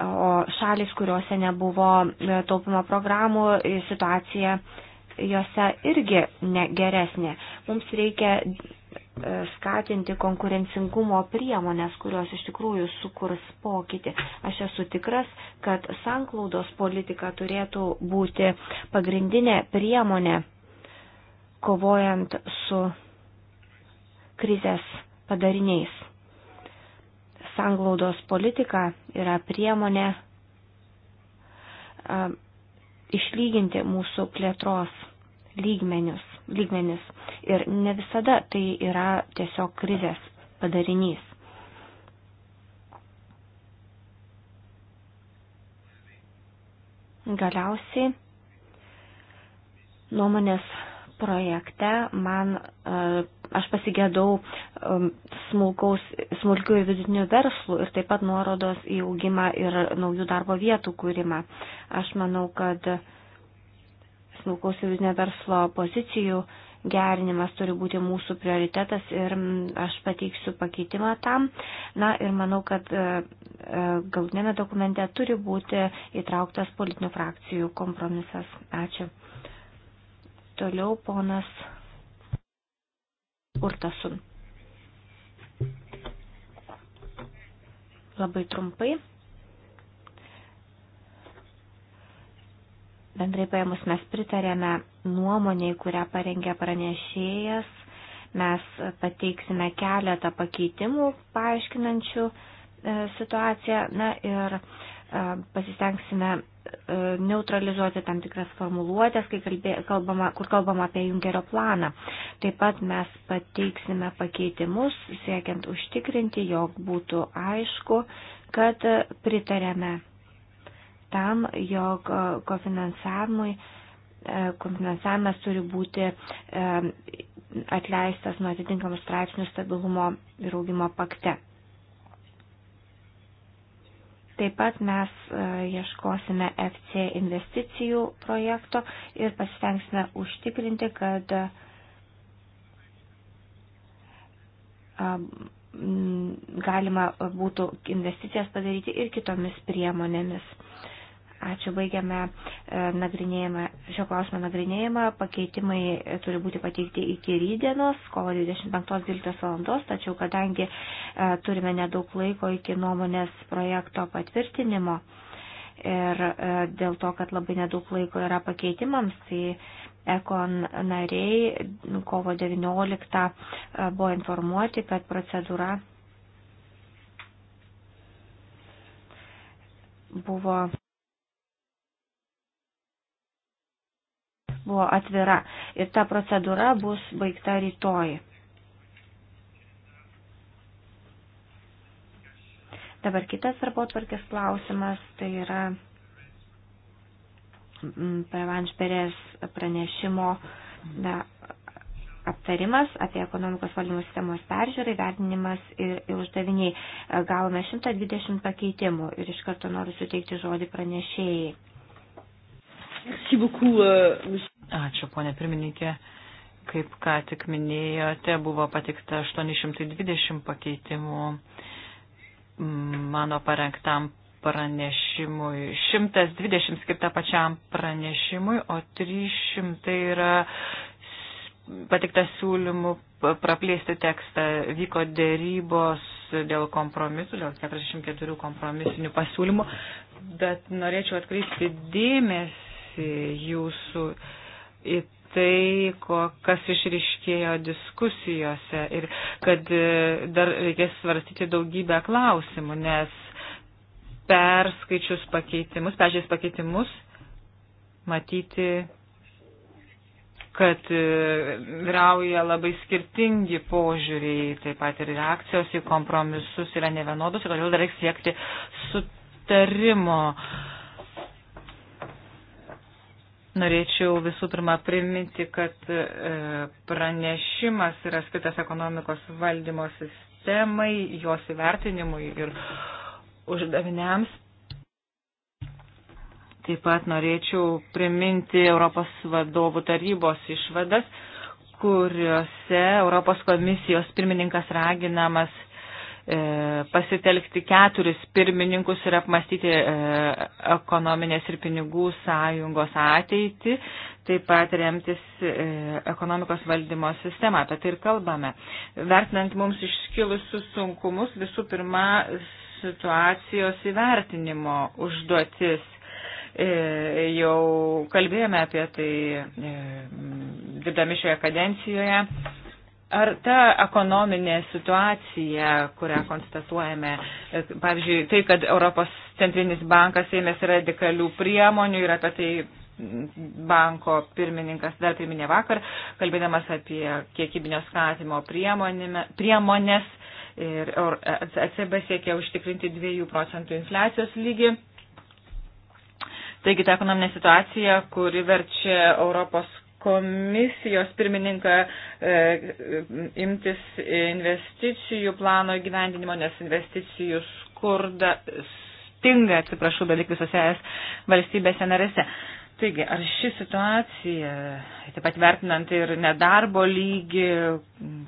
O šalis, kuriuose nebuvo e, taupimo programų, e, situacija juose irgi geresnė. Mums reikia e, skatinti konkurencingumo priemonės, kurios iš tikrųjų sukurs pokytį. Aš esu tikras, kad sanklaudos politika turėtų būti pagrindinė priemonė kovojant su krizės padariniais. Sanglaudos politika yra priemonė a, išlyginti mūsų plėtros lygmenius, lygmenis ir ne visada tai yra tiesiog krizės padarinys. Galiausiai nuomonės projekte man, e, aš pasigėdau smulkaus, smulkių ir vidutinių verslų ir taip pat nuorodos į augimą ir naujų darbo vietų kūrimą. Aš manau, kad smulkaus ir vidutinio verslo pozicijų gerinimas turi būti mūsų prioritetas ir aš pateiksiu pakeitimą tam. Na ir manau, kad e, e, galutinėme dokumente turi būti įtrauktas politinių frakcijų kompromisas. Ačiū. Toliau ponas Urtasun. Labai trumpai. Bendrai paėmus mes pritarėme nuomoniai, kurią parengė pranešėjas. Mes pateiksime keletą pakeitimų paaiškinančių e, situaciją. Na ir e, pasistengsime E, neutralizuoti tam tikras formuluotės, kai kalbė, kalbama, kur kalbama apie Junkerio planą. Taip pat mes pateiksime pakeitimus, siekiant užtikrinti, jog būtų aišku, kad pritarėme tam, jog kofinansavimui e, kompensavimas turi būti e, atleistas nuo atitinkamų straipsnių stabilumo ir augimo pakte. Taip pat mes e, ieškosime FC investicijų projekto ir pasitengsime užtikrinti, kad e, galima būtų investicijas padaryti ir kitomis priemonėmis. Ačiū, baigiame e, nagrinėjimą, šio klausimo nagrinėjimą. Pakeitimai e, turi būti pateikti iki rydienos, kovo 25-12 valandos, tačiau kadangi e, turime nedaug laiko iki nuomonės projekto patvirtinimo ir dėl to, kad labai nedaug laiko yra pakeitimams, tai Ekon nariai kovo 19 buvo informuoti, kad procedūra buvo buvo atvira ir ta procedūra bus baigta rytoj. Dabar kitas darbo tvarkės klausimas, tai yra mm, Prevanš Perės pranešimo da, aptarimas apie ekonomikos valdymo sistemos peržiūrą, vertinimas ir, ir uždaviniai. Gavome 120 pakeitimų ir iš karto noriu suteikti žodį pranešėjai. Euh, Ačiū, ponė pirmininkė. Kaip ką tik minėjote, buvo patikta 820 pakeitimų mano parengtam pranešimui. 120 skirta pačiam pranešimui, o 300 yra patikta siūlymų praplėsti tekstą. Vyko dėrybos dėl kompromisų, dėl 44 kompromisinių pasiūlymų, bet norėčiau atkreipti dėmesį dėmesį jūsų į tai, ko, kas išriškėjo diskusijose ir kad e, dar reikės svarstyti daugybę klausimų, nes perskaičius pakeitimus, peržiūrės pakeitimus, matyti, kad e, vyrauja labai skirtingi požiūriai, taip pat ir reakcijos į kompromisus yra nevienodos ir todėl dar reikia siekti sutarimo. Uh, Norėčiau visų pirma priminti, kad e, pranešimas yra skirtas ekonomikos valdymo sistemai, jos įvertinimui ir uždaviniams. Taip pat norėčiau priminti Europos vadovų tarybos išvadas, kuriuose Europos komisijos pirmininkas raginamas E, pasitelkti keturis pirmininkus ir apmastyti e, ekonominės ir pinigų sąjungos ateitį, taip pat remtis e, ekonomikos valdymo sistemą. Apie tai ir kalbame. Vertinant mums iškilusius sunkumus, visų pirma, situacijos įvertinimo užduotis jau kalbėjome apie tai dirbdami šioje kadencijoje. Ar ta ekonominė situacija, kurią konstatuojame, e, pavyzdžiui, tai, kad Europos centrinis bankas ėmėsi radikalių priemonių ir apie tai banko pirmininkas dar priminė vakar, kalbėdamas apie kiekybinio skatimo priemonės ir ECB e siekia užtikrinti 2 procentų infliacijos lygį. Taigi ta ekonominė situacija, kuri verčia Europos komisijos pirmininką e, imtis investicijų plano gyvendinimo, nes investicijų skurda, stinga, atsiprašau, beveik visose es valstybėse narėse. Taigi, ar ši situacija, taip pat vertinant ir nedarbo lygį,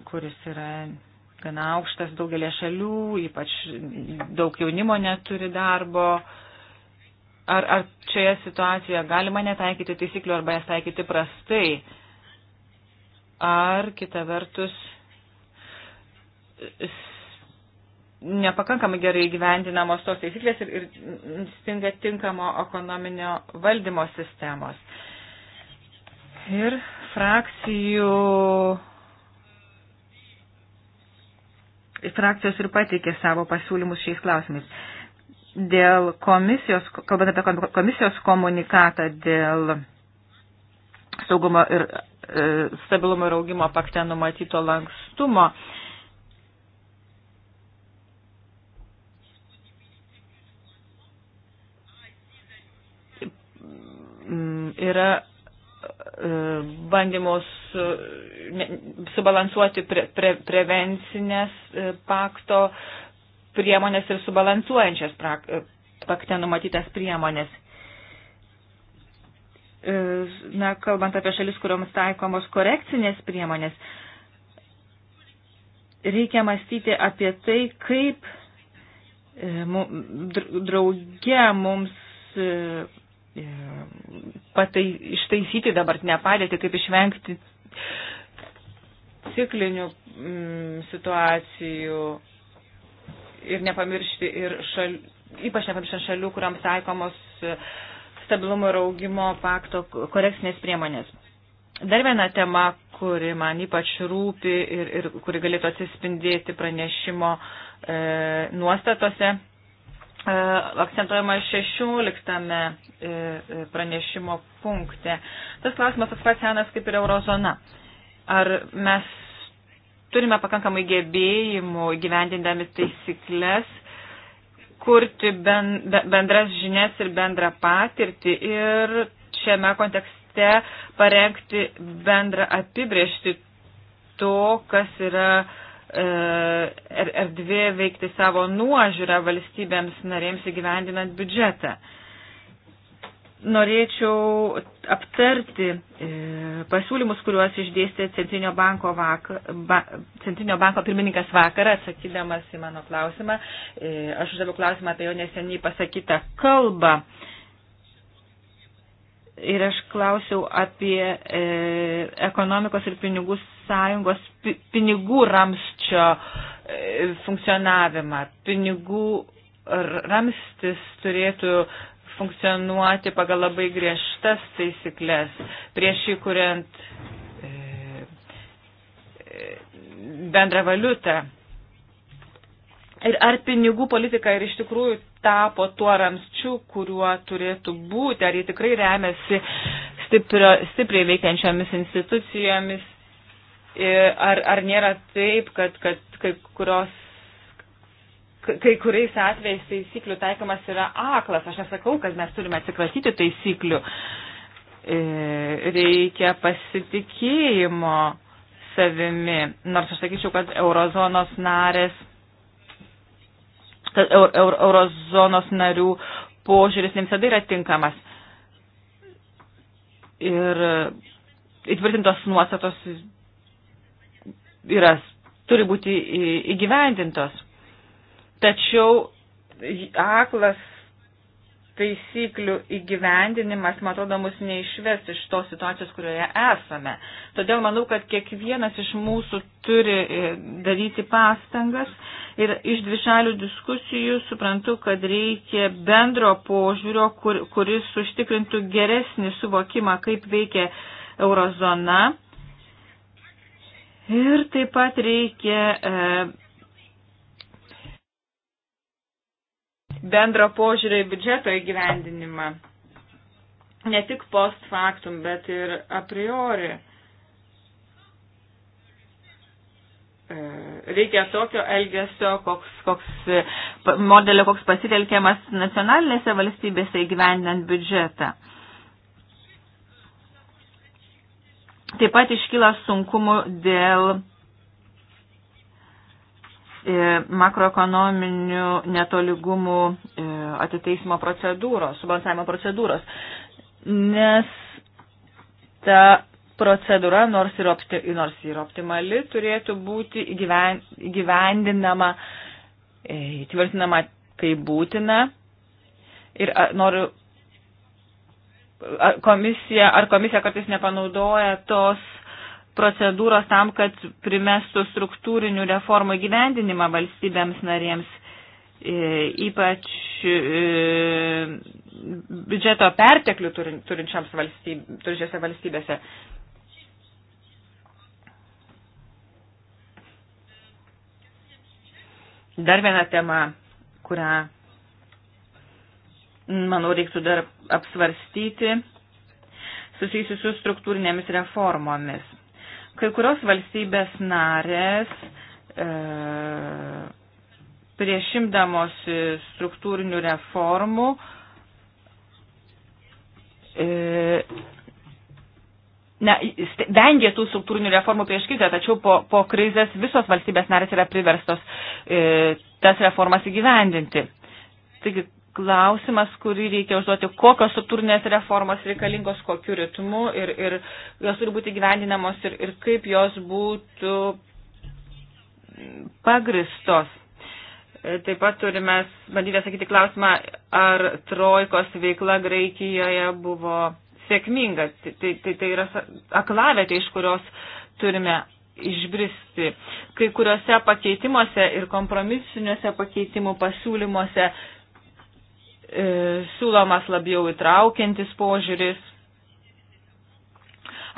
kuris yra gana aukštas daugelė šalių, ypač daug jaunimo neturi darbo, e, Ar, ar šioje situacijoje galima netaikyti taisyklių arba jas taikyti prastai? Ar kita vertus nepakankamai gerai gyvendinamos tos taisyklės ir, ir stinga tinkamo ekonominio valdymo sistemos. Ir frakcijų. Frakcijos ir pateikė savo pasiūlymus šiais klausimais dėl komisijos, kalbant apie komisijos komunikatą dėl saugumo ir e, stabilumo ir augimo pakte numatyto lankstumo. Yra e, bandymus e, subalansuoti pre, pre, prevencinės e, pakto priemonės ir subalansuojančias e, pakte numatytas priemonės. E, na, kalbant apie šalis, kurioms taikomos korekcinės priemonės, reikia mąstyti apie tai, kaip e, drauge mums patai, ištaisyti dabartinę padėtį, kaip išvengti ciklinių mm, situacijų ir nepamiršti ir šal, ypač nepamiršti šalių, kuriams taikomos e, stabilumo ir augimo pakto korekcinės priemonės. Dar viena tema, kuri man ypač rūpi ir, ir kuri galėtų atsispindėti pranešimo e, nuostatose, e, akcentuojama 16 e, e, pranešimo punkte. Tas klausimas toks pats senas kaip ir eurozona. Ar mes turime pakankamai gebėjimų gyvendindami taisyklės kurti ben, bendras žinias ir bendrą patirtį ir šiame kontekste parengti bendrą apibriežti to, kas yra e, er, erdvė veikti savo nuožiūrą valstybėms narėms įgyvendinant biudžetą. Norėčiau aptarti e, pasiūlymus, kuriuos išdėstė Centrinio banko, vakar, ba, Centrinio banko pirmininkas vakarą, atsakydamas į mano klausimą. E, aš uždaviau klausimą apie jo neseniai pasakytą kalbą. Ir aš klausiau apie e, ekonomikos ir pinigų sąjungos pi, pinigų ramščio e, funkcionavimą. Pinigų ramstis turėtų e, funkcionuoti pagal labai griežtas taisyklės, prieš įkuriant e, e, bendrą valiutą. Ir ar pinigų politika ir iš tikrųjų tapo tuo ramščiu, kuriuo turėtų būti, ar jie tikrai remiasi stiprio, stipriai veikiančiomis institucijomis, e, ar, ar nėra taip, kad, kad kai kurios kai kuriais atvejais taisyklių taikomas yra aklas. Aš nesakau, kad mes turime atsikratyti taisyklių. E, reikia pasitikėjimo savimi. Nors aš sakyčiau, kad eurozonos narės, kad eur, eur, eurozonos narių požiūris ne visada yra tinkamas. Ir įtvirtintos nuostatos yra, turi būti įgyvendintos Tačiau aklas taisyklių įgyvendinimas, man atrodo, mus neišves iš tos situacijos, kurioje esame. Todėl manau, kad kiekvienas iš mūsų turi e, daryti pastangas ir iš dvišalių diskusijų suprantu, kad reikia bendro požiūrio, kur, kuris užtikrintų geresnį suvokimą, kaip veikia eurozona. Ir taip pat reikia. E, bendro požiūrio į biudžeto įgyvendinimą. Ne tik post factum, bet ir a priori. E, reikia tokio elgesio, koks, koks modelio, koks pasitelkiamas nacionalinėse valstybėse įgyvendinant biudžetą. Taip pat iškyla sunkumų dėl E, makroekonominių netoligumų e, atiteismo procedūros, subalansavimo procedūros. Nes ta procedūra, nors ir, opti, nors ir optimali, turėtų būti gyven, gyvendinama, e, įtvirtinama kaip būtina. Ir noriu, komisija, ar komisija kartais nepanaudoja tos procedūros tam, kad primestų struktūrinių reformų gyvendinimą valstybėms narėms, e, ypač e, biudžeto perteklių turinčiams valstybėse, valstybėse. Dar viena tema, kurią, manau, reiktų dar apsvarstyti, susijusi su struktūrinėmis reformomis. Kai kurios valstybės narės e, priešimdamosi struktūrinių reformų e, na, vengė tų struktūrinių reformų prieš krizę, tačiau po, po krizės visos valstybės narės yra priverstos e, tas reformas įgyvendinti. Taigi klausimas, kurį reikia užduoti, kokios struktūrinės reformos reikalingos, kokiu ritmu ir, ir jos turi būti gyvendinamos ir, ir kaip jos būtų pagristos. E, taip pat turime bandyti atsakyti klausimą, ar trojkos veikla Graikijoje buvo sėkminga. Tai, tai, tai, tai yra aklavėtė, iš kurios turime išbristi. Kai kuriuose pakeitimuose ir kompromisiniuose pakeitimų pasiūlymuose E, siūlomas labiau įtraukiantis požiūris,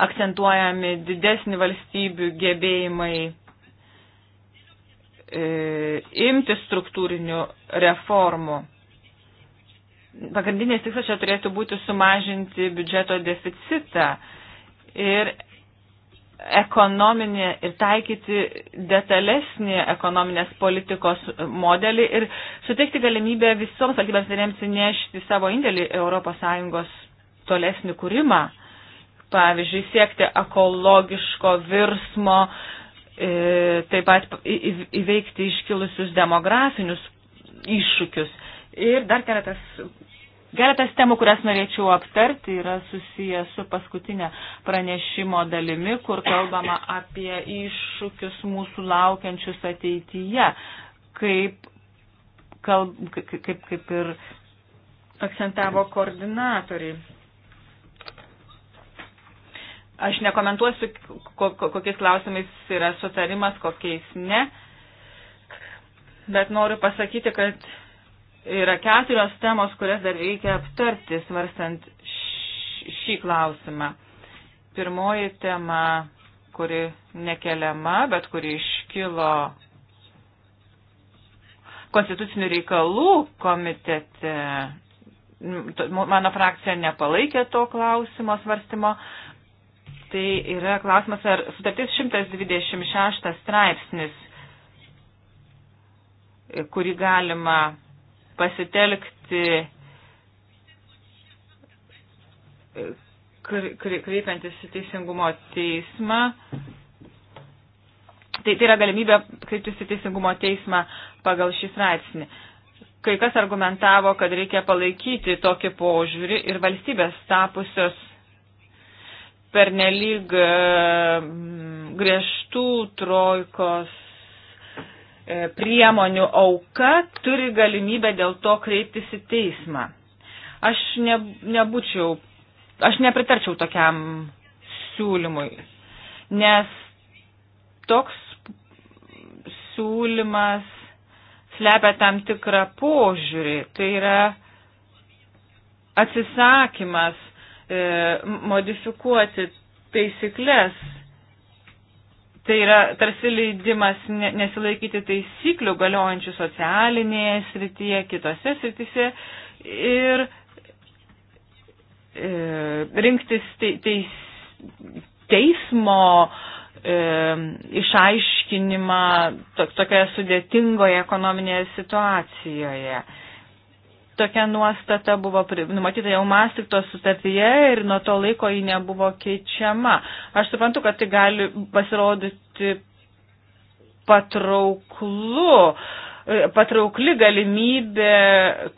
akcentuojami didesni valstybių gebėjimai e, imti struktūrinių reformų. Pagrindinės tikslas čia turėtų būti sumažinti biudžeto deficitą ir ekonominį ir taikyti detalesnį ekonominės politikos modelį ir suteikti galimybę visoms valstybėms narėms įnešti savo indėlį ES tolesnį kūrimą. Pavyzdžiui, siekti ekologiško virsmo, e, taip pat įveikti iškilusius demografinius iššūkius. Ir dar keletas Keletas temų, kurias norėčiau aptarti, yra susiję su paskutinė pranešimo dalimi, kur kalbama apie iššūkius mūsų laukiančius ateityje, kaip, kalb, kaip, kaip ir akcentavo koordinatoriai. Aš nekomentuosiu, kokiais klausimais yra sutarimas, kokiais ne, bet noriu pasakyti, kad Yra keturios temos, kurias dar reikia aptarti, svarstant šį klausimą. Pirmoji tema, kuri nekeliama, bet kuri iškilo konstitucinių reikalų komitete. Mano frakcija nepalaikė to klausimo svarstymo. Tai yra klausimas, ar sutartis 126 straipsnis, kurį galima pasitelkti kreipiantis į teisingumo teismą. Tai, tai yra galimybė kreiptis į teisingumo teismą pagal šį straipsnį. Kai kas argumentavo, kad reikia palaikyti tokį požiūrį ir valstybės tapusios pernelyg mm, griežtų trojkos E, priemonių auka turi galimybę dėl to kreiptis į teismą. Aš ne, nebūčiau, aš nepritarčiau tokiam siūlymui, nes toks siūlymas slepia tam tikrą požiūrį. Tai yra atsisakymas e, modifikuoti taisyklės Tai yra tarsi leidimas nesilaikyti taisyklių galiojančių socialinėje srityje, kitose srityse ir e, rinktis te, teis, teismo e, išaiškinimą to, tokioje sudėtingoje ekonominėje situacijoje. E, tokia nuostata buvo numatyta jau Mastrikto sutartyje ir nuo to laiko ji nebuvo keičiama. Aš suprantu, kad tai gali pasirodyti patrauklu, patraukli galimybė,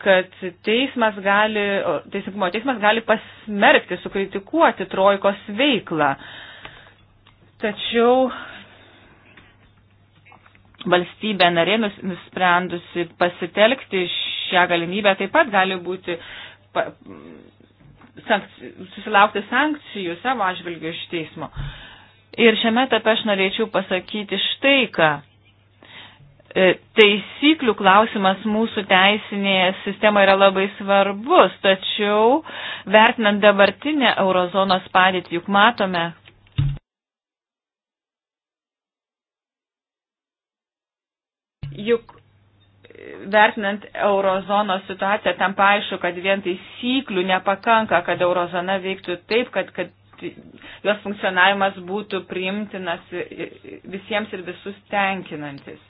kad teismas gali, teisingumo teismas gali pasmerkti, sukritikuoti trojkos veiklą. Tačiau valstybė narė nusprendusi pasitelkti šią galimybę taip pat gali būti pa, sankci, susilaukti sankcijų savo atžvilgių iš teismo. Ir šiame etape aš norėčiau pasakyti štai ką. E, taisyklių klausimas mūsų teisinėje sistemoje yra labai svarbus, tačiau vertinant dabartinę eurozonos padėtį, juk matome, juk vertinant eurozonos situaciją, tam paaišku, kad vien taisyklių nepakanka, kad eurozona veiktų taip, kad, kad jos funkcionavimas būtų priimtinas visiems ir visus tenkinantis.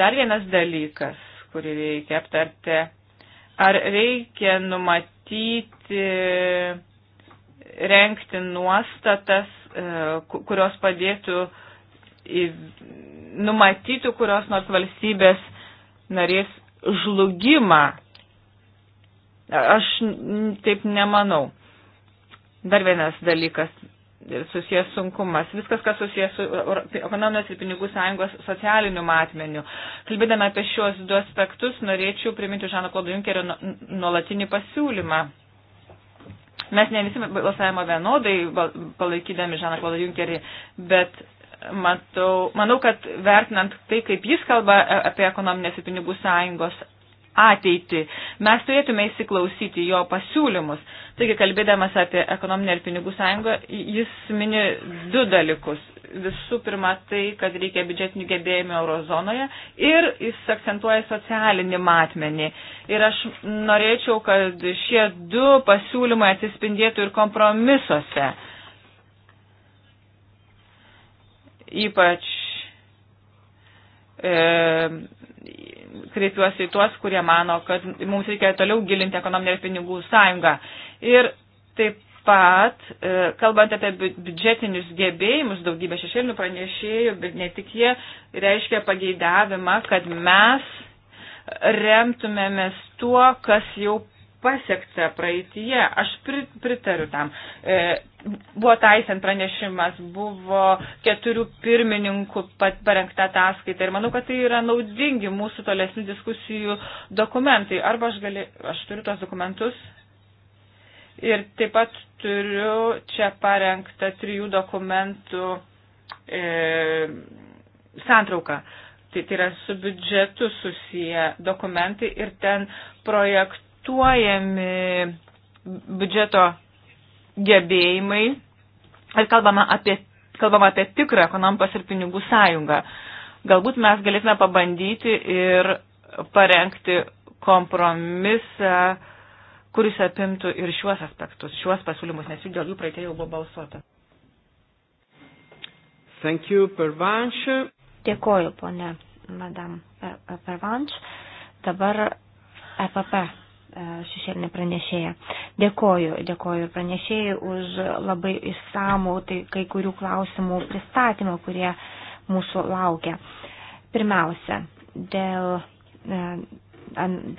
Dar vienas dalykas, kurį reikia aptarti, ar reikia numatyti, renkti nuostatas, e, kurios padėtų numatytų kurios nors valstybės narės žlugimą. Aš taip nemanau. Dar vienas dalykas susijęs sunkumas. Viskas, kas susijęs su ekonominės ir pinigų sąjungos socialiniu matmeniu. Kalbėdama apie šios du aspektus, norėčiau priminti Žano Klodo Junkerio nu- nuolatinį pasiūlymą. Mes ne visi balsavimo vienodai palaikydami Žaną Klodą Junkerį, bet matau, manau, kad vertinant tai, kaip jis kalba e, apie ekonominės ir pinigų sąjungos ateitį, mes turėtume įsiklausyti jo pasiūlymus. Taigi, kalbėdamas apie ekonominę ir pinigų sąjungą, jis mini du dalykus. Visų pirma, tai, kad reikia biudžetinių gebėjimų eurozonoje ir jis akcentuoja socialinį matmenį. Ir aš norėčiau, kad šie du pasiūlymai atsispindėtų ir kompromisuose Ypač e, kreipiuosi į tuos, kurie mano, kad mums reikia toliau gilinti ekonominę ir pinigų sąjungą. Ir taip pat, e, kalbant apie biudžetinius gebėjimus, daugybė šešėlinių pranešėjų, bet ne tik jie, reiškia pageidavimą, kad mes remtumėmės tuo, kas jau pasiekta praeitie. Aš pritariu tam. E, buvo taisant pranešimas, buvo keturių pirmininkų parengta ataskaita ir manau, kad tai yra naudingi mūsų tolesnių diskusijų dokumentai. Arba aš, gali, aš turiu tos dokumentus ir taip pat turiu čia parengtą trijų dokumentų e, santrauką. Tai, tai yra su biudžetu susiję dokumentai ir ten projektuojami biudžeto gebėjimai ir kalbama apie, kalbama apie tikrą ekonomikos ir pinigų sąjungą. Galbūt mes galėtume pabandyti ir parengti kompromisą, kuris apimtų ir šiuos aspektus, šiuos pasiūlymus, nes jų dėl jų praeitie jau buvo balsuota. Thank you, Pervanš. Dėkoju, ponė, madam e, e, Pervanš. Dabar EPP E, šešėlinė pranešėja. Dėkoju, dėkoju pranešėjai už labai išsamų tai kai kurių klausimų pristatymą, kurie mūsų laukia. Pirmiausia, dėl e,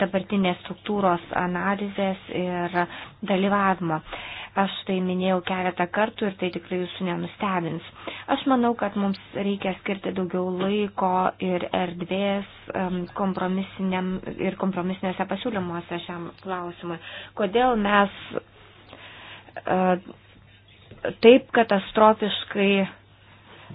dabartinės struktūros analizės ir dalyvavimo. Aš tai minėjau keletą kartų ir tai tikrai jūsų nenustebins. Aš manau, kad mums reikia skirti daugiau laiko ir erdvės kompromisiniam ir kompromisinėse pasiūlymuose šiam klausimui. Kodėl mes e, taip katastrofiškai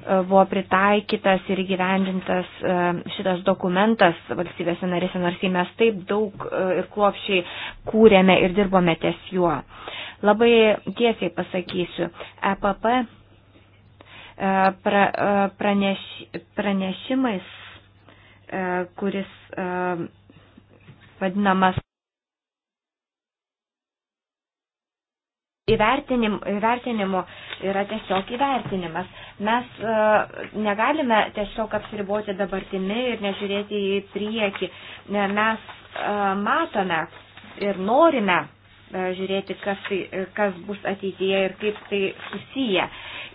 E, buvo pritaikytas ir gyvendintas e, šitas dokumentas valstybėse narėse, nors jį mes taip daug e, ir kruopšiai kūrėme ir dirbome ties juo. Labai tiesiai pasakysiu, EPP pra, praneš, pranešimais, kuris vadinamas Įvertinim, įvertinimu yra tiesiog įvertinimas. Mes e, negalime tiesiog apsiriboti dabartimi ir nežiūrėti į priekį. Mes e, matome ir norime e, žiūrėti, kas, tai, kas bus ateityje ir kaip tai susiję.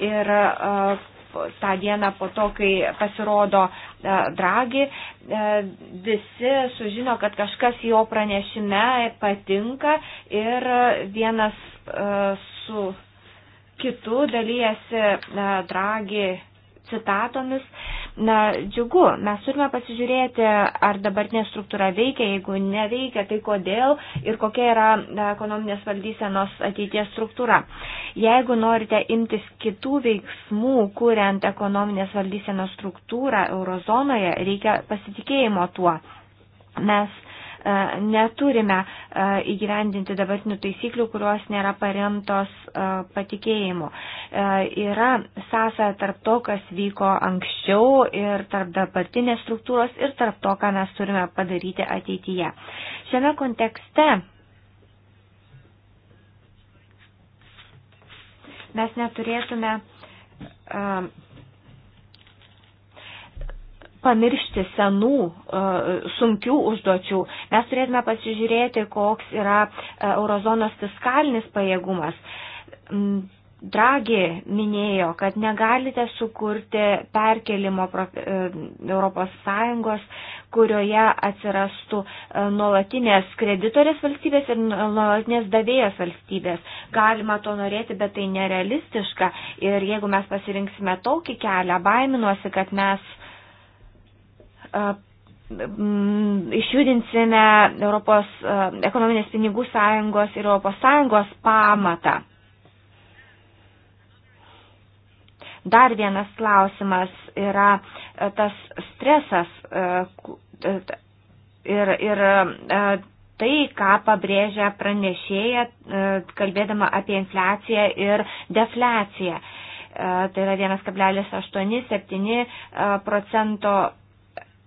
Ir e, tą dieną po to, kai pasirodo e, dragi, e, visi sužino, kad kažkas jo pranešime patinka ir vienas e, su kitu dalyjasi dragi citatomis Na, džiugu, mes turime pasižiūrėti, ar dabartinė struktūra veikia, jeigu neveikia, tai kodėl ir kokia yra ekonominės valdysenos ateities struktūra. Jeigu norite imtis kitų veiksmų, kuriant ekonominės valdysenos struktūrą eurozonoje, reikia pasitikėjimo tuo. Mes E, neturime e, įgyvendinti dabartinių taisyklių, kurios nėra paremtos e, patikėjimu. Yra sąsaja tarp to, kas vyko anksčiau ir tarp dabartinės struktūros ir tarp to, ką mes turime padaryti ateityje. Šiame kontekste mes neturėtume pamiršti senų e, sunkių užduočių. Mes turėtume pasižiūrėti, koks yra e, eurozonos fiskalinis pajėgumas. Dragi minėjo, kad negalite sukurti perkelimo ES, kurioje atsirastų e, nuolatinės kreditorės valstybės ir nu-, nuolatinės davėjas valstybės. Galima to norėti, bet tai nerealistiška. Ir jeigu mes pasirinksime tokį kelią, baiminuosi, kad mes išjudinsime Europos ekonominės pinigų sąjungos ir Europos sąjungos pamatą. Dar vienas klausimas yra tas stresas ir, ir tai, ką pabrėžia pranešėja, kalbėdama apie infliaciją ir defliaciją. Tai yra 1,87 procento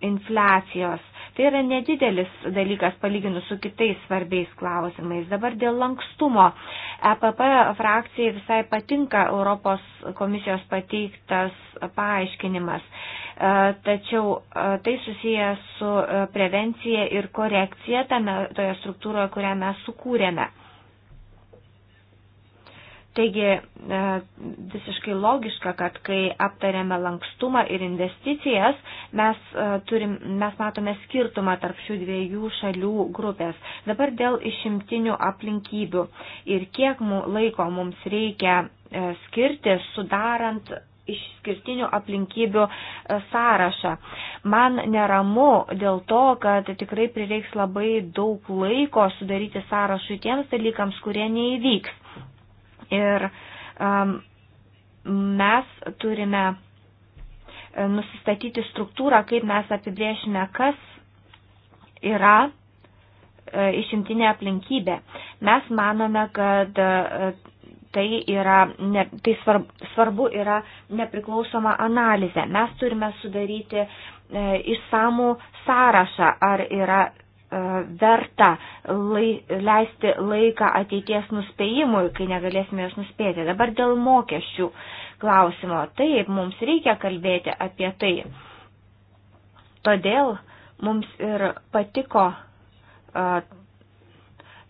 infliacijos. Tai yra nedidelis dalykas palyginus su kitais svarbiais klausimais. Dabar dėl lankstumo. EPP frakcijai visai patinka Europos komisijos pateiktas paaiškinimas. E, tačiau e, tai susiję su e, prevencija ir korekcija tame, toje struktūroje, kurią mes sukūrėme. Taigi e, visiškai logiška, kad kai aptarėme lankstumą ir investicijas, mes, e, turim, mes matome skirtumą tarp šių dviejų šalių grupės. Dabar dėl išimtinių aplinkybių ir kiek laiko mums reikia e, skirti sudarant išskirtinių aplinkybių sąrašą. Man neramu dėl to, kad tikrai prireiks labai daug laiko sudaryti sąrašui tiems dalykams, kurie neįvyks Ir um, mes turime e, nusistatyti struktūrą, kaip mes apibrėšime, kas yra e, išimtinė aplinkybė. Mes manome, kad e, tai, yra, ne, tai svarbu, svarbu yra nepriklausoma analizė. Mes turime sudaryti e, išsamų sąrašą, ar yra E, verta lai, leisti laiką ateities nuspėjimui, kai negalėsime jos nuspėti. Dabar dėl mokesčių klausimo. Taip, mums reikia kalbėti apie tai. Todėl mums ir patiko uh,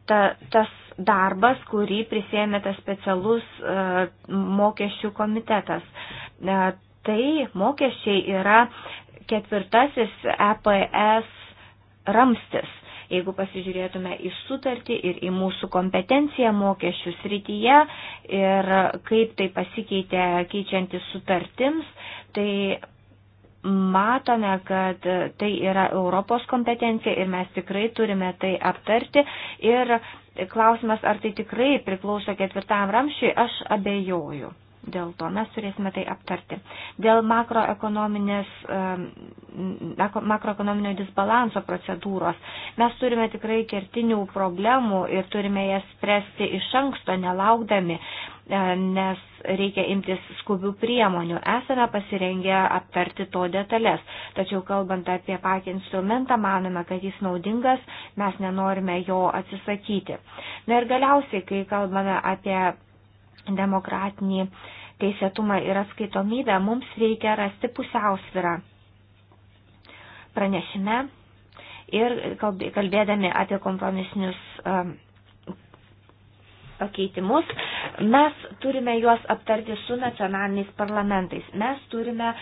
ta, tas darbas, kurį prisėmė tas specialus uh, mokesčių komitetas. Uh, tai mokesčiai yra ketvirtasis EPS ramstis. Jeigu pasižiūrėtume į sutartį ir į mūsų kompetenciją mokesčių srityje ir kaip tai pasikeitė keičiantis sutartims, tai matome, kad tai yra Europos kompetencija ir mes tikrai turime tai aptarti. Ir klausimas, ar tai tikrai priklauso ketvirtam ramšiui, aš abejoju dėl to. Mes turėsime tai aptarti. Dėl makroekonominio disbalanso procedūros mes turime tikrai kertinių problemų ir turime jas spręsti iš anksto, nelaukdami e, nes reikia imtis skubių priemonių. Esame pasirengę aptarti to detalės, tačiau kalbant apie patį instrumentą, manome, kad jis naudingas, mes nenorime jo atsisakyti. Na ir galiausiai, kai kalbame apie demokratinį uh, teisėtumą ir atskaitomybę, mums reikia rasti pusiausvirą pranešime ir kalbėdami apie kompromisinius um, pakeitimus, mes turime juos aptarti su nacionaliniais parlamentais. Mes turime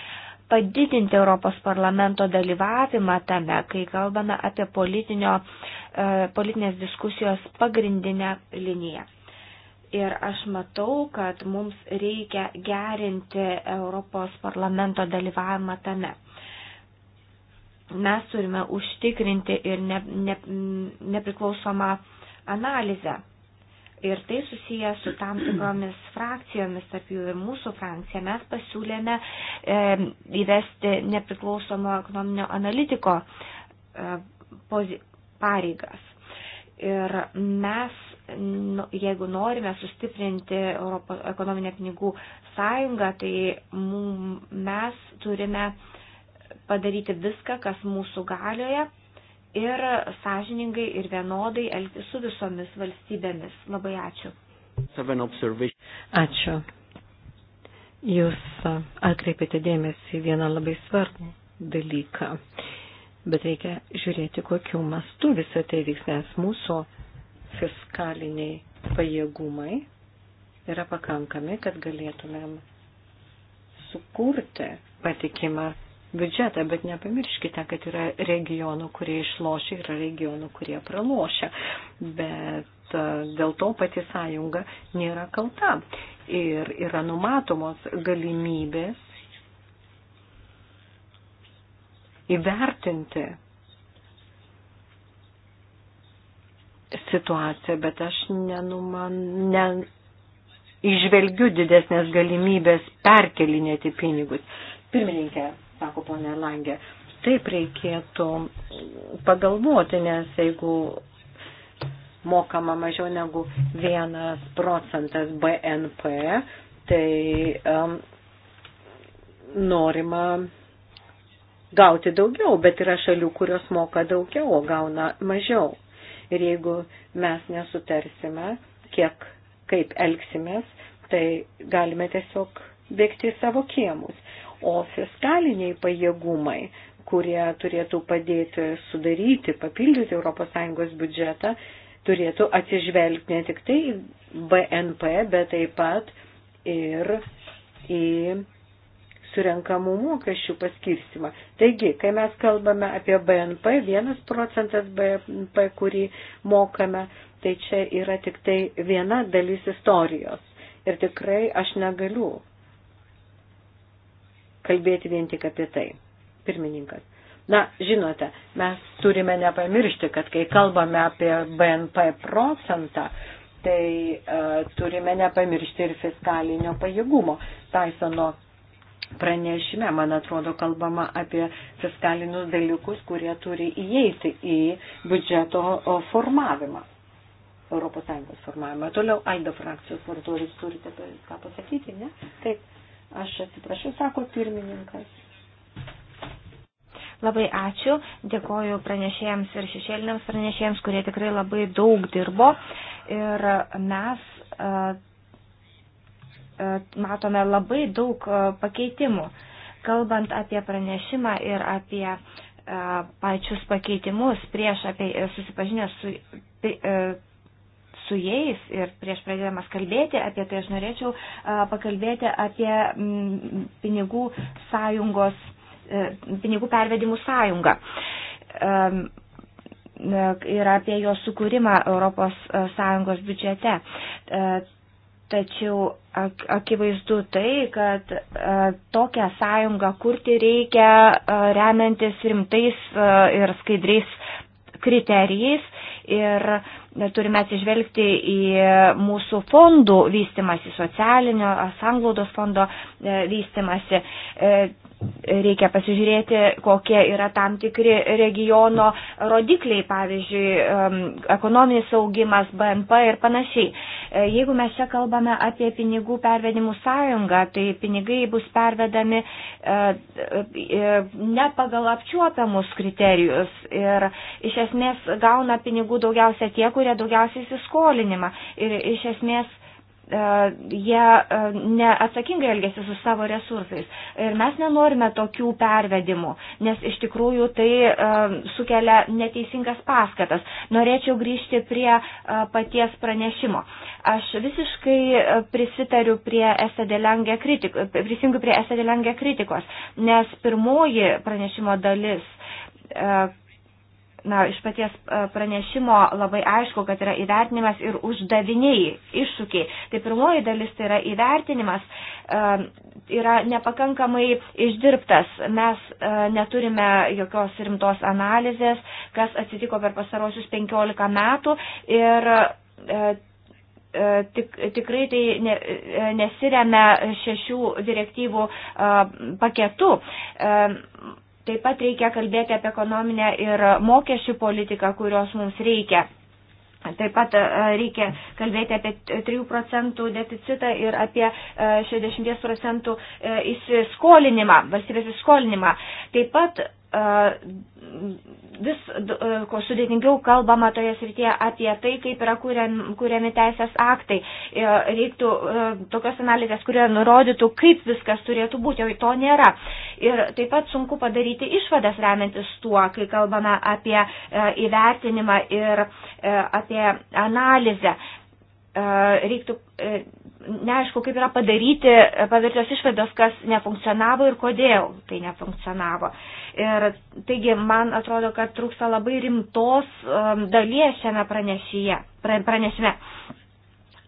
padidinti Europos parlamento dalyvavimą tame, kai kalbame apie uh, politinės diskusijos pagrindinę liniją. Ir aš matau, kad mums reikia gerinti Europos parlamento dalyvavimą tame. Mes turime užtikrinti ir ne, ne, nepriklausomą analizę. Ir tai susiję su tam tikromis frakcijomis, tarp jų ir mūsų frakcija. Mes pasiūlėme e, įvesti nepriklausomo ekonominio analitiko e, pozi, pareigas. Ir mes Nu, jeigu norime sustiprinti Europos ekonominę pinigų sąjungą, tai mes turime padaryti viską, kas mūsų galioje ir sąžiningai ir vienodai elgtis su visomis valstybėmis. Labai ačiū. Ačiū. Jūs atkreipėte dėmesį vieną labai svarbų dalyką, bet reikia žiūrėti, kokiu mastu visą tai vyks, nes mūsų fiskaliniai pajėgumai yra pakankami, kad galėtumėm sukurti patikimą biudžetą, bet nepamirškite, kad yra regionų, kurie išlošia, yra regionų, kurie pralošia. Bet e, dėl to pati sąjunga nėra kalta. Ir yra numatomos galimybės įvertinti situaciją, bet aš nenuman, ne, išvelgiu didesnės galimybės perkelinėti pinigus. Pirmininkė, sako ponė Langė, taip reikėtų pagalvoti, nes jeigu mokama mažiau negu vienas procentas BNP, tai um, norima gauti daugiau, bet yra šalių, kurios moka daugiau, o gauna mažiau. Ir jeigu mes nesutarsime, kiek, kaip elgsimės, tai galime tiesiog bėgti į savo kiemus. O fiskaliniai pajėgumai, kurie turėtų padėti sudaryti, papildyti ES biudžetą, turėtų atsižvelgti ne tik tai BNP, bet taip pat ir į surenkamų mokesčių paskirstimą. Taigi, kai mes kalbame apie BNP, vienas procentas BNP, kurį mokame, tai čia yra tik tai viena dalis istorijos. Ir tikrai aš negaliu kalbėti vien tik apie tai. Pirmininkas. Na, žinote, mes turime nepamiršti, kad kai kalbame apie BNP procentą, tai uh, turime nepamiršti ir fiskalinio pajėgumo. Taisono pranešime, man atrodo, kalbama apie fiskalinius dalykus, kurie turi įeiti į biudžeto formavimą. ES formavimą. Toliau Aido frakcijos vardu, ar jūs turite ką pasakyti, ne? Taip, aš atsiprašau, sako pirmininkas. Labai ačiū, dėkoju pranešėjams ir šešėliniams pranešėjams, kurie tikrai labai daug dirbo ir mes uh, E, matome labai daug e, pakeitimų. Kalbant apie pranešimą ir apie e, pačius pakeitimus prieš apie susipažinę su, su jais ir prieš pradėdamas kalbėti apie tai, aš norėčiau pakalbėti apie pinigų sąjungos, pinigų pervedimų sąjungą ir apie jo sukūrimą ES biudžete. Tačiau akivaizdu tai, kad e, tokią sąjungą kurti reikia e, remiantis rimtais e, ir skaidriais kriterijais ir turime atsižvelgti į mūsų fondų vystimasi, socialinio sanglaudos fondo vystimasi reikia pasižiūrėti, kokie yra tam tikri regiono rodikliai, pavyzdžiui, ekonominis augimas, BNP ir panašiai. E, jeigu mes čia kalbame apie pinigų pervedimų sąjungą, tai pinigai bus pervedami e, e, ne pagal apčiuopiamus kriterijus ir iš esmės gauna pinigų daugiausia tie, kurie daugiausiai įsiskolinimą. Ir iš esmės E, jie e, neatsakingai elgesi su savo resursais. Ir mes nenorime tokių pervedimų, nes iš tikrųjų tai e, sukelia neteisingas paskatas. Norėčiau grįžti prie paties pranešimo. Aš visiškai prisitariu prie Esadelengė kritikos, prisijungiu prie Esadelengė kritikos, nes pirmoji pranešimo dalis na, iš paties e, pranešimo labai aišku, kad yra įvertinimas ir uždaviniai, iššūkiai. Tai pirmoji dalis tai yra įvertinimas, e, yra nepakankamai išdirbtas. Mes e, neturime jokios rimtos analizės, kas atsitiko per pasarosius 15 metų ir tik, tikrai tai ne, nesiremia šešių direktyvų paketu Taip pat reikia kalbėti apie ekonominę ir mokesčių politiką, kurios mums reikia. Taip pat e, reikia kalbėti apie 3 procentų deficitą ir apie 60 e, procentų e, įsiskolinimą, valstybės įsiskolinimą. Taip pat vis ko sudėtingiau kalbama toje srityje apie tai, kaip yra kuriami, kuriami teisės aktai. E, reiktų e, tokios analizės, kurie nurodytų, kaip viskas turėtų būti, o to nėra. Ir taip pat sunku padaryti išvadas remiantis tuo, kai kalbame apie e, įvertinimą ir apie analizę. E, reiktų, e, neaišku, kaip yra padaryti, e, padarytos išvados, kas nefunkcionavo ir kodėl tai nefunkcionavo. Ir taigi, man atrodo, kad trūksta labai rimtos dalies šiame pranešyje, pranešime.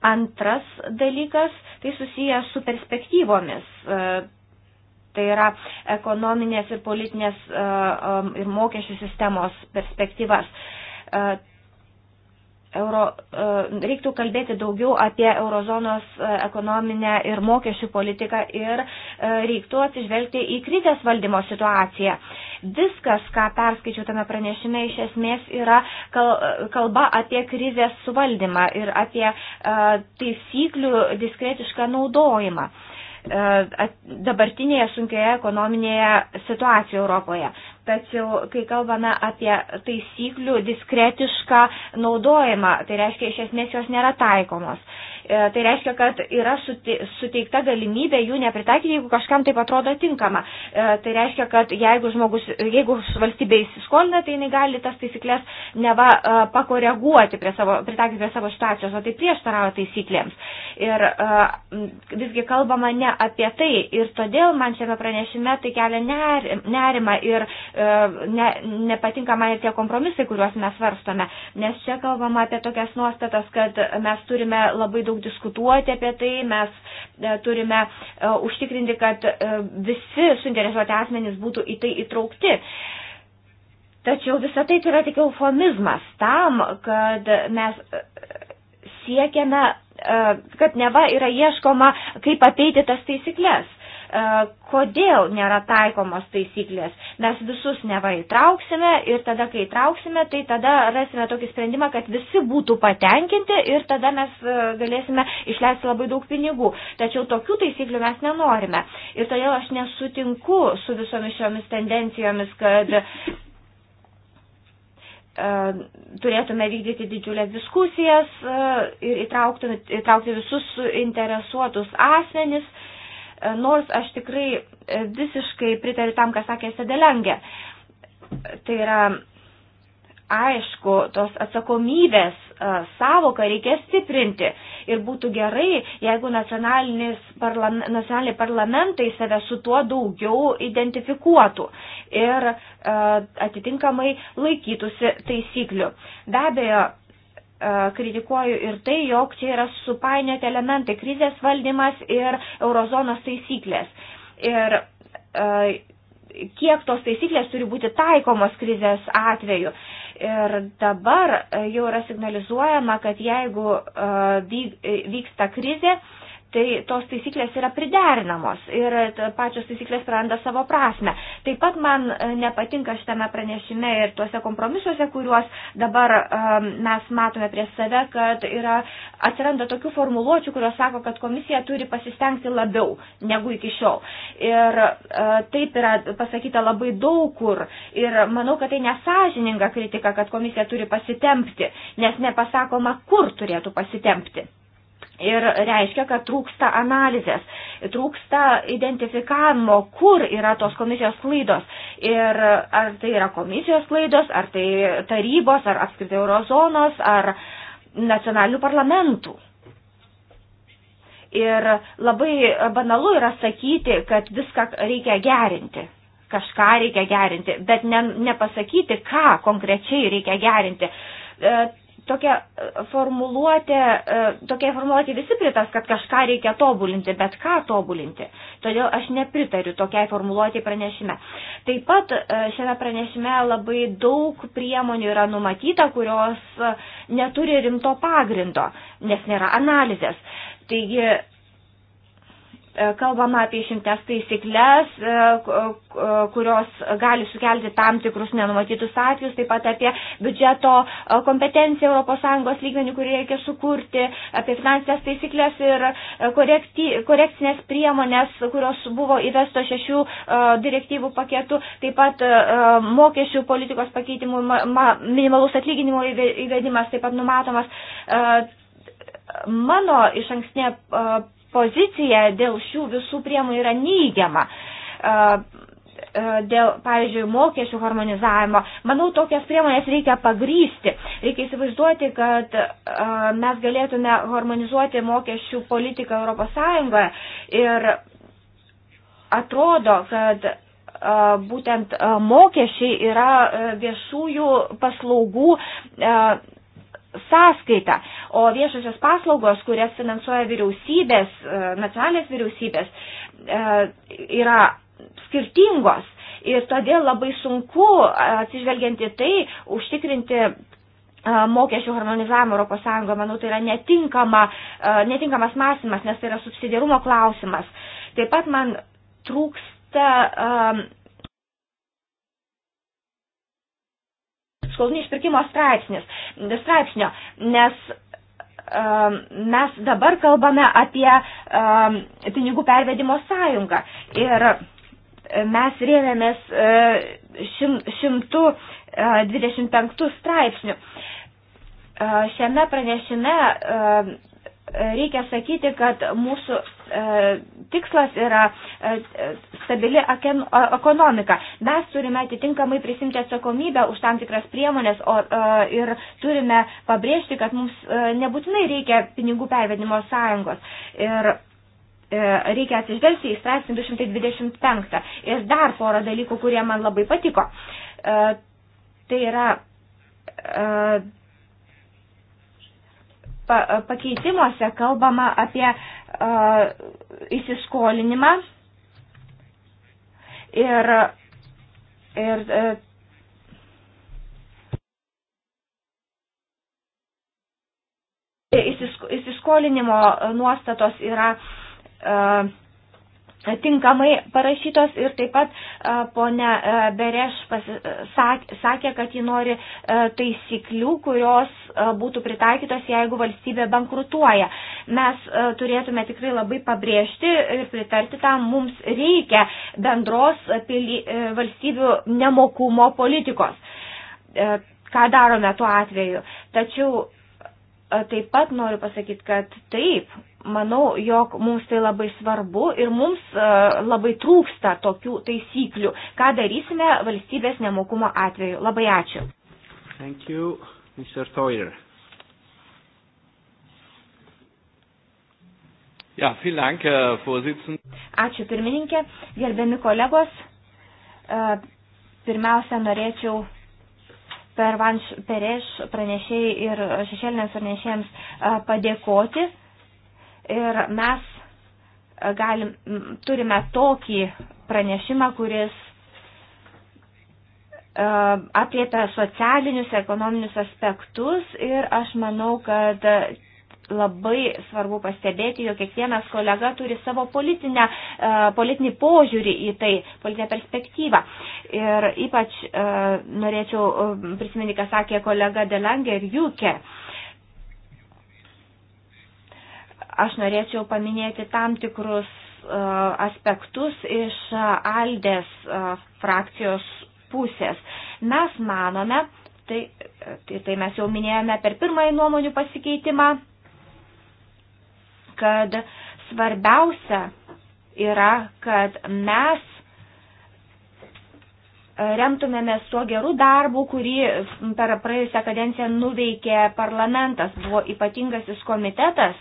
Antras dalykas, tai susijęs su perspektyvomis. Tai yra ekonominės ir politinės ir mokesčių sistemos perspektyvas Euro, e, reiktų kalbėti daugiau apie eurozonos e, ekonominę ir mokesčių politiką ir e, reiktų atsižvelgti į krizės valdymo situaciją. Viskas, ką perskaičiau tame pranešime, iš esmės yra kalba apie krizės suvaldymą ir apie taisyklių diskretišką naudojimą dabartinėje sunkioje ekonominėje situacijoje Europoje. Tačiau, kai kalbame apie taisyklių diskretišką naudojimą, tai reiškia, iš esmės jos nėra taikomos. E, tai reiškia, kad yra suteikta galimybė jų nepritaikyti, jeigu kažkam tai atrodo tinkama. E, tai reiškia, kad jeigu, žmogus, jeigu valstybė įsiskolina, tai jinai gali tas taisyklės neva e, pakoreguoti, prie savo, pritaikyti prie savo situacijos, o tai prieštarauja taisyklėms. Ir visgi kalbama ne apie tai. Ir todėl man šiame pranešime tai kelia nerima ir E, ne, nepatinka man ir tie kompromisai, kuriuos mes svarstome, nes čia kalbama apie tokias nuostatas, kad mes turime labai daug diskutuoti apie tai, mes e, turime e, užtikrinti, kad visi suinteresuoti asmenys būtų į tai įtraukti. Tačiau visą tai yra tik eufemizmas tam, kad mes siekiame, kad neva yra ieškoma, kaip apeiti tas taisyklės. E, kodėl nėra taikomos taisyklės. Mes visus neva įtrauksime ir tada, kai įtrauksime, tai tada rasime tokį sprendimą, kad visi būtų patenkinti ir tada mes e, galėsime išleisti labai daug pinigų. Tačiau tokių taisyklių mes nenorime. Ir todėl aš nesutinku su visomis šiomis tendencijomis, kad e, turėtume vykdyti didžiulę diskusijas ir įtraukti visus interesuotus asmenis E, nors aš tikrai e, visiškai pritariu tam, ką sakė Sedelengė. Tai yra, aišku, tos atsakomybės e, savoką reikia stiprinti ir būtų gerai, jeigu parlam, nacionaliniai parlamentai save su tuo daugiau identifikuotų ir atitinkamai laikytųsi taisyklių. Be abejo, E, kritikuoju ir tai, jog čia yra supainioti elementai - krizės valdymas ir eurozonos taisyklės. Ir e, kiek tos taisyklės turi būti taikomos krizės atveju. Ir dabar e, jau yra signalizuojama, kad jeigu vyksta krizė, tai tos taisyklės yra priderinamos ir pačios taisyklės praranda savo prasme. Taip pat man e, nepatinka šitame pranešime ir tuose kompromisuose, kuriuos dabar um, mes matome prie save, kad yra, atsiranda tokių formuluočių, kurios sako, kad komisija turi pasistengti labiau negu iki šiol. Ir uh, taip yra pasakyta labai daug kur. Ir manau, kad tai nesažininga kritika, kad komisija turi pasitempti, nes nepasakoma, kur turėtų pasitempti. Ir reiškia, kad trūksta analizės, trūksta identifikavimo, kur yra tos komisijos klaidos. Ir ar tai yra komisijos klaidos, ar tai tarybos, ar apskritai eurozonos, ar nacionalinių parlamentų. Ir labai banalu yra sakyti, kad viską reikia gerinti kažką reikia gerinti, bet ne, nepasakyti, ką konkrečiai reikia gerinti. E, tokia e, formuluotė, e, tokia formuluotė visi pritars, kad kažką reikia tobulinti, bet ką tobulinti. Todėl aš nepritariu tokiai formuluotė pranešime. Taip pat e, šiame pranešime labai daug priemonių yra numatyta, kurios neturi rimto pagrindo, nes nėra analizės. Taigi E, kalbama apie šimtes taisyklės, e, kurios gali sukelti tam tikrus nenumatytus atvejus, taip pat apie biudžeto e, kompetenciją ES lygmenį, kurį reikia sukurti, apie finansinės taisyklės ir korekti, korekcinės priemonės, kurios buvo įvesto šešių direktyvų paketų, taip pat mokesčių politikos pakeitimų, minimalus atlyginimo įvedimas taip pat numatomas. Mano iš ankstinė pozicija dėl šių visų priemonių yra neigiama. Dėl, pavyzdžiui, mokesčių harmonizavimo. Manau, tokias priemonės reikia pagrysti. Reikia įsivaizduoti, kad mes galėtume harmonizuoti mokesčių politiką ES ir atrodo, kad būtent mokesčiai yra viešųjų paslaugų sąskaita. O viešasios paslaugos, kurias finansuoja vyriausybės, e, nacionalinės vyriausybės, e, yra skirtingos. Ir todėl labai sunku, e, atsižvelgianti tai, užtikrinti mokesčių harmonizavimo ES, manau, tai yra netinkama, netinkamas mąstymas, nes tai yra subsidiarumo klausimas. Taip pat man trūksta skolų išpirkimo straipsnis, straipsnio, nes e, mes dabar kalbame apie e, pinigų pervedimo sąjungą ir mes rėmėmės 125 e, straipsnių. Šiame pranešime E, reikia sakyti, kad mūsų e, tikslas yra e, stabili ekonomika. Mes turime atitinkamai prisimti atsakomybę už tam tikras priemonės o, ir turime pabrėžti, kad mums nebūtinai reikia pinigų pervedimo sąjungos. Ir reikia atsižvelgti į straipsnį 225. Ir dar porą dalykų, kurie man labai patiko. Tai yra pakeitimuose kalbama apie uh, įsiskolinimą ir, ir uh, Įsiskolinimo nuostatos yra uh, tinkamai parašytos ir taip pat ponia Bereš sakė, kad ji nori taisyklių, kurios būtų pritaikytos, jeigu valstybė bankrutuoja. Mes turėtume tikrai labai pabrėžti ir pritarti tam, mums reikia bendros valstybių nemokumo politikos. Ką darome tuo atveju? Tačiau taip pat noriu pasakyti, kad taip, manau, jog mums tai labai svarbu ir mums e, labai trūksta tokių taisyklių, ką darysime valstybės nemokumo atveju. Labai ačiū. Thank you, Mr. Toyer. Ja, vielen Dank, Herr Vorsitzender. Ačiū pirmininkė, gerbiami kolegos. E, pirmiausia, norėčiau per Vanš Pereš pranešėjai ir šešėlinės pranešėjams e, padėkoti Ir mes e, galim, turime tokį pranešimą, kuris e, apriepia socialinius, ekonominius aspektus ir aš manau, kad labai svarbu pastebėti, jog kiekvienas kolega turi savo politinę, e, politinį požiūrį į tai, politinę perspektyvą. Ir ypač norėčiau prisiminti, ką sakė kolega Delangė ir Jūkė. Uh, Aš norėčiau paminėti tam tikrus e, aspektus iš e, Aldės e, frakcijos pusės. Mes manome, tai, tai mes jau minėjome per pirmąjį nuomonių pasikeitimą, kad svarbiausia yra, kad mes remtumėmės tuo geru darbu, kurį per praėjusią kadenciją nuveikė parlamentas. Buvo ypatingasis komitetas,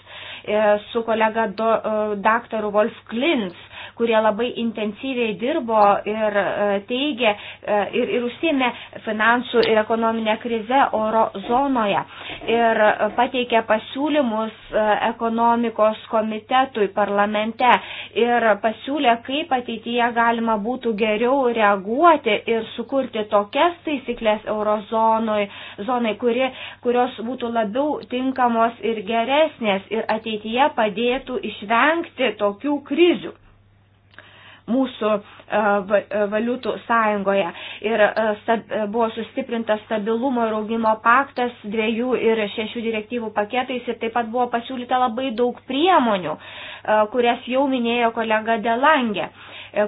E, su kolega do, e, daktaru Wolf Klins, kurie labai intensyviai dirbo ir e, teigė ir, ir užsėmė finansų ir ekonominę krizę oro zonoje ir pateikė pasiūlymus ekonomikos komitetui parlamente ir pasiūlė, kaip ateityje galima būtų geriau reaguoti ir sukurti tokias taisyklės eurozonai, zonai, kuri, kurios būtų labiau tinkamos ir geresnės ir ateityje ateityje padėtų išvengti tokių krizių mūsų e, e, valiutų sąjungoje. Ir e, buvo sustiprintas stabilumo ir augimo paktas dviejų ir šešių direktyvų paketais ir taip pat buvo pasiūlyta labai daug priemonių, kurias jau minėjo kolega Delangė,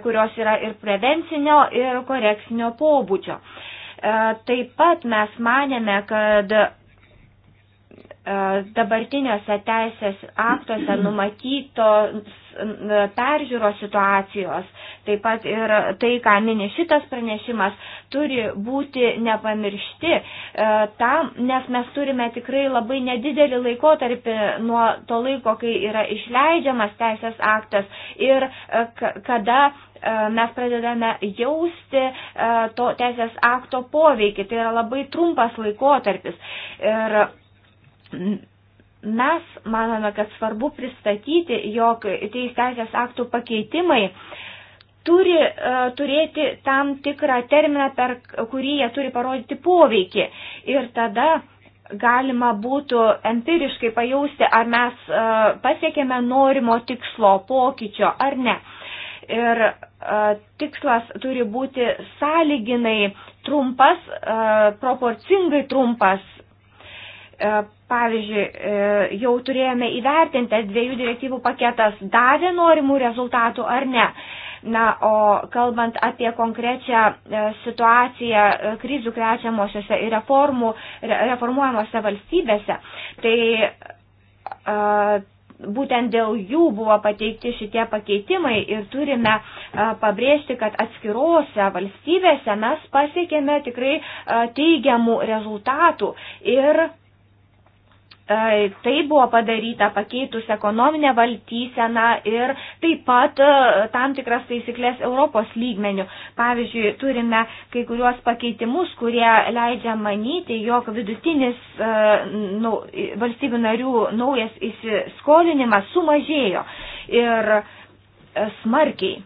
kurios yra ir prevencinio, ir korekcinio pobūdžio. Taip pat mes manėme, kad E, dabartiniuose teisės aktuose numatytos peržiūros situacijos, taip pat ir tai, ką mini šitas pranešimas, turi būti nepamiršti, e, tam, nes mes turime tikrai labai nedidelį laikotarpį nuo to laiko, kai yra išleidžiamas teisės aktas ir e, kada mes pradedame jausti to teisės akto poveikį. Tai yra labai trumpas laikotarpis. Ir Mes manome, kad svarbu pristatyti, jog teisės aktų pakeitimai turi uh, turėti tam tikrą terminą, per kurį jie turi parodyti poveikį. Ir tada galima būtų empiriškai pajausti, ar mes uh, pasiekėme norimo tikslo pokyčio ar ne. Ir uh, tikslas turi būti sąlyginai trumpas, uh, proporcingai trumpas. Uh, Pavyzdžiui, e, jau turėjome įvertinti, ar dviejų direktyvų paketas davė norimų rezultatų ar ne. Na, o kalbant apie konkrečią e, situaciją e, krizių krečiamosiose ir reformų, reformuojamosiose valstybėse, tai būtent dėl jų buvo pateikti šitie pakeitimai ir turime pabrėžti, kad atskirose valstybėse mes pasiekėme tikrai teigiamų rezultatų ir Tai buvo padaryta pakeitus ekonominę valdyseną ir taip pat e, tam tikras taisyklės Europos lygmenių. Pavyzdžiui, turime kai kuriuos pakeitimus, kurie leidžia manyti, jog vidutinis nu, valstybių narių naujas įsiskolinimas sumažėjo ir e, smarkiai.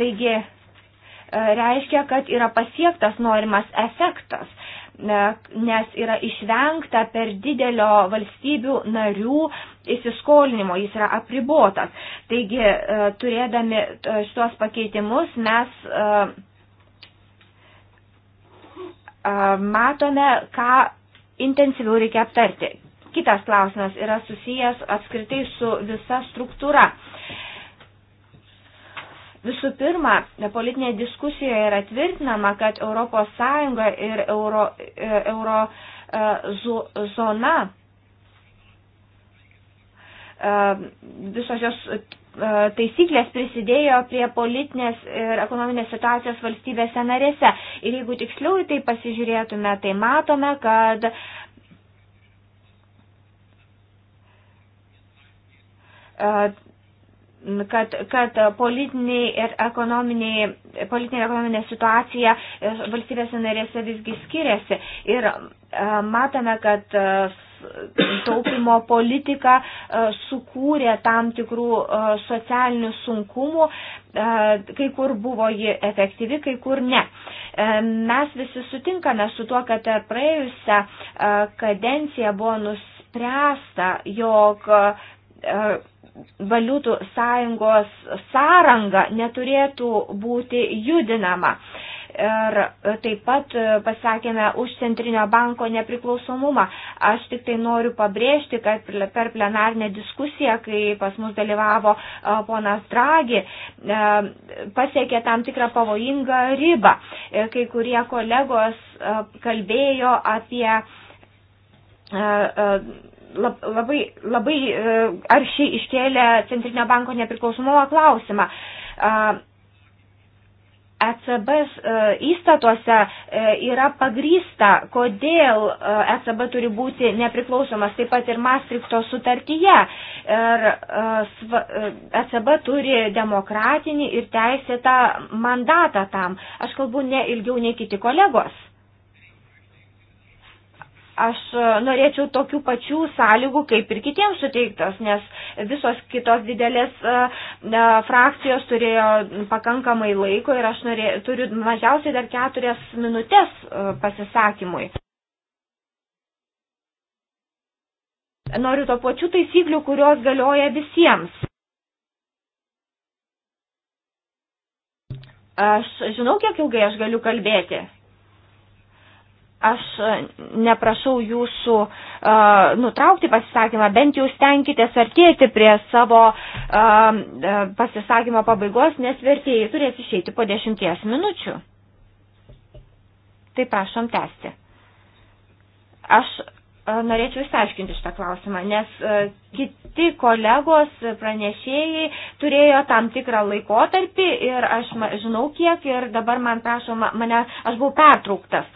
Taigi, reiškia, kad yra pasiektas norimas efektas E, nes yra išvengta per didelio valstybių narių įsiskolinimo, jis yra apribotas. Taigi, e, turėdami e, šitos pakeitimus, mes matome, ką intensyviau reikia aptarti. Kitas klausimas yra susijęs apskritai su visa struktūra. Visų pirma, politinėje diskusijoje yra tvirtinama, kad ES ir euro, e, euro e, zona e, visos jos taisyklės prisidėjo prie politinės ir ekonominės situacijos valstybėse narėse. Ir jeigu tiksliau į tai pasižiūrėtume, tai matome, kad kad, kad politiniai ir ekonominiai, politinė ir ekonominė situacija e, valstybėse narėse visgi skiriasi. Ir e, matome, kad e, taupimo politika sukūrė tam tikrų socialinių sunkumų, kai kur buvo ji efektyvi, kai kur ne. Mes visi sutinkame su tuo, kad praėjusią kadenciją buvo nuspręsta, jog valiutų sąjungos sąranga neturėtų būti judinama. Ir taip pat e, pasakėme už centrinio banko nepriklausomumą. Aš tik tai noriu pabrėžti, kad per plenarnę diskusiją, kai pas mus dalyvavo e, ponas Dragi, e, pasiekė tam tikrą pavojingą ribą. Kai kurie kolegos kalbėjo apie labai, labai e, aršiai iškėlė Centrinio banko nepriklausomumo klausimą. ECB e, įstatuose e, yra pagrysta, kodėl ECB turi būti nepriklausomas, taip pat ir Maastrichto sutartyje. Ir ECB turi demokratinį ir teisėtą mandatą tam. Aš kalbu ne ilgiau nei kiti kolegos. Aš e, norėčiau tokių pačių sąlygų, kaip ir kitiems suteiktos, nes visos kitos didelės e, e, frakcijos turėjo pakankamai laiko ir aš norė, turiu mažiausiai dar keturias minutės pasisakymui. Noriu to pačių taisyklių, kurios galioja visiems. Aš žinau, kiek ilgai aš galiu kalbėti. Aš e, neprašau jūsų uh, nutraukti pasisakymą, bent jau stenkite artėti prie savo uh, pasisakymo pabaigos, nes vertėjai turės išeiti po dešimties minučių. Tai prašom tęsti. Aš norėčiau išsiaiškinti šitą klausimą, nes kiti kolegos pranešėjai turėjo tam tikrą laikotarpį ir aš žinau kiek ir dabar man prašoma, mane, aš buvau pertrauktas.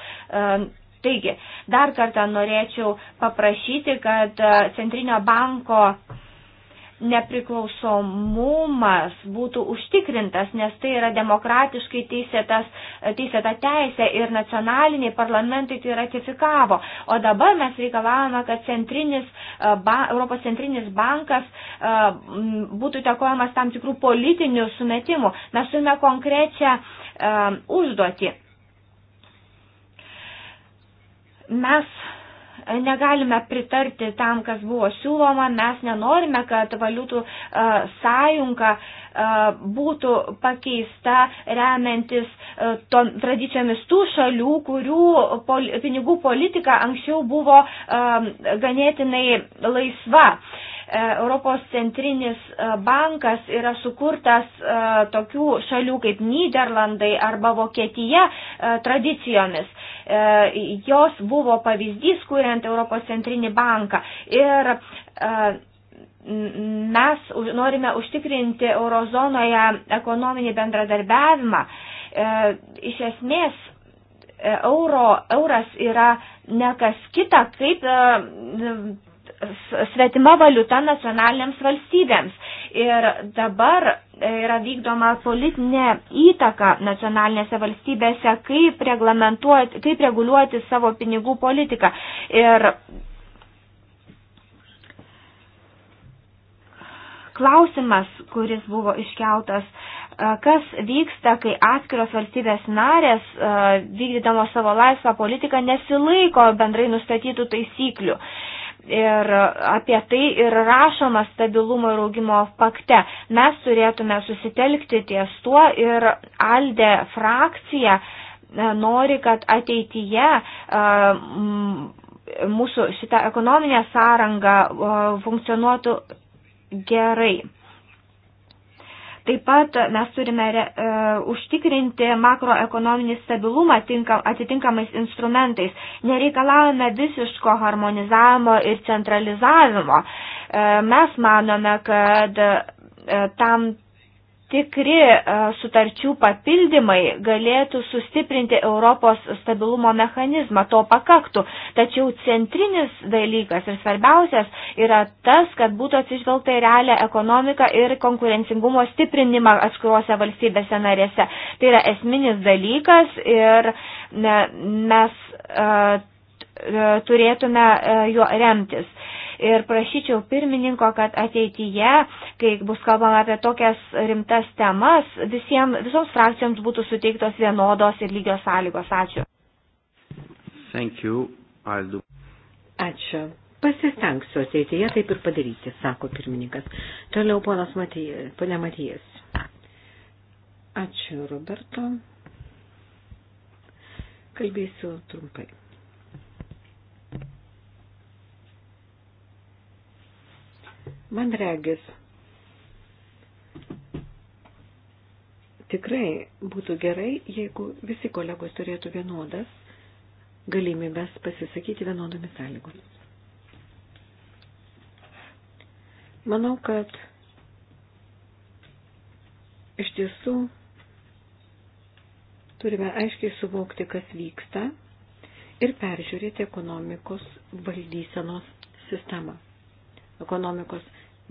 Taigi, dar kartą norėčiau paprašyti, kad e, Centrinio banko nepriklausomumas būtų užtikrintas, nes tai yra demokratiškai teisėtas, e, teisėta teisė ir nacionaliniai parlamentai tai ratifikavo. O dabar mes reikalavome, kad centrinis, e, ba, Europos centrinis bankas a, būtų tekojamas tam tikrų politinių sumetimų. Mes turime konkrečią a, užduotį Mes negalime pritarti tam, kas buvo siūloma, mes nenorime, kad valiutų e, sąjunga e, būtų pakeista remiantis e, tom, tradicijomis tų šalių, kurių pol, pinigų politika anksčiau buvo ganėtinai laisva. E, Europos centrinis e, bankas yra sukurtas e, tokių šalių kaip Niderlandai arba Vokietija tradicijomis. Jos buvo pavyzdys, kuriant Europos centrinį banką. Ir mes norime užtikrinti eurozonoje ekonominį bendradarbiavimą. Iš esmės, euro, euras yra nekas kita, kaip svetima valiuta nacionalinėms valstybėms. Ir dabar yra vykdoma politinė įtaka nacionalinėse valstybėse, kaip, kaip reguliuoti savo pinigų politiką. Ir klausimas, kuris buvo iškeltas, e, kas vyksta, kai atskiros valstybės narės, e, vykdydamos savo laisvą politiką, nesilaiko bendrai nustatytų taisyklių. Ir apie tai ir rašoma stabilumo ir augimo pakte. Mes turėtume susitelkti ties tuo ir Alde frakcija e, nori, kad ateityje e, mūsų šita ekonominė sąranga e, funkcionuotų gerai. Taip pat mes turime re, e, užtikrinti makroekonominį stabilumą tinka, atitinkamais instrumentais. Nereikalavome visiško harmonizavimo ir centralizavimo. E, mes manome, kad e, tam tikri e, sutarčių papildymai galėtų sustiprinti Europos stabilumo mechanizmą, to pakaktų. Tačiau centrinis dalykas ir svarbiausias yra tas, kad būtų atsižvelgta į realią ekonomiką ir konkurencingumo stiprinimą atskiruose valstybėse narėse. Tai yra esminis dalykas ir mes e, e, turėtume juo remtis ir prašyčiau pirmininko, kad ateityje, kai bus kalbama apie tokias rimtas temas, visiems, visoms frakcijoms būtų suteiktos vienodos ir lygios sąlygos. Ačiū. Thank you, Aldu. Ačiū. Pasistengsiu ateityje taip ir padaryti, sako pirmininkas. Toliau ponas Matijas, ponia Matijas. Ačiū, Roberto. Kalbėsiu trumpai. Man regis, tikrai būtų gerai, jeigu visi kolegos turėtų vienodas galimybės pasisakyti vienodomis sąlygomis. Manau, kad iš tiesų turime aiškiai suvokti, kas vyksta ir peržiūrėti ekonomikos valdysenos sistemą. Ekonomikos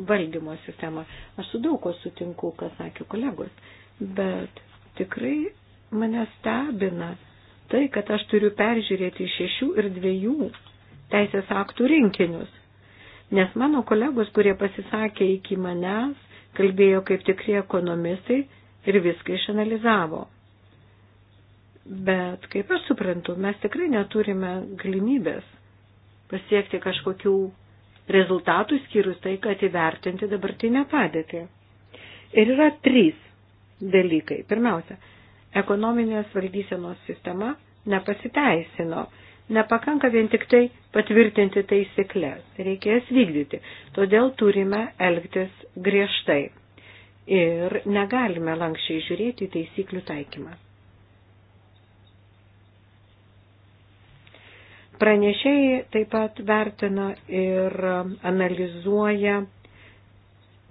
valdymo sistemą. Aš su daug ko sutinku, ką sakė kolegos, bet tikrai mane stebina tai, kad aš turiu peržiūrėti šešių ir dviejų teisės aktų rinkinius. Nes mano kolegos, kurie pasisakė iki manęs, kalbėjo kaip tikri ekonomistai ir viską išanalizavo. Bet, kaip aš suprantu, mes tikrai neturime galimybės pasiekti kažkokių rezultatų, skyrus tai, kad įvertinti dabartinę padėtį. Ir yra trys dalykai. Pirmiausia, ekonominės valdysenos sistema nepasiteisino. Nepakanka vien tik tai patvirtinti taisyklės, reikės vykdyti. Todėl turime elgtis griežtai ir negalime lankščiai žiūrėti į taisyklių taikymą. Pranešėjai taip pat vertina ir analizuoja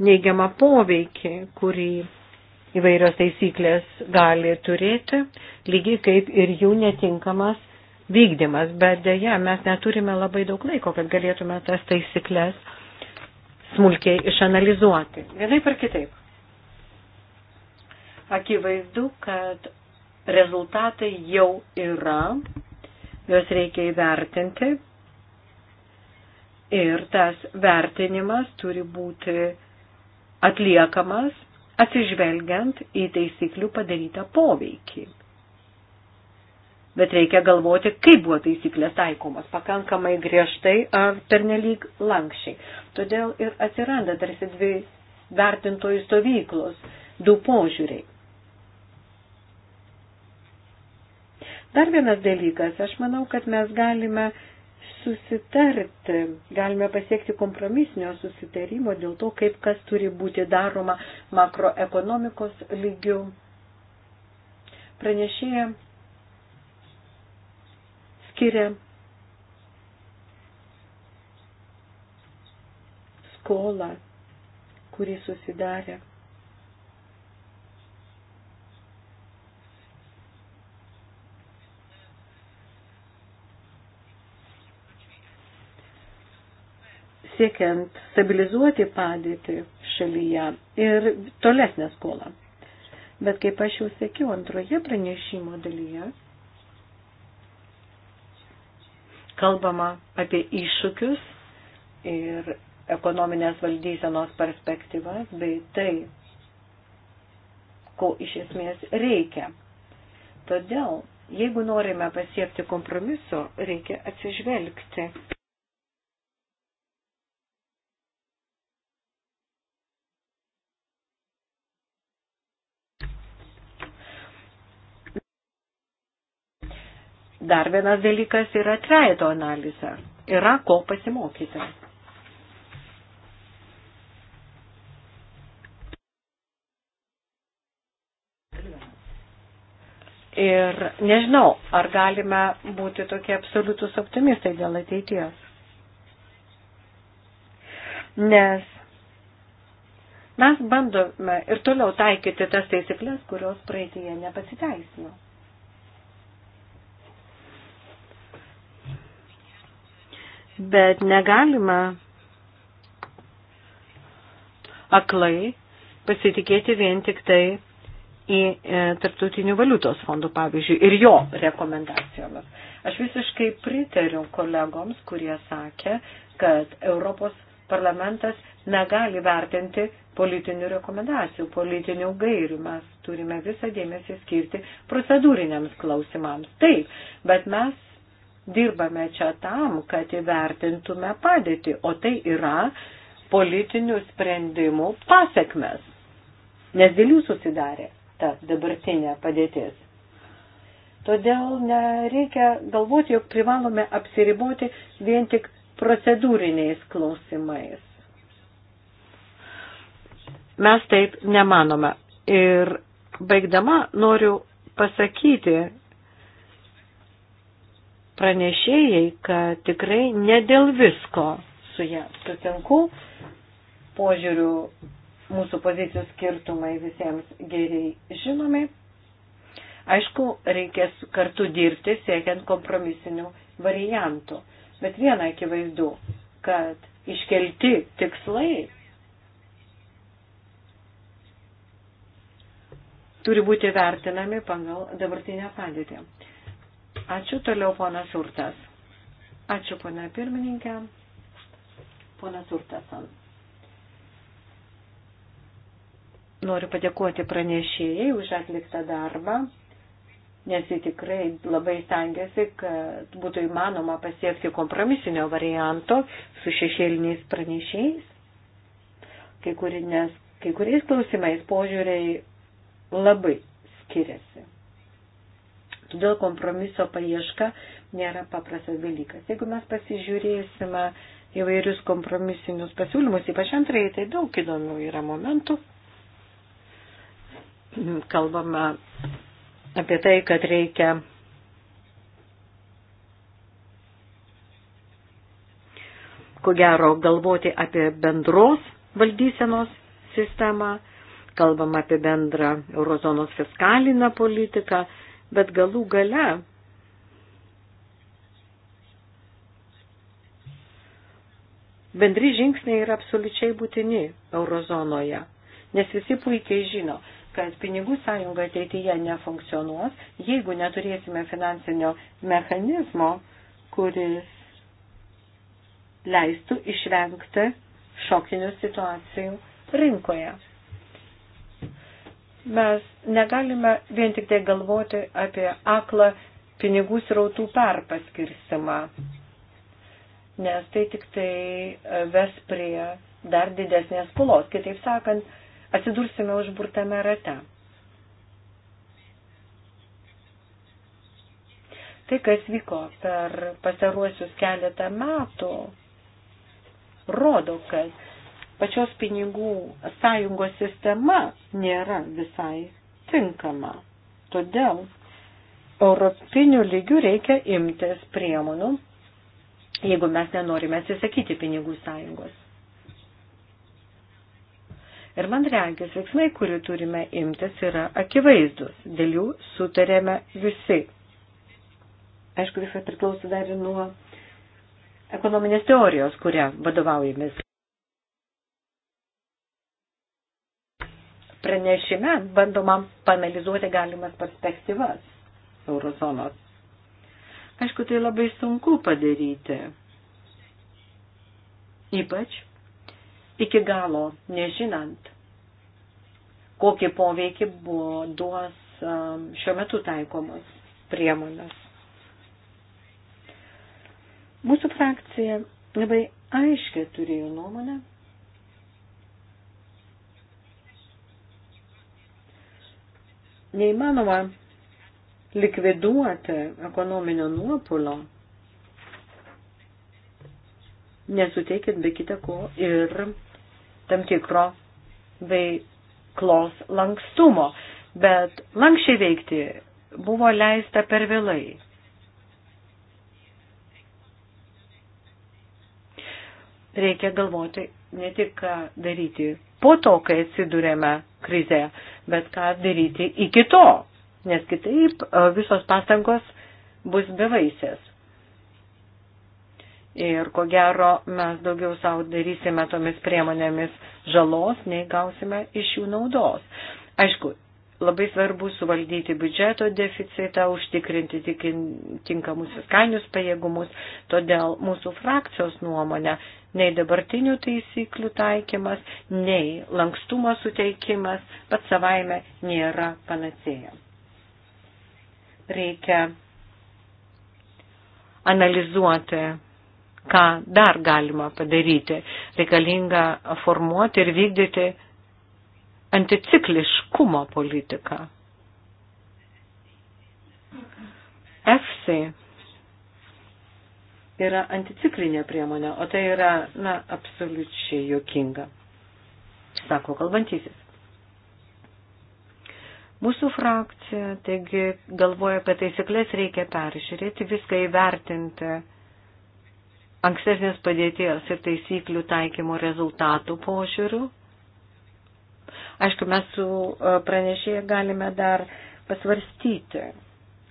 neigiamą poveikį, kurį įvairios taisyklės gali turėti, lygiai kaip ir jų netinkamas vykdymas. Bet dėja, mes neturime labai daug laiko, kad galėtume tas taisyklės smulkiai išanalizuoti. Vienaip ar kitaip. Akivaizdu, kad rezultatai jau yra juos reikia įvertinti ir tas vertinimas turi būti atliekamas atsižvelgiant į taisyklių padarytą poveikį. Bet reikia galvoti, kaip buvo taisyklės taikomas, pakankamai griežtai ar pernelyg lankščiai. Todėl ir atsiranda tarsi dvi vertintojų stovyklos, du požiūriai. Dar vienas dalykas, aš manau, kad mes galime susitarti, galime pasiekti kompromisinio susitarimo dėl to, kaip kas turi būti daroma makroekonomikos lygių. Pranešėja skiria skolą, kuri susidarė siekiant stabilizuoti padėtį šalyje ir tolesnę skolą. Bet kaip aš jau sakiau antroje pranešimo dalyje, kalbama apie iššūkius ir ekonominės valdysenos perspektyvas bei tai, ko iš esmės reikia. Todėl, jeigu norime pasiekti kompromiso, reikia atsižvelgti Dar vienas dalykas yra trejato analizė. Yra ko pasimokyti. Ir nežinau, ar galime būti tokie absoliutus optimistai dėl ateities. Nes mes bandome ir toliau taikyti tas taisyklės, kurios praeitėje nepasiteisino. Bet negalima aklai pasitikėti vien tik tai į e, tarptautinių valiutos fondų, pavyzdžiui, ir jo rekomendacijomis. Aš visiškai pritariu kolegoms, kurie sakė, kad Europos parlamentas negali vertinti politinių rekomendacijų, politinių gairių. Mes turime visą dėmesį skirti procedūriniams klausimams. Taip, bet mes dirbame čia tam, kad įvertintume padėtį, o tai yra politinių sprendimų pasiekmes, nes dėl jų susidarė ta dabartinė padėtis. Todėl nereikia galvoti, jog privalome apsiriboti vien tik procedūriniais klausimais. Mes taip nemanome. Ir baigdama noriu pasakyti, pranešėjai, kad tikrai ne dėl visko su ją sutinku, požiūrių mūsų pozicijų skirtumai visiems geriai žinomi. Aišku, reikės kartu dirbti siekiant kompromisinių variantų. Bet viena akivaizdu, kad iškelti tikslai turi būti vertinami pagal dabartinę padėtį. Ačiū toliau, ponas Urtas. Ačiū, ponė pirmininkė. Ponas Urtasan. Noriu padėkoti pranešėjai už atliktą darbą, nes jis tikrai labai stengiasi, kad būtų įmanoma pasiekti kompromisinio varianto su šešėliniais pranešėjais. Kai, kurinės, kai kuriais klausimais požiūriai labai skiriasi. Todėl kompromiso paieška nėra paprastas dalykas. Jeigu mes pasižiūrėsime įvairius kompromisinius pasiūlymus, ypač antrajai, tai daug įdomių yra momentų. Kalbame apie tai, kad reikia ko gero galvoti apie bendros valdysenos sistemą, kalbam apie bendrą eurozonos fiskalinę politiką, bet galų gale bendri žingsniai yra absoliučiai būtini eurozonoje, nes visi puikiai žino, kad pinigų sąjunga ateityje nefunkcionuos, jeigu neturėsime finansinio mechanizmo, kuris leistų išvengti šokinių situacijų rinkoje mes negalime vien tik tai galvoti apie aklą pinigų srautų perpaskirstimą, nes tai tik tai e, ves prie dar didesnės pulos. Kitaip sakant, atsidursime užburtame rate. Tai, kas vyko per pasaruosius keletą metų, rodo, kad pačios pinigų sąjungos sistema nėra visai tinkama. Todėl europinių lygių reikia imtis priemonų, jeigu mes nenorime atsisakyti pinigų sąjungos. Ir man reikės veiksmai, kurių turime imtis, yra akivaizdus. Dėl jų sutarėme visi. Aišku, viskas priklauso dar ir nuo ekonominės teorijos, kurią vadovaujamės. pranešime bandoma panalizuoti galimas perspektyvas eurozonos. Aišku, tai labai sunku padaryti. Ypač iki galo nežinant, kokį poveikį buvo duos um, šiuo metu taikomos priemonės. Mūsų frakcija labai aiškiai turėjo nuomonę neįmanoma likviduoti ekonominio nuopulo, nesuteikit be kita ko ir tam tikro veiklos lankstumo. Bet lankščiai veikti buvo leista per vėlai. Reikia galvoti ne tik, ką daryti po to, kai atsidūrėme krize, bet ką daryti iki to, nes kitaip e, visos pastangos bus bevaisės. Ir ko gero mes daugiau savo darysime tomis priemonėmis žalos, nei gausime iš jų naudos. Aišku, Labai svarbu suvaldyti biudžeto deficitą, užtikrinti tinkamus fiskalinius pajėgumus, todėl mūsų frakcijos nuomonė nei dabartinių taisyklių taikymas, nei lankstumo suteikimas pat savaime nėra panacėja. Reikia analizuoti, ką dar galima padaryti. Reikalinga formuoti ir vykdyti anticikliškumo politiką. EFSI yra anticiklinė priemonė, o tai yra, na, absoliučiai jokinga, sako kalbantysis. Mūsų frakcija, taigi, galvoja, kad taisyklės reikia peržiūrėti, viską įvertinti ankstesnės padėties ir taisyklių taikymo rezultatų požiūrių Aišku, mes su e, pranešėja galime dar pasvarstyti,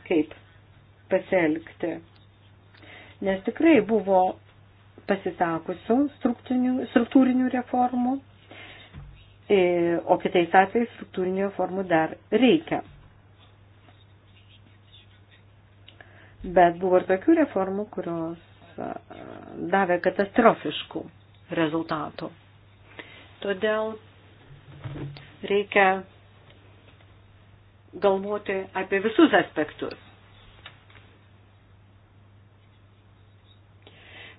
kaip pasielgti. Nes tikrai buvo pasisakusių struktūrinių reformų, e, o kitais atvejais struktūrinių reformų dar reikia. Bet buvo ir tokių reformų, kurios e, davė katastrofiškų rezultatų. Todėl reikia galvoti apie visus aspektus.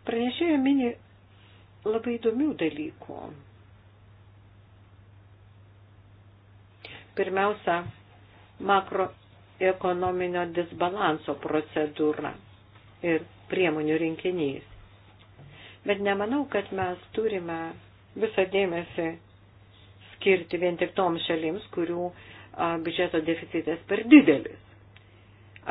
Pranešėjo mini labai įdomių dalykų. Pirmiausia, makroekonominio disbalanso procedūra ir priemonių rinkinys. Bet nemanau, kad mes turime visą dėmesį skirti vien tik toms šalims, kurių biudžeto deficitas per didelis.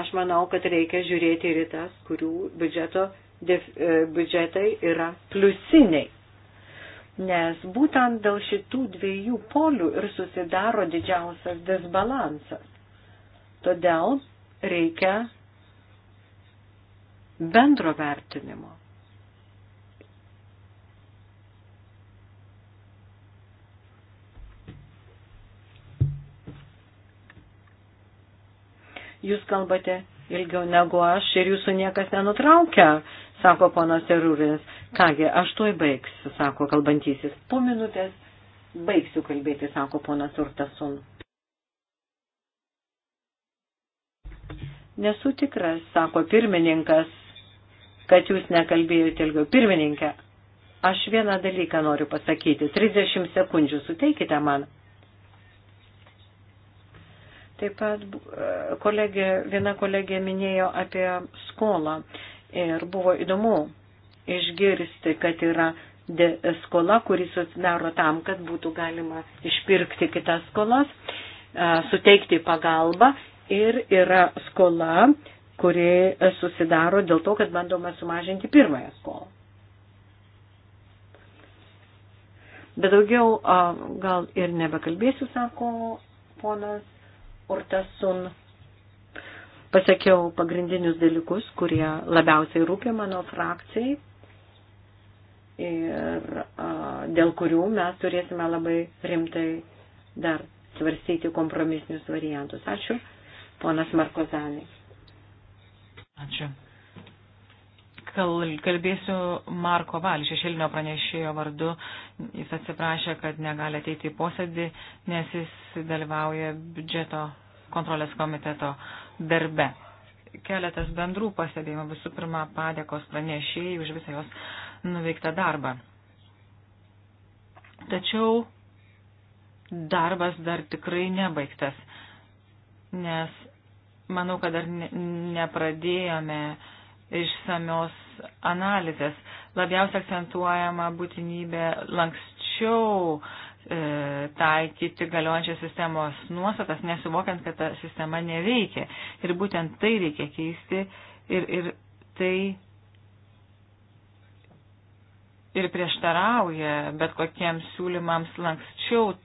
Aš manau, kad reikia žiūrėti ir į tas, kurių biudžeto, def, e, biudžetai yra pliusiniai. Nes būtent dėl šitų dviejų polių ir susidaro didžiausias disbalansas. Todėl reikia bendro vertinimo. jūs kalbate ilgiau negu aš ir jūsų niekas nenutraukia, sako ponas Erūrinas. Kągi, aš tuoj baigsiu, sako kalbantysis. Po minutės baigsiu kalbėti, sako ponas Urtasun. Nesu tikras, sako pirmininkas, kad jūs nekalbėjote ilgiau. Pirmininkė, aš vieną dalyką noriu pasakyti. 30 sekundžių suteikite man. Taip pat e, kolegė, viena kolegė minėjo apie skolą ir buvo įdomu išgirsti, kad yra skola, kuris susidaro tam, kad būtų galima išpirkti kitas skolas, e, suteikti pagalbą ir yra skola, kuri susidaro dėl to, kad bandoma sumažinti pirmąją skolą. Bet daugiau gal ir nebekalbėsiu, sako ponas Urtasun pasakiau pagrindinius dalykus, kurie labiausiai rūpia mano frakcijai ir a, dėl kurių mes turėsime labai rimtai dar svarstyti kompromisinius variantus. Ačiū, ponas Markozanai. Ačiū kalbėsiu Marko Val, šešėlinio pranešėjo vardu. Jis atsiprašė, kad negali ateiti į posėdį, nes jis dalyvauja biudžeto kontrolės komiteto darbe. Keletas bendrų pastebėjimų. Visų pirma, padėkos pranešėjai už visą jos nuveiktą darbą. Tačiau darbas dar tikrai nebaigtas, nes manau, kad dar nepradėjome išsamios analizės. Labiausiai akcentuojama būtinybė lankščiau e, taikyti galiojančios sistemos nuostatas, nesuvokiant, kad ta sistema neveikia. Ir būtent tai reikia keisti ir, ir tai ir prieštarauja bet kokiems siūlymams lankščiau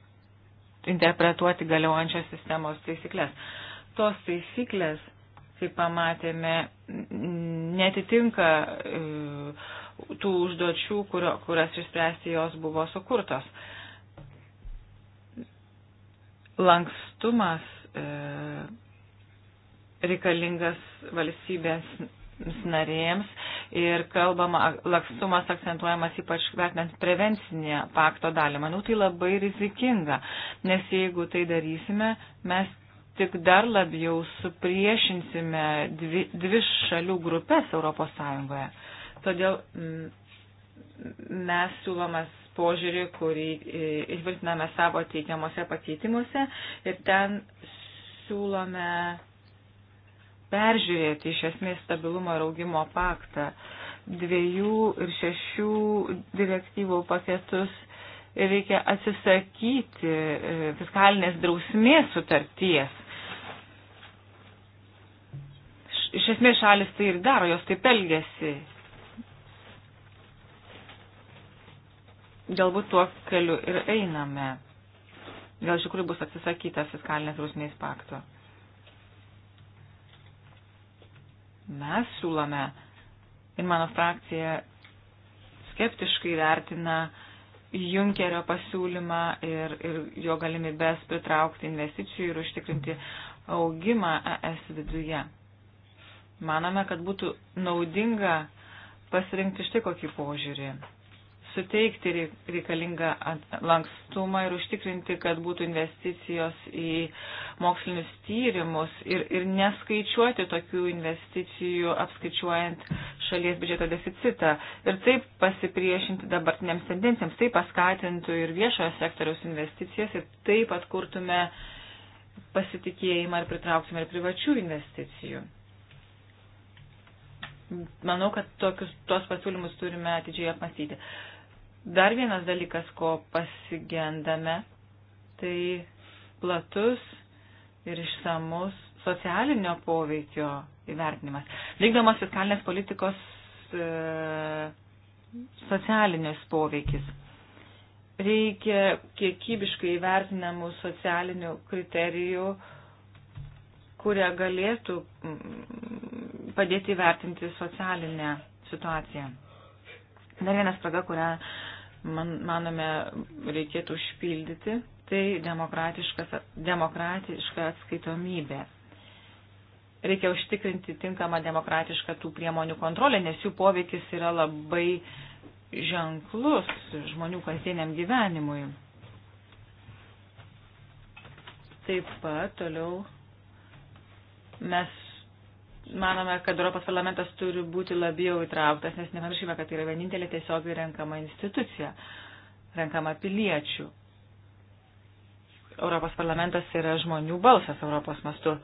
interpretuoti galiojančios sistemos taisyklės. Tos taisyklės kaip pamatėme, netitinka e, tų užduočių, kurio, kurias išspręsti jos buvo sukurtos. Lankstumas e, reikalingas valstybės narėms ir kalbama, lakstumas akcentuojamas ypač vertinant prevencinę pakto dalį. Manau, tai labai rizikinga, nes jeigu tai darysime, mes tik dar labiau supriešinsime dvi, dvi šalių grupės Europos Sąjungoje. Todėl mes siūlomas požiūrį, kurį e, išvirtiname savo teikiamuose pakeitimuose ir ten siūlome peržiūrėti iš esmės stabilumo ir augimo paktą, dviejų ir šešių direktyvų paketus ir reikia atsisakyti e, fiskalinės drausmės sutarties. iš esmės šalis tai ir daro, jos taip elgesi. Galbūt tuo keliu ir einame. Gal iš tikrųjų bus atsisakyta fiskalinės rusmės pakto. Mes siūlome ir mano frakcija skeptiškai vertina Junkerio pasiūlymą ir, ir jo galimybės pritraukti investicijų ir užtikrinti augimą ES viduje. Maname, kad būtų naudinga pasirinkti štai kokį požiūrį suteikti reikalingą lankstumą ir užtikrinti, kad būtų investicijos į mokslinius tyrimus ir, ir neskaičiuoti tokių investicijų apskaičiuojant šalies biudžeto deficitą ir taip pasipriešinti dabartiniams tendencijams, taip paskatintų ir viešojo sektoriaus investicijas ir taip atkurtume pasitikėjimą ir pritrauktume ir privačių investicijų. Manau, kad tokius, tuos pasiūlymus turime atidžiai apmastyti. Dar vienas dalykas, ko pasigendame, tai platus ir išsamus socialinio poveikio įvertinimas. Vykdomas fiskalinės politikos e, socialinis poveikis. Reikia kiekybiškai įvertinamų socialinių kriterijų, kurie galėtų padėti vertinti socialinę situaciją. Dar viena spraga, kurią man, manome reikėtų užpildyti, tai demokratiška atskaitomybė. Reikia užtikrinti tinkamą demokratišką tų priemonių kontrolę, nes jų poveikis yra labai ženklus žmonių kasdieniam gyvenimui. Taip pat toliau mes manome, kad Europos parlamentas turi būti labiau įtrauktas, nes nepamirškime, kad tai yra vienintelė tiesiogiai renkama institucija, renkama piliečių. Europos parlamentas yra žmonių balsas Europos mastu.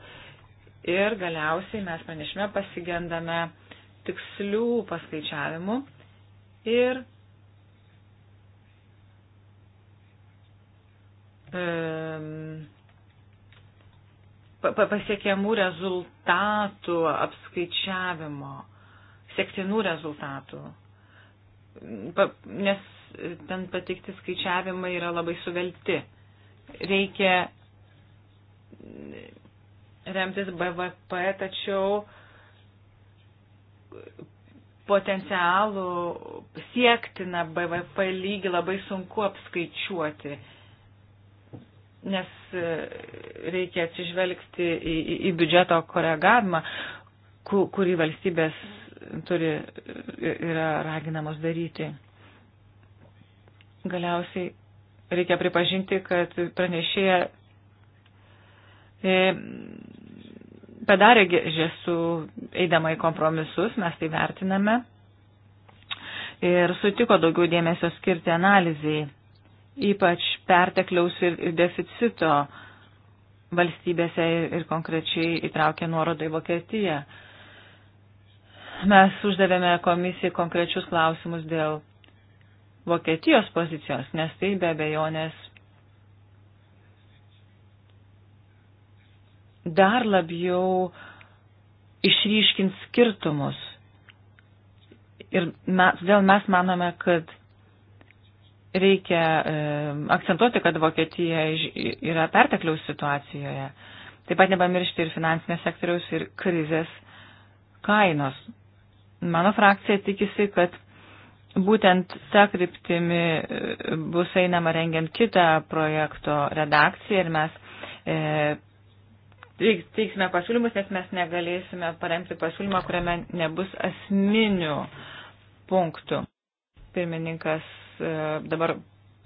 Ir galiausiai mes pranešime pasigendame tikslių paskaičiavimų ir um, pasiekiamų rezultatų apskaičiavimo, sektinų rezultatų. Pa, nes ten patikti skaičiavimai yra labai suvelti. Reikia remtis BVP, tačiau potencialų siektiną BVP lygį labai sunku apskaičiuoti nes e, reikia atsižvelgti į, į, į biudžeto koregavimą, kurį valstybės turi, e, yra raginamos daryti. Galiausiai reikia pripažinti, kad pranešėja e, padarė žesų eidama į kompromisus, mes tai vertiname ir sutiko daugiau dėmesio skirti analizai, ypač pertekliaus ir deficito valstybėse ir konkrečiai įtraukė nuorodą į Vokietiją. Mes uždavėme komisijai konkrečius klausimus dėl Vokietijos pozicijos, nes tai be abejonės dar labiau išryškins skirtumus. Ir mes, todėl mes manome, kad reikia e, akcentuoti, kad Vokietija yra pertekliaus situacijoje. Taip pat nepamiršti ir finansinės sektoriaus, ir krizės kainos. Mano frakcija tikisi, kad būtent ta kryptimi e, bus einama rengiant kitą projekto redakciją ir mes e, teiksime pasiūlymus, nes mes negalėsime paremti pasiūlymą, kuriame nebus asminių punktų. Pirmininkas E, dabar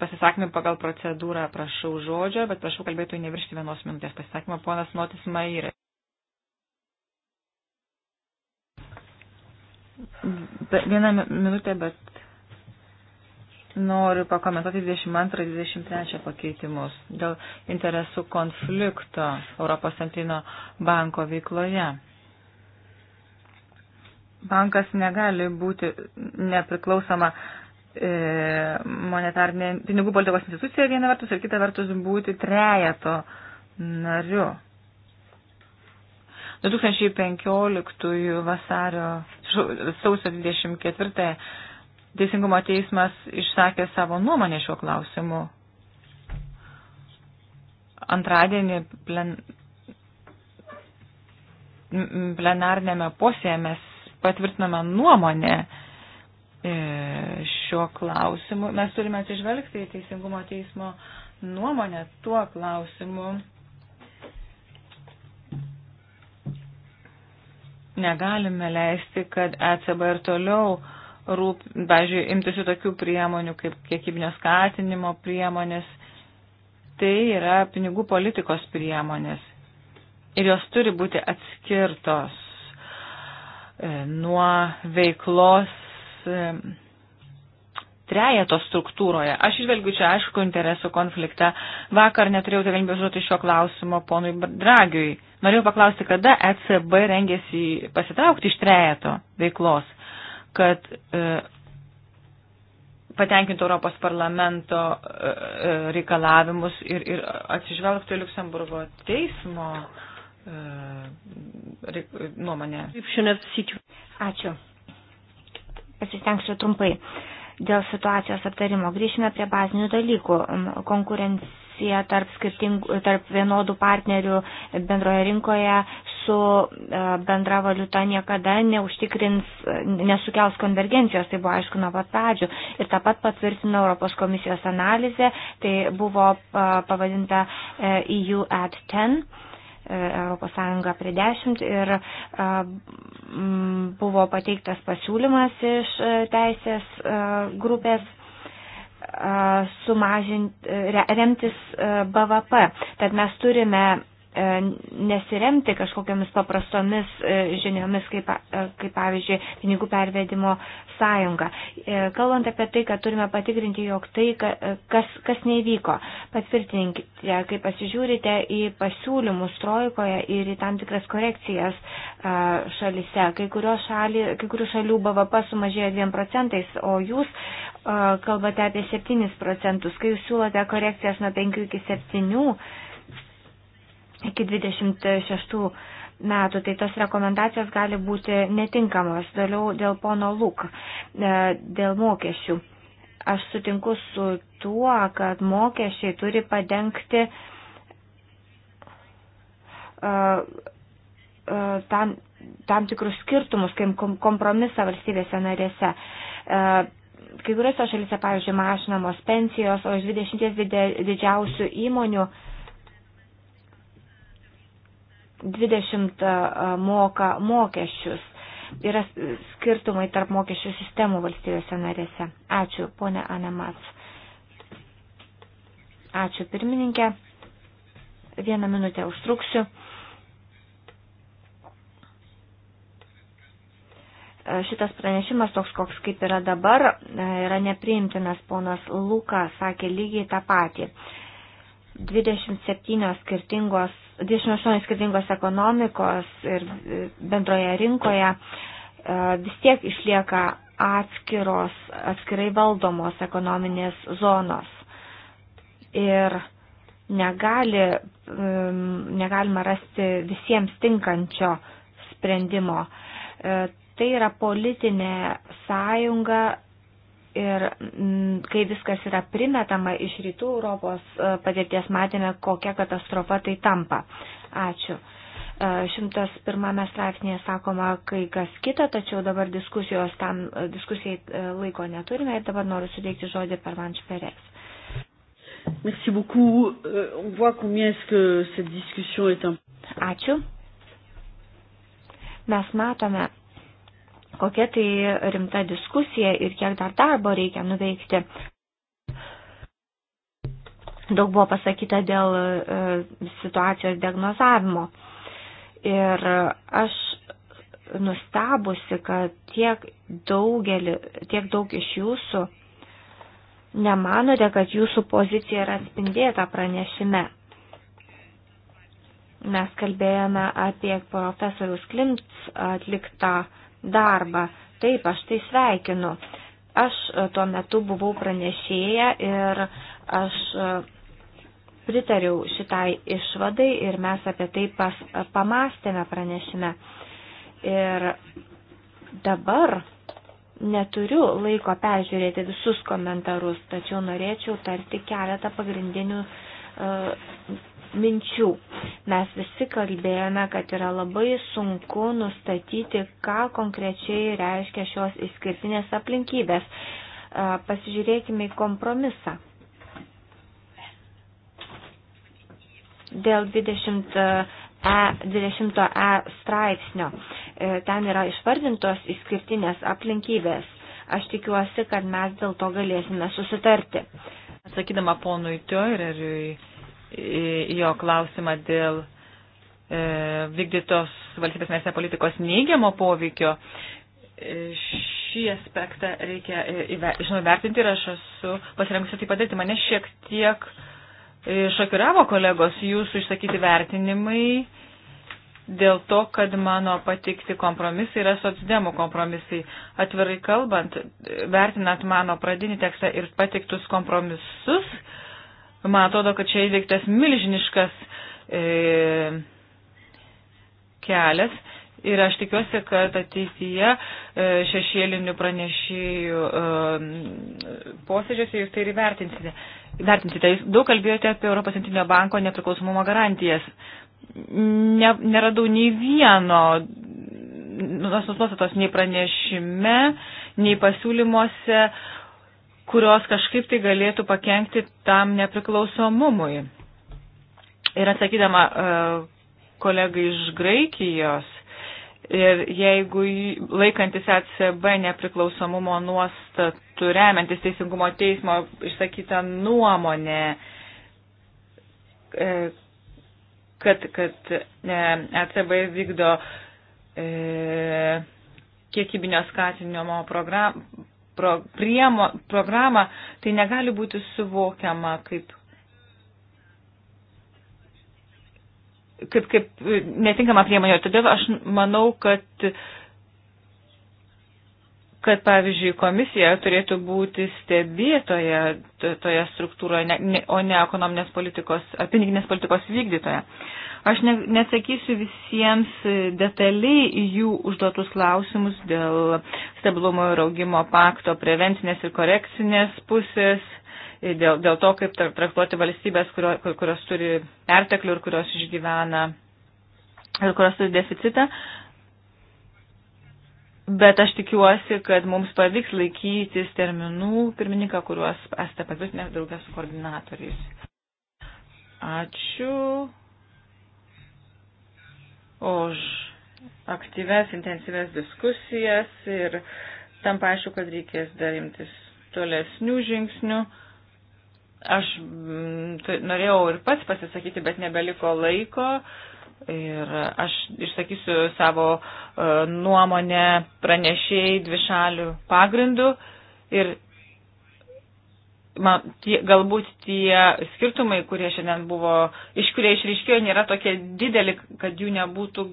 pasisakymai pagal procedūrą prašau žodžio, bet prašau kalbėtų neviršti vienos minutės pasisakymą. Ponas Notis Mairė. Vieną minutę, bet noriu pakomentuoti 22-23 pakeitimus dėl interesų konflikto Europos centrinio banko veikloje. Bankas negali būti nepriklausoma E, monetarnė pinigų politikos institucija viena vertus ir kita vertus būti trejato nariu. 2015 vasario sausio 24 Teisingumo teismas išsakė savo nuomonę šiuo klausimu. Antradienį plen... plenarnėme posėje mes patvirtiname nuomonę E, šiuo klausimu. Mes turime atsižvelgti į Teisingumo teismo nuomonę tuo klausimu. Negalime leisti, kad ECB ir toliau, rūp, pažiūrėjau, imtųsi tokių priemonių kaip kiekybinio skatinimo priemonės. Tai yra pinigų politikos priemonės. Ir jos turi būti atskirtos e, nuo veiklos E, trejato struktūroje. Aš išvelgiu čia aišku interesų konfliktą. Vakar neturėjau galimybės užduoti šio klausimo ponui Dragiui. Norėjau paklausti, kada ECB rengėsi pasitraukti iš trejato veiklos, kad e, patenkintų Europos parlamento e, e reikalavimus ir, ir atsižvelgtų į Luxemburgo teismo e, nuomonę. Ačiū pasistengsiu trumpai dėl situacijos aptarimo. Grįžime prie bazinių dalykų. Konkurencija tarp, tarp vienodų partnerių bendroje rinkoje su e, bendra valiuta niekada neužtikrins, nesukels konvergencijos, tai buvo aišku nuo pat pradžių. Ir tą pat patvirtino Europos komisijos analizė, tai buvo pavadinta EU e at 10 ES prie 10 ir e, buvo pateiktas pasiūlymas iš e, teisės e, grupės sumažinti, remtis BVP. Tad mes turime E, nesiremti kažkokiamis paprastomis e, žiniomis, kaip, e, kaip pavyzdžiui, pinigų pervedimo sąjunga. Kalbant apie tai, kad turime patikrinti, jog tai, kas, kas nevyko, patvirtinkite, kai pasižiūrite į pasiūlymus trojkoje ir į tam tikras korekcijas šalise. Kai, šali, kai kurių šalių BVP sumažėjo 2 procentais, o jūs kalbate apie 7 procentus. Kai jūs siūlote korekcijas nuo 5 iki 7, iki 26 metų, tai tos rekomendacijos gali būti netinkamos. Daliau dėl pono Luk, e, dėl mokesčių. Aš sutinku su tuo, kad mokesčiai turi padengti uh, uh, tam, tam tikrus skirtumus, kaip kompromisą valstybėse narėse. Uh, kai kuriuose šalyse, pavyzdžiui, mažinamos pensijos, o iš 20 didžiausių įmonių uh, 20 moka mokesčius. Yra skirtumai tarp mokesčių sistemų valstybėse narėse. Ačiū, ponė Anemas. Ačiū, pirmininkė. Vieną minutę užtruksiu. šitas pranešimas toks, koks kaip yra dabar, yra nepriimtinas. Ponas Luka sakė lygiai tą patį. 27 skirtingos 28 skirtingos ekonomikos ir bendroje rinkoje e, vis tiek išlieka atskiros, atskirai valdomos ekonominės zonos. Ir negali, negalima rasti visiems tinkančio sprendimo. E, tai yra politinė sąjunga Ir mm, kai viskas yra primetama iš rytų Europos e, padėties, matėme, kokia katastrofa tai tampa. Ačiū. 101 e, straipsnėje sakoma kai kas kita, tačiau dabar diskusijos tam, e, diskusijai laiko neturime ir dabar noriu suteikti žodį per Vanš Perės. Merci beaucoup. Euh, on voit combien est-ce que cette discussion est importante. Ačiū. Mes matome, kokia tai rimta diskusija ir kiek dar darbo reikia nuveikti. Daug buvo pasakyta dėl e, situacijos diagnozavimo. Ir aš nustabusi, kad tiek, daugelį, tiek daug iš jūsų nemanote, kad jūsų pozicija yra atspindėta pranešime. Mes kalbėjome apie profesorius Klimts atliktą uh, darbą. Taip, aš tai sveikinu. Aš e, tuo metu buvau pranešėja ir aš e, pritariau šitai išvadai ir mes apie tai pas, pamastėme pranešime. Ir dabar neturiu laiko peržiūrėti visus komentarus, tačiau norėčiau tarti keletą pagrindinių uh, minčių. Mes visi kalbėjome, kad yra labai sunku nustatyti, ką konkrečiai reiškia šios išskirtinės aplinkybės. Pasižiūrėkime į kompromisą. Dėl 20. E, 20E straipsnio. E, ten yra išvardintos išskirtinės aplinkybės. Aš tikiuosi, kad mes dėl to galėsime susitarti. Atsakydama ponui Tioireriui, jo klausimą dėl e, vykdytos valstybės nesne politikos neigiamo poveikio. E, šį aspektą reikia e, žinau, vertinti ir aš esu pasirengusi tai padaryti. Mane šiek tiek šokiravo kolegos jūsų išsakyti vertinimai dėl to, kad mano patikti kompromisai yra socdemų kompromisai. Atvirai kalbant, vertinant mano pradinį tekstą ir patiktus kompromisus, Man atrodo, kad čia įveiktas milžiniškas e, kelias ir aš tikiuosi, kad ateityje e, šešėlinių pranešėjų e, posėdžiuose jūs tai ir vertinsite. vertinsite. Jūs daug kalbėjote apie Europos centrinio banko nepriklausomumo garantijas. Ne, neradau nei vieno nuostatos nei pranešime, nei pasiūlymuose kurios kažkaip tai galėtų pakengti tam nepriklausomumui. Ir atsakydama e, kolegai iš Graikijos, ir jeigu laikantis ECB nepriklausomumo nuostatų, remiantis Teisingumo teismo išsakytą nuomonę, e, kad, kad ECB vykdo e, kiekybinio skatinimo program, pro, priemo, programą, tai negali būti suvokiama kaip, kaip, kaip netinkama priemonė. Todėl aš manau, kad kad, pavyzdžiui, komisija turėtų būti stebėtoje toje struktūroje, ne, ne, o ne ekonominės politikos, piniginės politikos vykdytoje. Uh, Aš ne, nesakysiu visiems e, detaliai jų užduotus klausimus dėl stabilumo ir augimo pakto prevencinės ir korekcinės pusės, e, dėl, dėl to, kaip traktuoti valstybės, kurio, kur, kurios turi perteklių ir kurios išgyvena ir kurios turi deficitą. Bet aš tikiuosi, kad mums pavyks laikytis terminų pirmininką, kuriuos esate patvirtinę draugę su koordinatoriais. Ačiū už aktyves, intensyves diskusijas ir tam paaišku, kad reikės dar imtis tolesnių žingsnių. Aš mm, norėjau ir pats pasisakyti, bet nebeliko laiko. Ir aš išsakysiu savo e, nuomonę pranešėjai dvišalių pagrindų ir man, tie, galbūt tie skirtumai, kurie šiandien buvo, iš kurie išryškėjo, nėra tokie dideli, kad jų nebūtų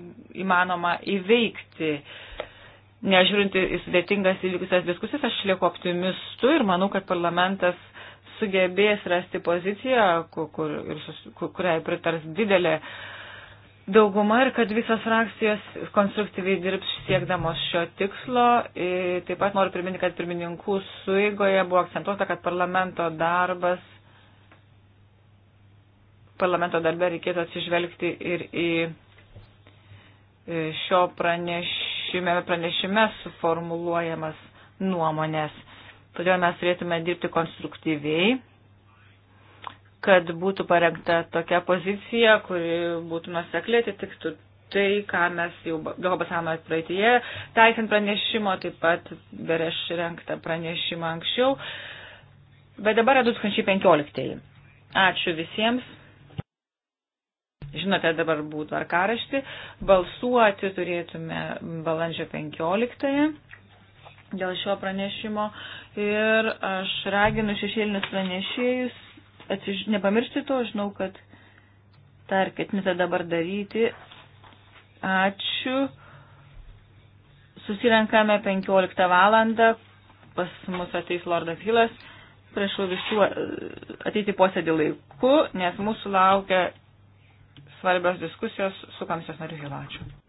įmanoma įveikti. Nežiūrint į sudėtingas įvykusias diskusijas, aš lieku optimistu ir manau, kad parlamentas sugebės rasti poziciją, kur, kur, kur, kuriai pritars didelė uh, dauguma ir kad visos frakcijos konstruktyviai dirbs siekdamos šio tikslo. Ir taip pat noriu priminti, kad pirmininkų suigoje buvo akcentuota, kad parlamento darbas parlamento darbe reikėtų atsižvelgti ir į e, šio pranešime, pranešime suformuluojamas nuomonės. Todėl mes turėtume dirbti konstruktyviai kad būtų parengta tokia pozicija, kuri būtų nusekliai atitiktų tai, ką mes jau daug pasakome praeitie, taisant pranešimo, taip pat bereš renktą pranešimą anksčiau. Bet dabar yra 2015. Ačiū visiems. Žinote, dabar būtų ar karašti. Balsuoti turėtume balandžio 15 dėl šio pranešimo. Ir aš raginu šešėlinius pranešėjus atsiž... nepamiršti to, žinau, kad tą ir ketinite dabar daryti. Ačiū. Susirenkame 15 valandą. Pas mus ateis Lordas Hilas. Prašau visų e, ateiti posėdį laiku, nes mūsų laukia svarbios diskusijos su komisijos nariu Hilačiu.